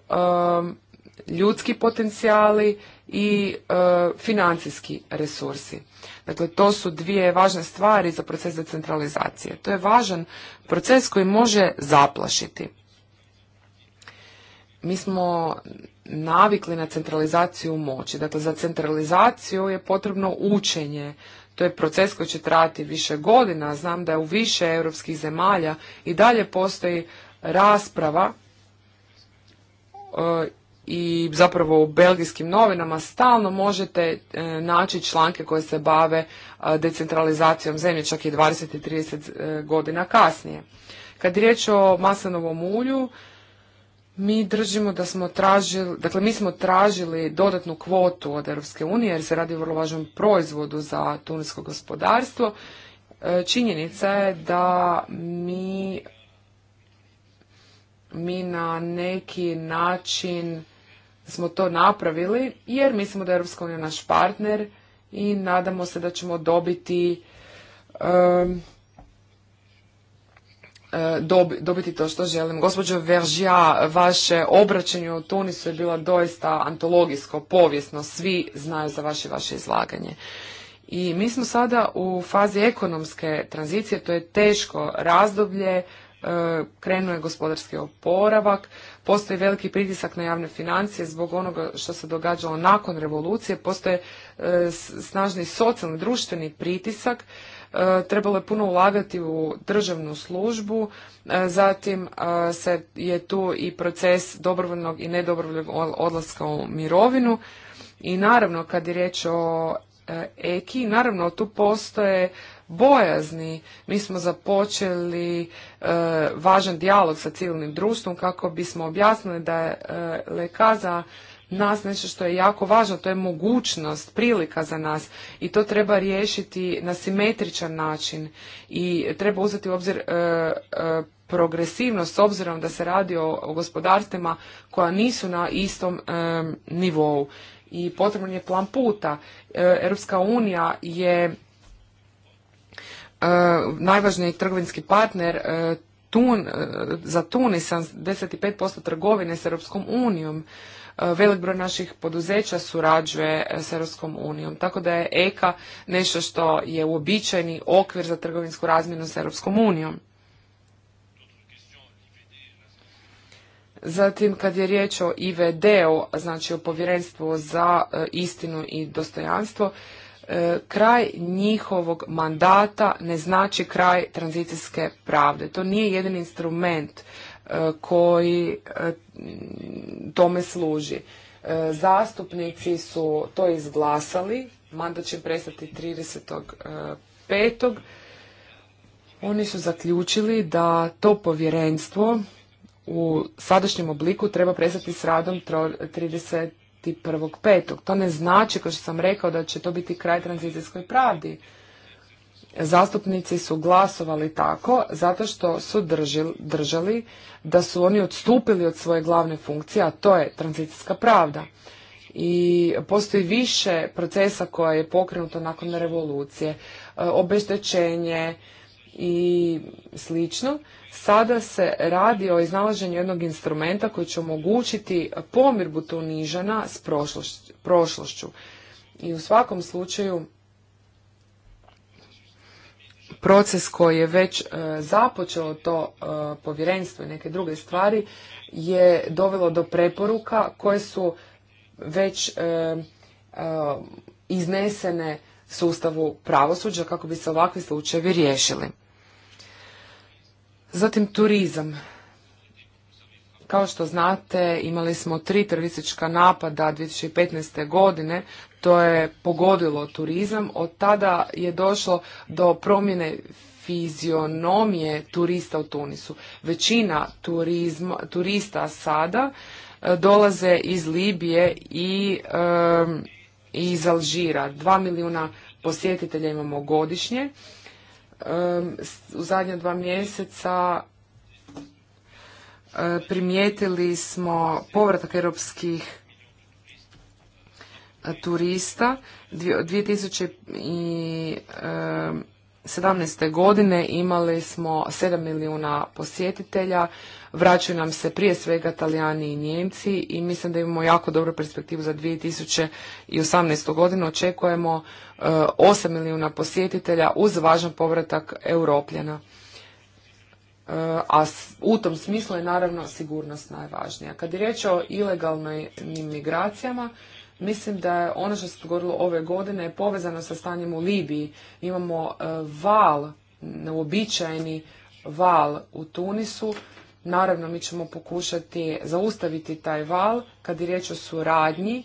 Speaker 4: ljudski potencijali i e, financijski resursi. Dakle, to su dvije važne stvari za proces decentralizacije. To je važan proces koji može zaplašiti. Mi smo navikli na centralizaciju moći. Dakle, za centralizaciju je potrebno učenje. To je proces koji će trajati više godina. Znam da je u više europskih zemalja i dalje postoji rasprava e, i zapravo u belgijskim novinama stalno možete e, naći članke koje se bave e, decentralizacijom zemlje čak i 20 i 30 e, godina kasnije. Kad je riječ o maslinovom ulju, mi držimo da smo tražili, dakle mi smo tražili dodatnu kvotu od Europske unije jer se radi o vrlo važnom proizvodu za tunisko gospodarstvo. Činjenica je da mi mi na neki način smo to napravili jer mislimo da je Europska unija naš partner i nadamo se da ćemo dobiti e, dobiti to što želim. Gospođo Veržija, vaše obraćanje u Tunisu je bilo doista antologijsko, povijesno, svi znaju za vaše vaše izlaganje. I mi smo sada u fazi ekonomske tranzicije, to je teško razdoblje, e, krenuo je gospodarski oporavak, Postoji veliki pritisak na javne financije zbog onoga što se događalo nakon revolucije. Postoje e, snažni socijalni, društveni pritisak. E, trebalo je puno ulagati u državnu službu. E, zatim se je tu i proces dobrovoljnog i nedobrovoljnog odlaska u mirovinu. I naravno, kad je riječ o EKI, naravno tu postoje bojazni. Mi smo započeli e, važan dijalog sa civilnim društvom kako bismo objasnili da je leka za nas nešto što je jako važno, to je mogućnost, prilika za nas i to treba riješiti na simetričan način i treba uzeti u obzir e, e, progresivnost s obzirom da se radi o, gospodarstvima koja nisu na istom nivou i potreban je plan puta. Europska unija je E, najvažniji trgovinski partner e, Tun, e, za Tunis 75% trgovine s Europskom unijom. Velik broj naših poduzeća surađuje s Europskom unijom. Tako da je EKA nešto što je uobičajeni okvir za trgovinsku razmjenu s Europskom unijom. Zatim kad je riječ o IVD-u, znači o povjerenstvu za istinu i dostojanstvo, E, kraj njihovog mandata ne znači kraj tranzicijske pravde. To nije jedan instrument e, koji e, tome služi. Zastupnici su to izglasali, mandat će prestati 35. Oni su zaključili da to povjerenstvo u sadašnjem obliku treba prestati s radom petog To ne znači, kao što sam rekao, da će to biti kraj tranzicijskoj pravdi. Zastupnici su glasovali tako zato što su držali da su oni odstupili od svoje glavne funkcije, a to je tranzicijska pravda. I postoji više procesa koja je pokrenuto nakon revolucije, e, obeštećenje i slično Sada se radi o iznalaženju jednog instrumenta koji će omogućiti pomirbu Tunižana s prošlošću. I u svakom slučaju proces koji je već e, započeo to e, povjerenstvo i neke druge stvari je dovelo do preporuka koje su već e, iznesene sustavu pravosuđa kako bi se ovakvi slučajevi riješili. Zatim turizam. Kao što znate, imali smo tri teroristička napada 2015. godine, to je pogodilo turizam. Od tada je došlo do promjene fizionomije turista u Tunisu. Većina turizma, turista sada e, dolaze iz Libije i iz Alžira. Dva milijuna posjetitelja imamo godišnje u zadnja dva mjeseca primijetili smo povratak europskih turista. 2015. 2017. godine imali smo 7 milijuna posjetitelja, vraćaju nam se prije svega Talijani i Njemci i mislim da imamo jako dobru perspektivu za 2018. godinu. Očekujemo 8 eh, milijuna posjetitelja uz važan povratak europljana. Eh, a u tom smislu je naravno sigurnost najvažnija. Kad je riječ o ilegalnim migracijama, Mislim da je ono što se dogodilo ove godine je povezano sa stanjem u Libiji. Imamo e, val, neobičajni val u Tunisu. Naravno, mi ćemo pokušati zaustaviti taj val. Kad je riječ o suradnji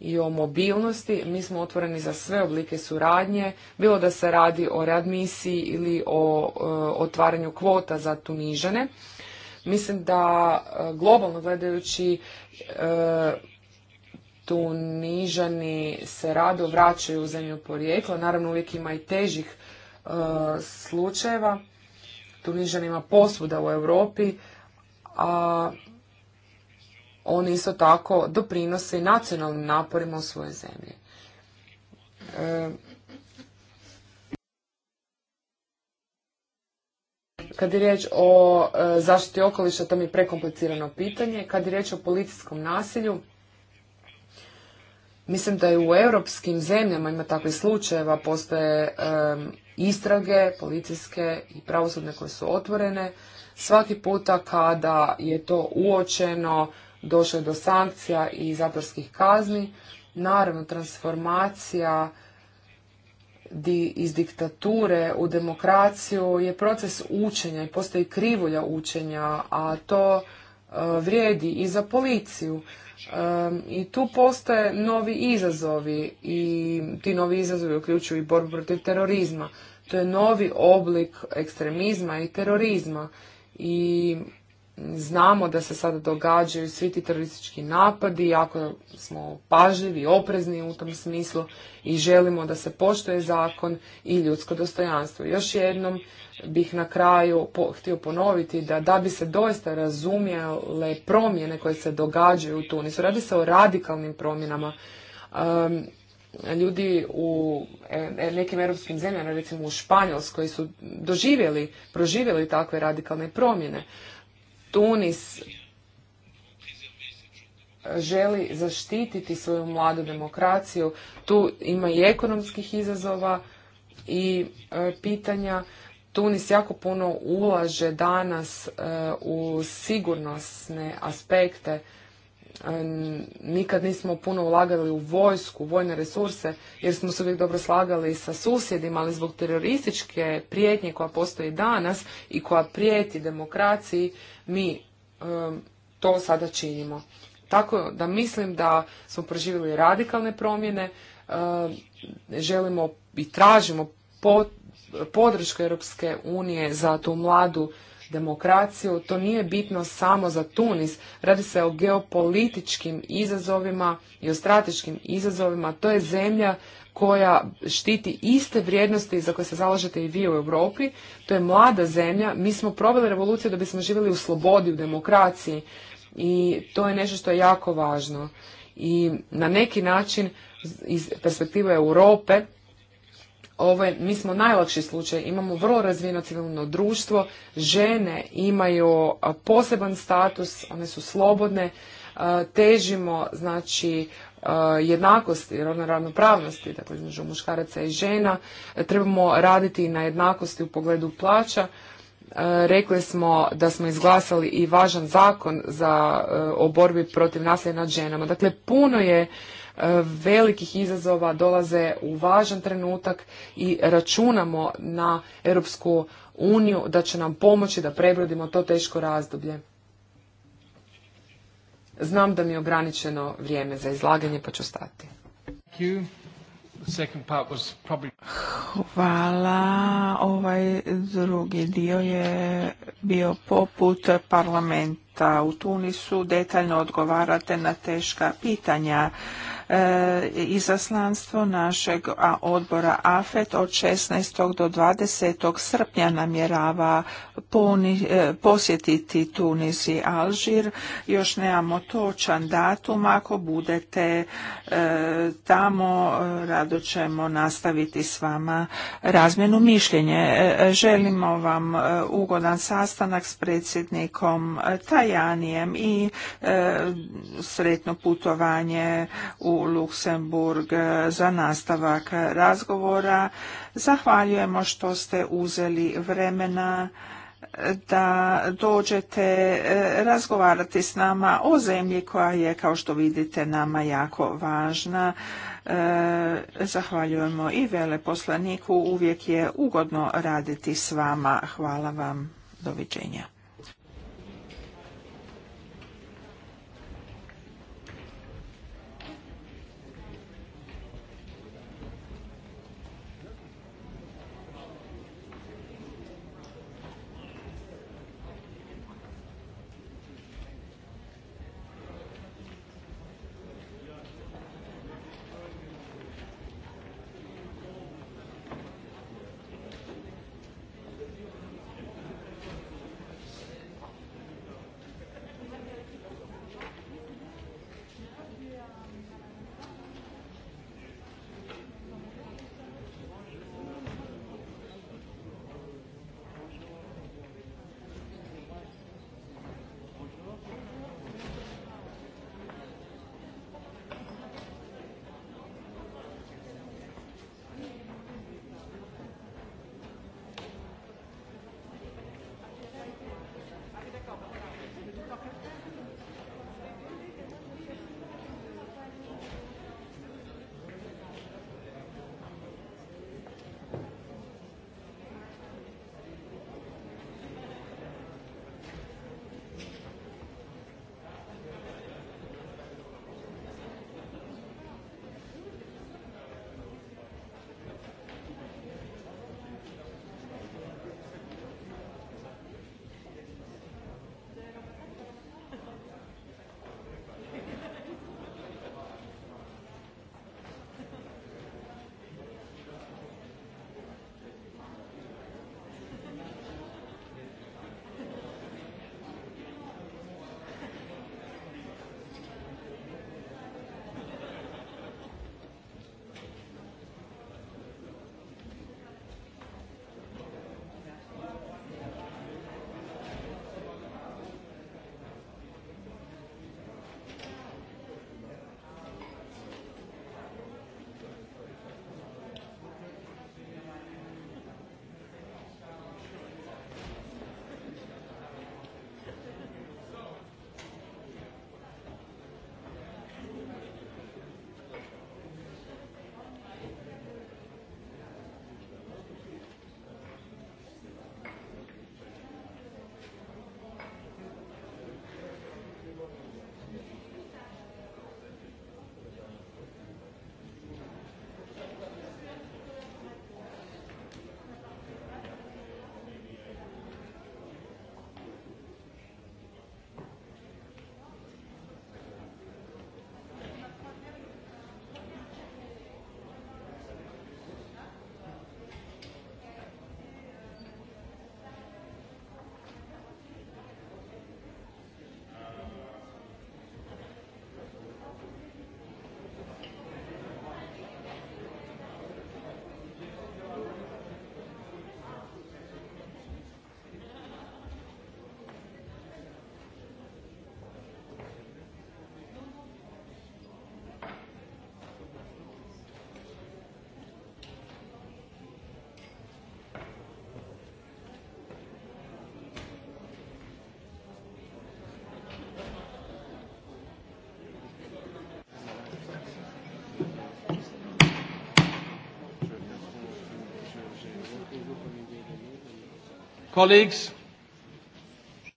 Speaker 4: i o mobilnosti, mi smo otvoreni za sve oblike suradnje, bilo da se radi o readmisiji ili o e, otvaranju kvota za Tunižane. Mislim da e, globalno gledajući nižani se rado vraćaju u zemlju porijekla. Naravno, uvijek ima i težih e, slučajeva. ima posvuda u Europi, a oni isto tako doprinose nacionalnim naporima u svojoj zemlji. E, kad je riječ o e, zaštiti okoliša, to mi je prekomplicirano pitanje. Kad je riječ o policijskom nasilju, Mislim da je u europskim zemljama ima takvih slučajeva, postoje istrage, policijske i pravosudne koje su otvorene. Svaki puta kada je to uočeno, došlo je do sankcija i zatvorskih kazni. Naravno, transformacija di, iz diktature u demokraciju je proces učenja i postoji krivulja učenja, a to eh, vrijedi i za policiju. I tu postoje novi izazovi i ti novi izazovi uključuju i borbu protiv terorizma. To je novi oblik ekstremizma i terorizma i znamo da se sada događaju svi ti teroristički napadi, jako smo pažljivi i oprezni u tom smislu i želimo da se poštuje zakon i ljudsko dostojanstvo. Još jednom bih na kraju htio ponoviti da da bi se doista razumjele promjene koje se događaju u Tunisu, radi se o radikalnim promjenama. ljudi u e, e, nekim europskim zemljama, recimo u Španjolskoj, su doživjeli, proživjeli takve radikalne promjene. Tunis želi zaštititi svoju mladu demokraciju. Tu ima i ekonomskih izazova i e, pitanja Tunis jako puno ulaže danas e, u sigurnosne aspekte. E, nikad nismo puno ulagali u vojsku, vojne resurse, jer smo se uvijek dobro slagali sa susjedima, ali zbog terorističke prijetnje koja postoji danas i koja prijeti demokraciji, mi e, to sada činimo. Tako da mislim da smo proživjeli radikalne promjene, želimo i tražimo podršku Europske unije za tu mladu demokraciju, to nije bitno samo za Tunis, radi se o geopolitičkim izazovima i o strateškim izazovima. To je zemlja koja štiti iste vrijednosti za koje se zalažete i vi u Europi. To je mlada zemlja. Mi smo proveli revoluciju da bismo živjeli u slobodi, u demokraciji i to je nešto što je jako važno. I na neki način iz perspektive Europe ovo mi smo najlakši slučaj, imamo vrlo razvijeno civilno društvo, žene imaju poseban status, one su slobodne, težimo znači jednakosti, rodno ravnopravnosti, dakle između muškaraca i žena, trebamo raditi na jednakosti u pogledu plaća, rekli smo da smo izglasali i važan zakon za, o borbi protiv nasilja nad ženama. Dakle, puno je velikih izazova dolaze u važan trenutak i računamo na Europsku uniju da će nam pomoći da prebrodimo to teško razdoblje. Znam da mi je ograničeno vrijeme za izlaganje, pa ću stati.
Speaker 2: Hvala. Ovaj drugi dio je bio poput parlamenta. U Tunisu detaljno odgovarate na teška pitanja. E, izaslanstvo našeg odbora AFET od 16. do 20. srpnja namjerava e, posjetiti Tunis i Alžir. Još nemamo točan datum. Ako budete e, tamo, rado ćemo nastaviti s vama razmjenu mišljenje. Želimo vam ugodan sastanak s predsjednikom Tajanijem i sretno putovanje u Luksemburg za nastavak razgovora. Zahvaljujemo što ste uzeli vremena da dođete e, razgovarati s nama o zemlji koja je, kao što vidite, nama jako važna. E, zahvaljujemo i veleposlaniku, uvijek je ugodno raditi s vama. Hvala vam, doviđenja.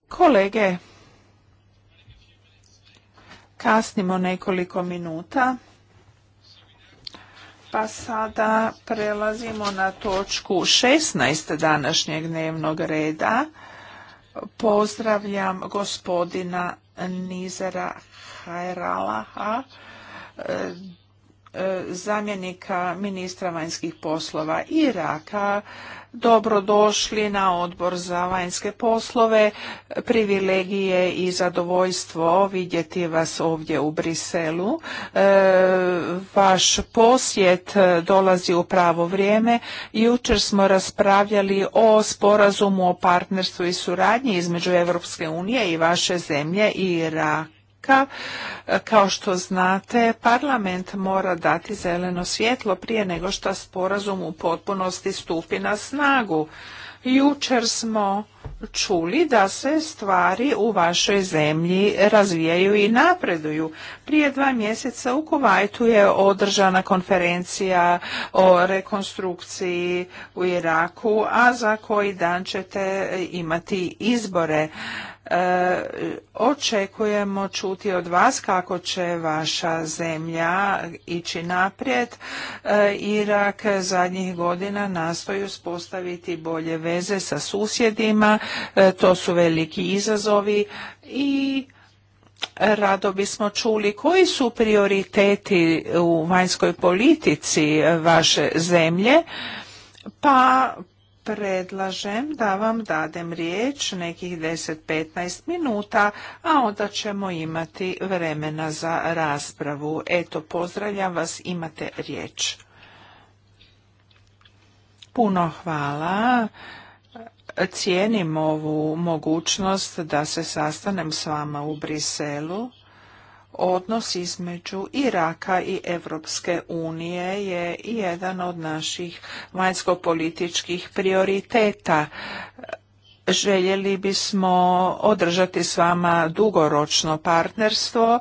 Speaker 2: Kolege, kasnimo nekoliko minuta. Pa sada prelazimo na točku 16 današnjeg dnevnog reda. Pozdravljam gospodina Nizera Hajralaha, E, zamjenika ministra vanjskih poslova Iraka dobrodošli na odbor za vanjske poslove. Privilegije i zadovoljstvo vidjeti vas ovdje u Briselu. E, vaš posjet dolazi u pravo vrijeme. Jučer smo raspravljali o sporazumu o partnerstvu i suradnji između Europske unije i vaše zemlje i Iraka kao što znate, parlament mora dati zeleno svjetlo prije nego što sporazum u potpunosti stupi na snagu. Jučer smo čuli da se stvari u vašoj zemlji razvijaju i napreduju. Prije dva mjeseca u Kuvajtu je održana konferencija o rekonstrukciji u Iraku, a za koji dan ćete imati izbore. E, očekujemo čuti od vas kako će vaša zemlja ići naprijed. E, Irak zadnjih godina nastoji uspostaviti bolje veze sa susjedima. E, to su veliki izazovi i Rado bismo čuli koji su prioriteti u vanjskoj politici vaše zemlje, pa predlažem da vam dadem riječ nekih 10-15 minuta, a onda ćemo imati vremena za raspravu. Eto, pozdravljam vas, imate riječ. Puno hvala. Cijenim ovu mogućnost da se sastanem s vama u Briselu. Odnos između Iraka i Evropske unije je i jedan od naših vanjskopolitičkih prioriteta. Željeli bismo održati s vama dugoročno partnerstvo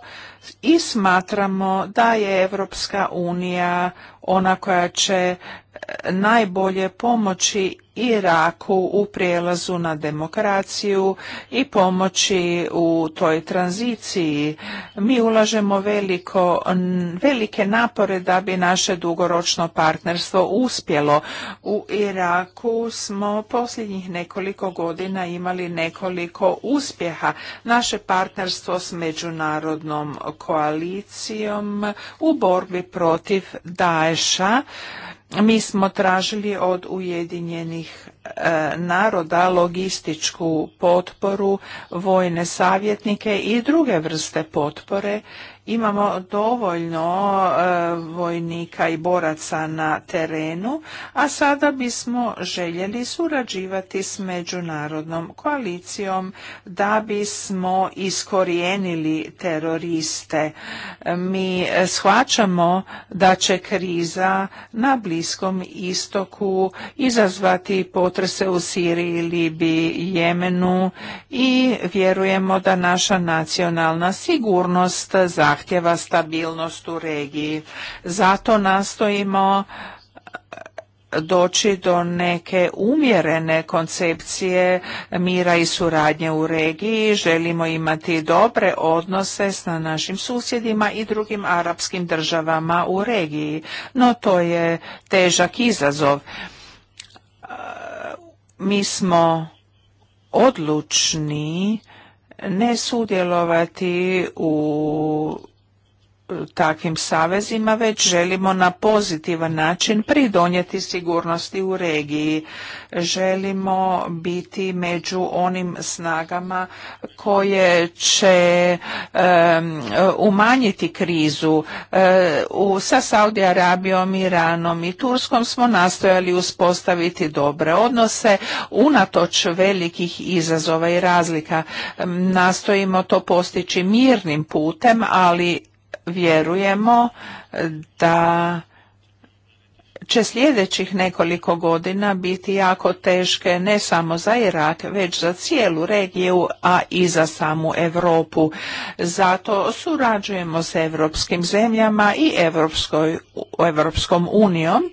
Speaker 2: i smatramo da je Evropska unija ona koja će najbolje pomoći Iraku u prijelazu na demokraciju i pomoći u toj tranziciji. Mi ulažemo veliko, velike napore da bi naše dugoročno partnerstvo uspjelo. U Iraku smo posljednjih nekoliko godina imali nekoliko uspjeha. Naše partnerstvo s međunarodnom koalicijom u borbi protiv Daesha mi smo tražili od Ujedinjenih e, naroda logističku potporu, vojne savjetnike i druge vrste potpore imamo dovoljno e, vojnika i boraca na terenu, a sada bismo željeli surađivati s međunarodnom koalicijom da bismo iskorijenili teroriste. Mi shvaćamo da će kriza na Bliskom istoku izazvati potrese u Siriji, Libiji, Jemenu i vjerujemo da naša nacionalna sigurnost za zahtjeva stabilnost u regiji. Zato nastojimo e, doći do neke umjerene koncepcije mira i suradnje u regiji. Želimo imati dobre odnose s našim susjedima i drugim arapskim državama u regiji. No to je težak izazov. E, mi smo odlučni ne sudjelovati u takvim savezima, već želimo na pozitivan način pridonijeti sigurnosti u regiji. Želimo biti među onim snagama koje će umanjiti krizu. Eh, u sa Saudi Arabijom, Iranom i Turskom smo nastojali uspostaviti dobre odnose unatoč velikih izazova i razlika. nastojimo to postići mirnim putem, ali vjerujemo da će sljedećih nekoliko godina biti jako teške ne samo za Irak, već za cijelu regiju, a i za samu Europu. Zato surađujemo s evropskim zemljama i Evropskoj, Evropskom unijom.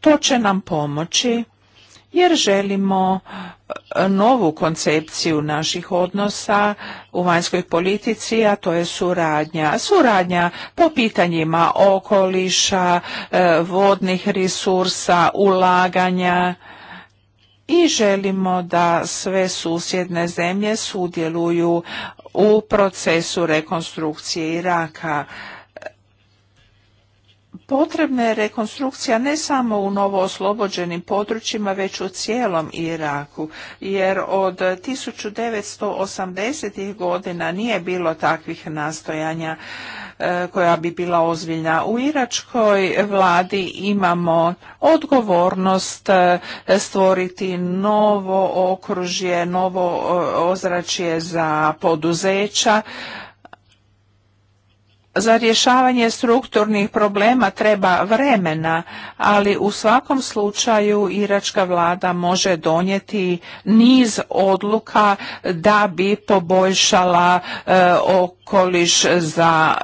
Speaker 2: To će nam pomoći jer želimo e, novu koncepciju naših odnosa u vanjskoj politici, a to je suradnja. Suradnja po pitanjima okoliša, e, vodnih resursa, ulaganja i želimo da sve susjedne zemlje sudjeluju u procesu rekonstrukcije Iraka. Potrebna je rekonstrukcija ne samo u novo oslobođenim područjima, već u cijelom Iraku, jer od 1980. godina nije bilo takvih nastojanja e, koja bi bila ozbiljna. U iračkoj vladi imamo odgovornost e, stvoriti novo okružje, novo e, ozračje za poduzeća za rješavanje strukturnih problema treba vremena, ali u svakom slučaju iračka vlada može donijeti niz odluka da bi poboljšala e, okoliš za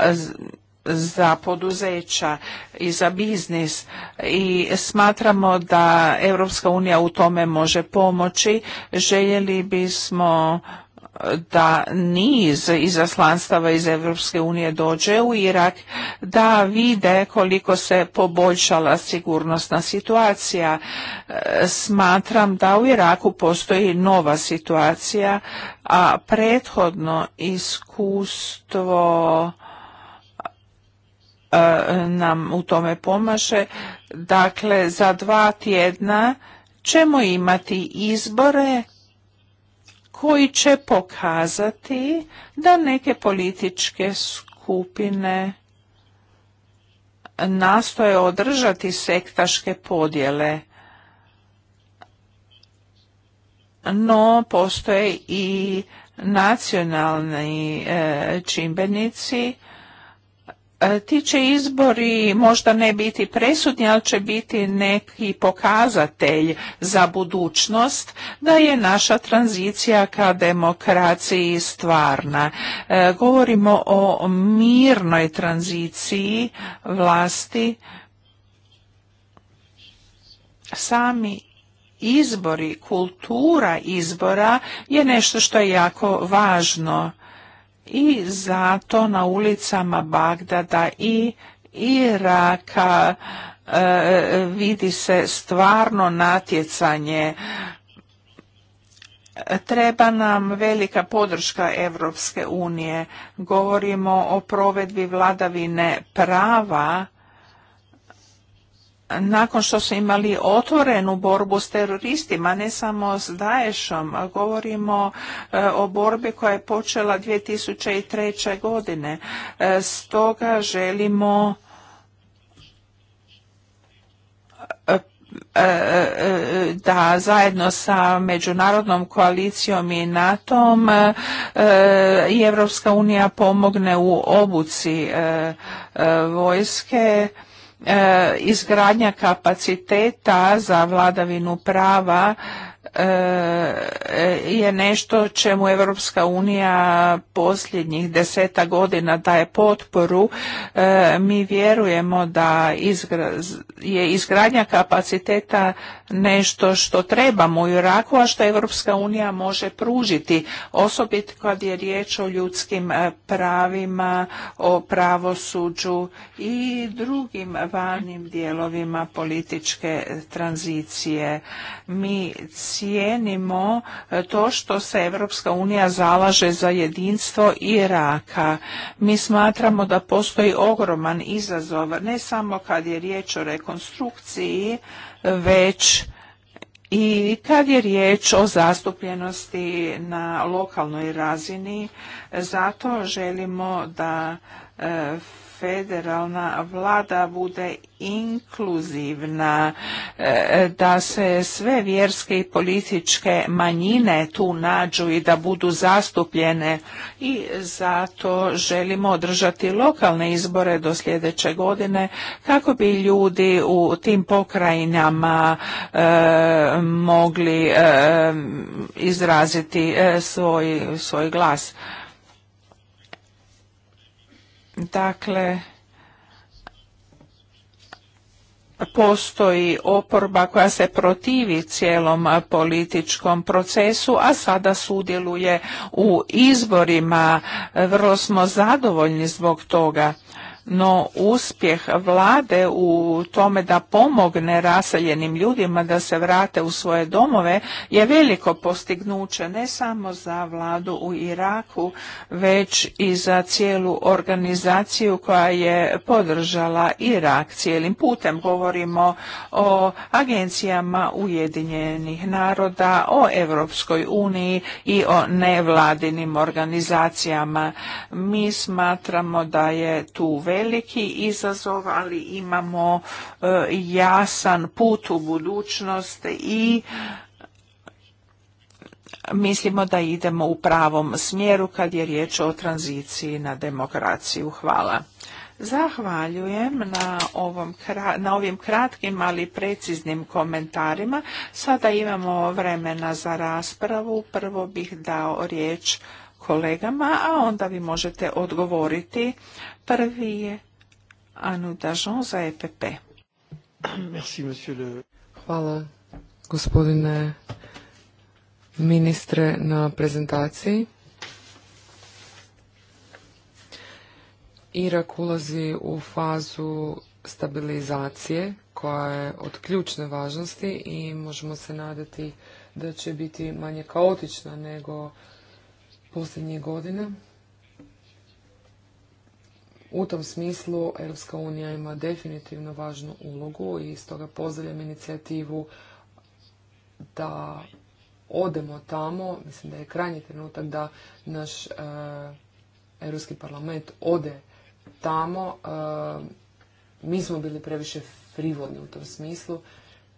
Speaker 2: za poduzeća i za biznis i smatramo da Europska unija u tome može pomoći. Željeli bismo da niz izaslanstava iz Europske unije dođe u Irak da vide koliko se poboljšala sigurnosna situacija. E, smatram da u Iraku postoji nova situacija, a prethodno iskustvo e, nam u tome pomaže. Dakle, za dva tjedna ćemo imati izbore koji će pokazati da neke političke skupine nastoje održati sektaške podjele. No, postoje i nacionalni e, čimbenici E, Ti će izbori možda ne biti presudni, ali će biti neki pokazatelj za budućnost da je naša tranzicija ka demokraciji stvarna. E, govorimo o mirnoj tranziciji vlasti. Sami izbori, kultura izbora je nešto što je jako važno i zato na ulicama Bagdada i Iraka e, vidi se stvarno natjecanje treba nam velika podrška Europske unije. Govorimo o provedbi vladavine prava, nakon što su imali otvorenu borbu s teroristima, ne samo s Daješom, govorimo e, o borbi koja je počela 2003. godine. E, stoga želimo e, da zajedno sa međunarodnom koalicijom i NATO-om i Evropska unija pomogne u obuci vojske E, izgradnja kapaciteta za vladavinu prava E, je nešto čemu Europska unija posljednjih deseta godina daje potporu. E, mi vjerujemo da je izgradnja kapaciteta nešto što trebamo u Iraku, a što Europska unija može pružiti, osobit kad je riječ o ljudskim e, pravima, o pravosuđu i drugim vanim dijelovima političke tranzicije. Mi cijenimo e, to što se Europska unija zalaže za jedinstvo Iraka. Mi smatramo da postoji ogroman izazov, ne samo kad je riječ o rekonstrukciji, već i kad je riječ o zastupljenosti na lokalnoj razini, zato želimo da e, federalna vlada bude inkluzivna, e, da se sve vjerske i političke manjine tu nađu i da budu zastupljene i zato želimo održati lokalne izbore do sljedeće godine kako bi ljudi u tim pokrajinama e, mogli e, izraziti svoj glas. Dakle, postoji oporba koja se protivi cijelom političkom procesu, a sada sudjeluje u izborima. Vrlo smo zadovoljni zbog toga no uspjeh vlade u tome da pomogne raseljenim ljudima da se vrate u svoje domove je veliko postignuće ne samo za vladu u Iraku već i za cijelu organizaciju koja je podržala Irak cijelim putem govorimo o agencijama Ujedinjenih naroda o Europskoj uniji i o nevladinim organizacijama mi smatramo da je tu već veliki izazov, ali imamo e, jasan put u budućnost i mislimo da idemo u pravom smjeru kad je riječ o tranziciji na demokraciju. Hvala. Zahvaljujem na, ovom, na ovim kratkim ali preciznim komentarima. Sada imamo vremena za raspravu. Prvo bih dao riječ kolegama, a onda vi možete odgovoriti Prvi je Anu Dažon za EPP. Hvala
Speaker 4: gospodine ministre na prezentaciji. Irak ulazi u fazu stabilizacije koja je od ključne važnosti i možemo se nadati da će biti manje kaotična nego posljednje godine. U tom smislu Europska unija ima definitivno važnu ulogu i stoga pozdravljam inicijativu da odemo tamo. Mislim da je krajnji trenutak da naš e, Europski parlament ode tamo. E, mi smo bili previše frivolni u tom smislu.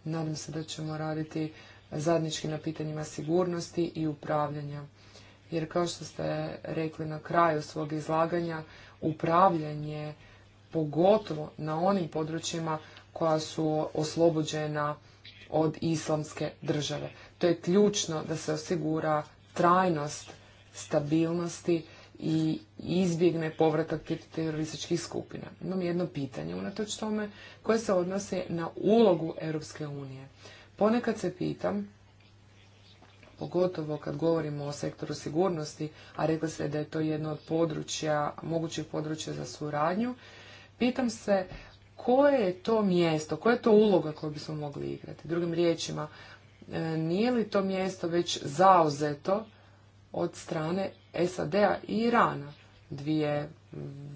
Speaker 4: Nadam se da ćemo raditi zadnjički na pitanjima sigurnosti i upravljanja. Jer kao što ste rekli na kraju svog izlaganja, upravljanje, pogotovo na onim područjima koja su oslobođena od islamske države. To je ključno da se osigura trajnost stabilnosti i izbjegne povratak terorističkih skupina. Imam jedno pitanje unatoč tome koje se odnose na ulogu Europske unije. Ponekad se pitam pogotovo kad govorimo o sektoru sigurnosti, a rekli ste da je to jedno od područja, mogućih područja za suradnju, pitam se koje je to mjesto, koja je to uloga koju bismo mogli igrati? Drugim riječima, e, nije li to mjesto već zauzeto od strane SAD-a i Irana, dvije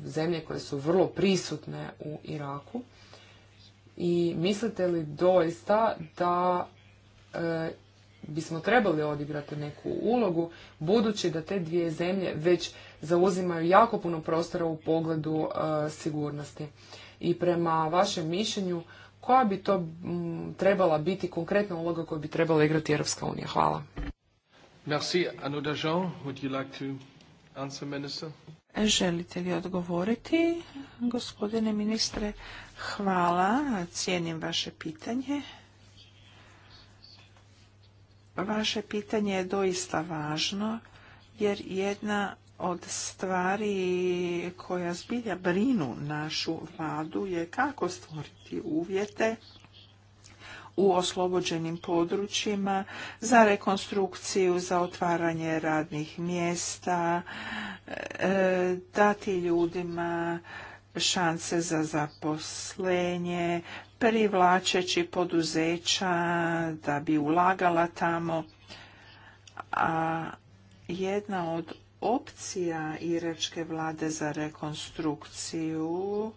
Speaker 4: zemlje koje su vrlo prisutne u Iraku? I mislite li doista da e, bismo trebali odigrati neku ulogu, budući da te dvije zemlje već zauzimaju jako puno prostora u pogledu e, sigurnosti. I prema vašem mišljenju, koja bi to mm, trebala biti konkretna uloga koju bi trebala igrati Europska unija? Hvala.
Speaker 1: Merci, Would you like to answer, minister?
Speaker 2: Želite li odgovoriti, gospodine ministre? Hvala, cijenim vaše pitanje. Vaše pitanje je doista važno jer jedna od stvari koja zbilja brinu našu vladu je kako
Speaker 1: stvoriti
Speaker 2: uvjete u oslobođenim područjima za rekonstrukciju, za otvaranje radnih mjesta, e, dati ljudima šanse za zaposlenje, privlačeći poduzeća da bi ulagala tamo. A jedna od opcija iračke vlade za rekonstrukciju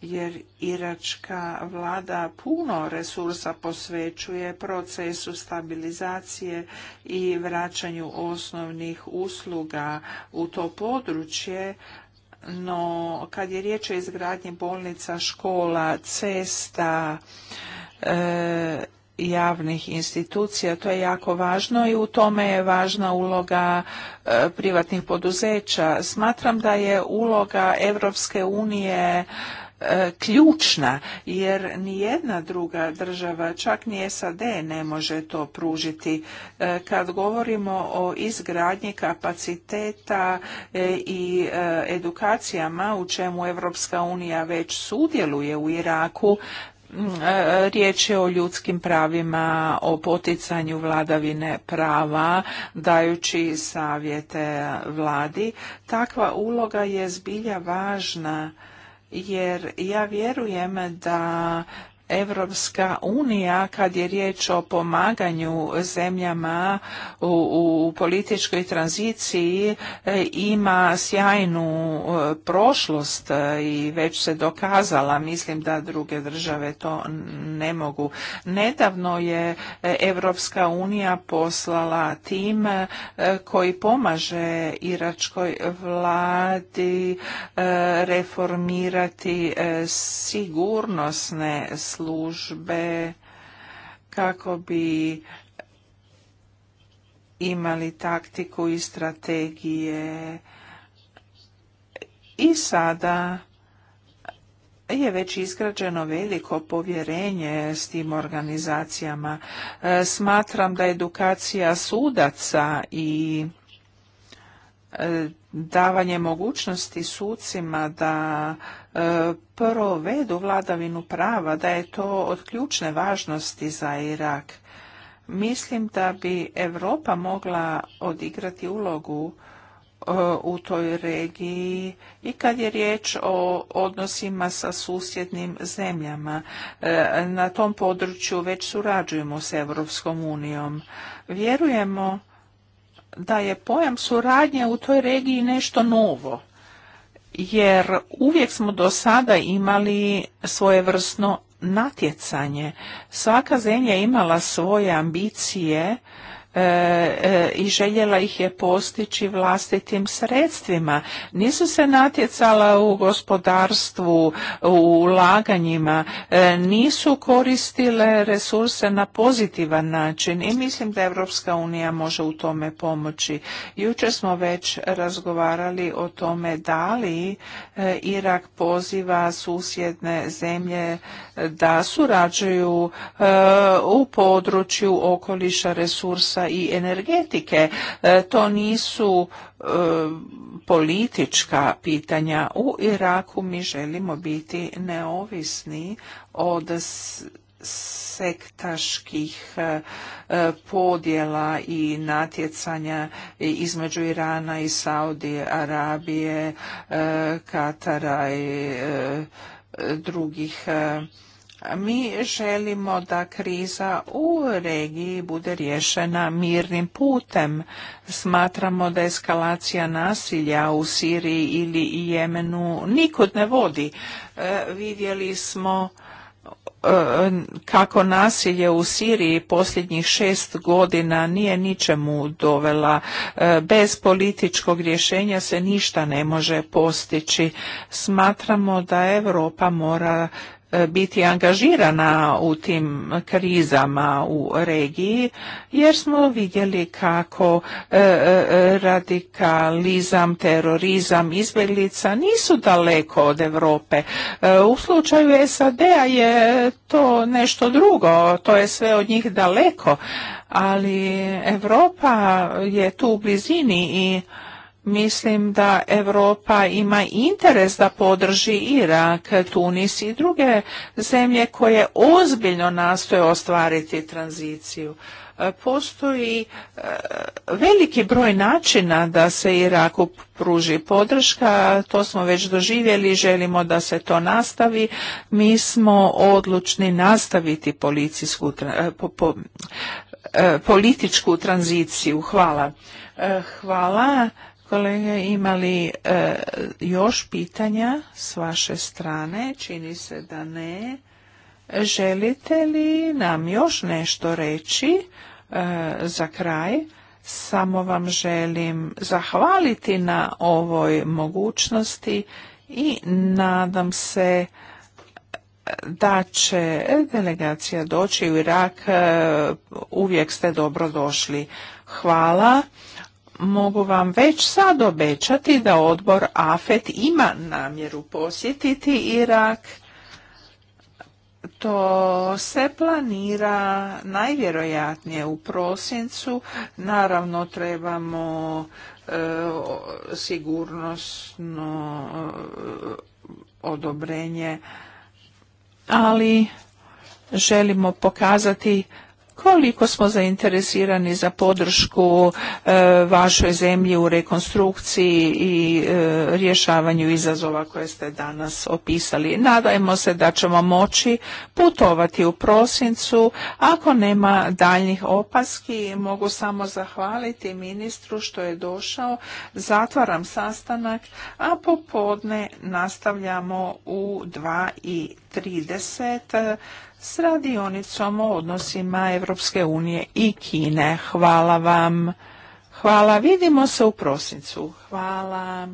Speaker 2: jer iračka vlada puno resursa posvećuje procesu stabilizacije i vraćanju osnovnih usluga u to područje no, kad je riječ o izgradnji bolnica, škola, cesta, e, javnih institucija, to je jako važno i u tome je važna uloga e, privatnih poduzeća. Smatram da je uloga Europske unije E, ključna jer nijedna druga država, čak ni SAD ne može to pružiti. E, kad govorimo o izgradnji kapaciteta e, i edukacijama u čemu Evropska unija već sudjeluje u Iraku, Riječ je o ljudskim pravima, o poticanju vladavine prava, dajući savjete vladi. Takva uloga je zbilja važna jer ja vjerujem da Evropska unija kad je riječ o pomaganju zemljama u, političkoj tranziciji e, ima sjajnu e, prošlost e, i već se dokazala. Mislim da druge države to ne mogu. Nedavno je Evropska unija poslala tim koji pomaže iračkoj vladi reformirati sigurnosne službe kako bi imali taktiku i strategije. I sada je već izgrađeno veliko povjerenje s tim organizacijama. E, smatram da edukacija sudaca i e, davanje mogućnosti sucima da e, provedu vladavinu prava, da je to od ključne važnosti za Irak. Mislim da bi Europa mogla odigrati ulogu e, u toj regiji i kad je riječ o odnosima sa susjednim zemljama. E, na tom području već surađujemo s Europskom unijom. Vjerujemo da je pojam suradnje u toj regiji nešto novo jer uvijek smo do sada imali svojevrsno natjecanje. Svaka zemlja imala svoje ambicije E, e, i željela ih je postići vlastitim sredstvima. Nisu se natjecala u gospodarstvu, u ulaganjima, e, nisu koristile resurse na pozitivan način i mislim da Evropska unija može u tome pomoći. Jučer smo već razgovarali o tome da li Irak poziva susjedne zemlje da surađuju u području okoliša resursa i energetike. E, to nisu e, politička pitanja. U Iraku mi želimo biti neovisni od sektaških e, podjela i natjecanja između Irana i Saudije, Arabije, Katara i drugih mi želimo da kriza u regiji bude rješena mirnim putem. Smatramo da eskalacija nasilja u Siriji ili Jemenu nikud ne vodi. E, vidjeli smo e, kako nasilje u Siriji posljednjih šest godina nije ničemu dovela. E, bez političkog rješenja se ništa ne može postići. Smatramo da Europa mora E, biti angažirana u tim krizama u regiji jer smo vidjeli kako e, e, radikalizam, terorizam, izbjeglica nisu daleko od Europe. U slučaju SAD-a je to nešto drugo, to je sve od njih daleko, ali Europa je tu u blizini i Mislim da Europa ima interes da podrži Irak, Tunis i druge zemlje koje ozbiljno nastoje ostvariti tranziciju. E, postoji e, veliki broj načina da se Iraku pruži podrška, to smo već doživjeli, želimo da se to nastavi. Mi smo odlučni nastaviti policijsku, e, političku tranziciju. Hvala. Hvala. Kolege, imali e, još pitanja s vaše strane? Čini se da ne. Želite li nam još nešto reći e, za kraj? Samo vam želim zahvaliti na ovoj mogućnosti i nadam se e, da će delegacija doći u Irak. Uvijek ste dobro došli. Hvala mogu vam već sad obećati da odbor AFET ima namjeru posjetiti Irak. To se planira najvjerojatnije u prosincu. Naravno trebamo e, sigurnosno e, odobrenje, ali želimo pokazati koliko smo zainteresirani za podršku e, vašoj zemlji u rekonstrukciji i e, rješavanju izazova koje ste danas opisali. Nadajmo se da ćemo moći putovati u prosincu. Ako nema daljnjih opaski, mogu samo zahvaliti ministru što je došao. Zatvaram sastanak, a popodne nastavljamo u 2.30. i s radionicom o odnosima Europske unije i Kine. Hvala vam. Hvala, vidimo se u prosincu. Hvala.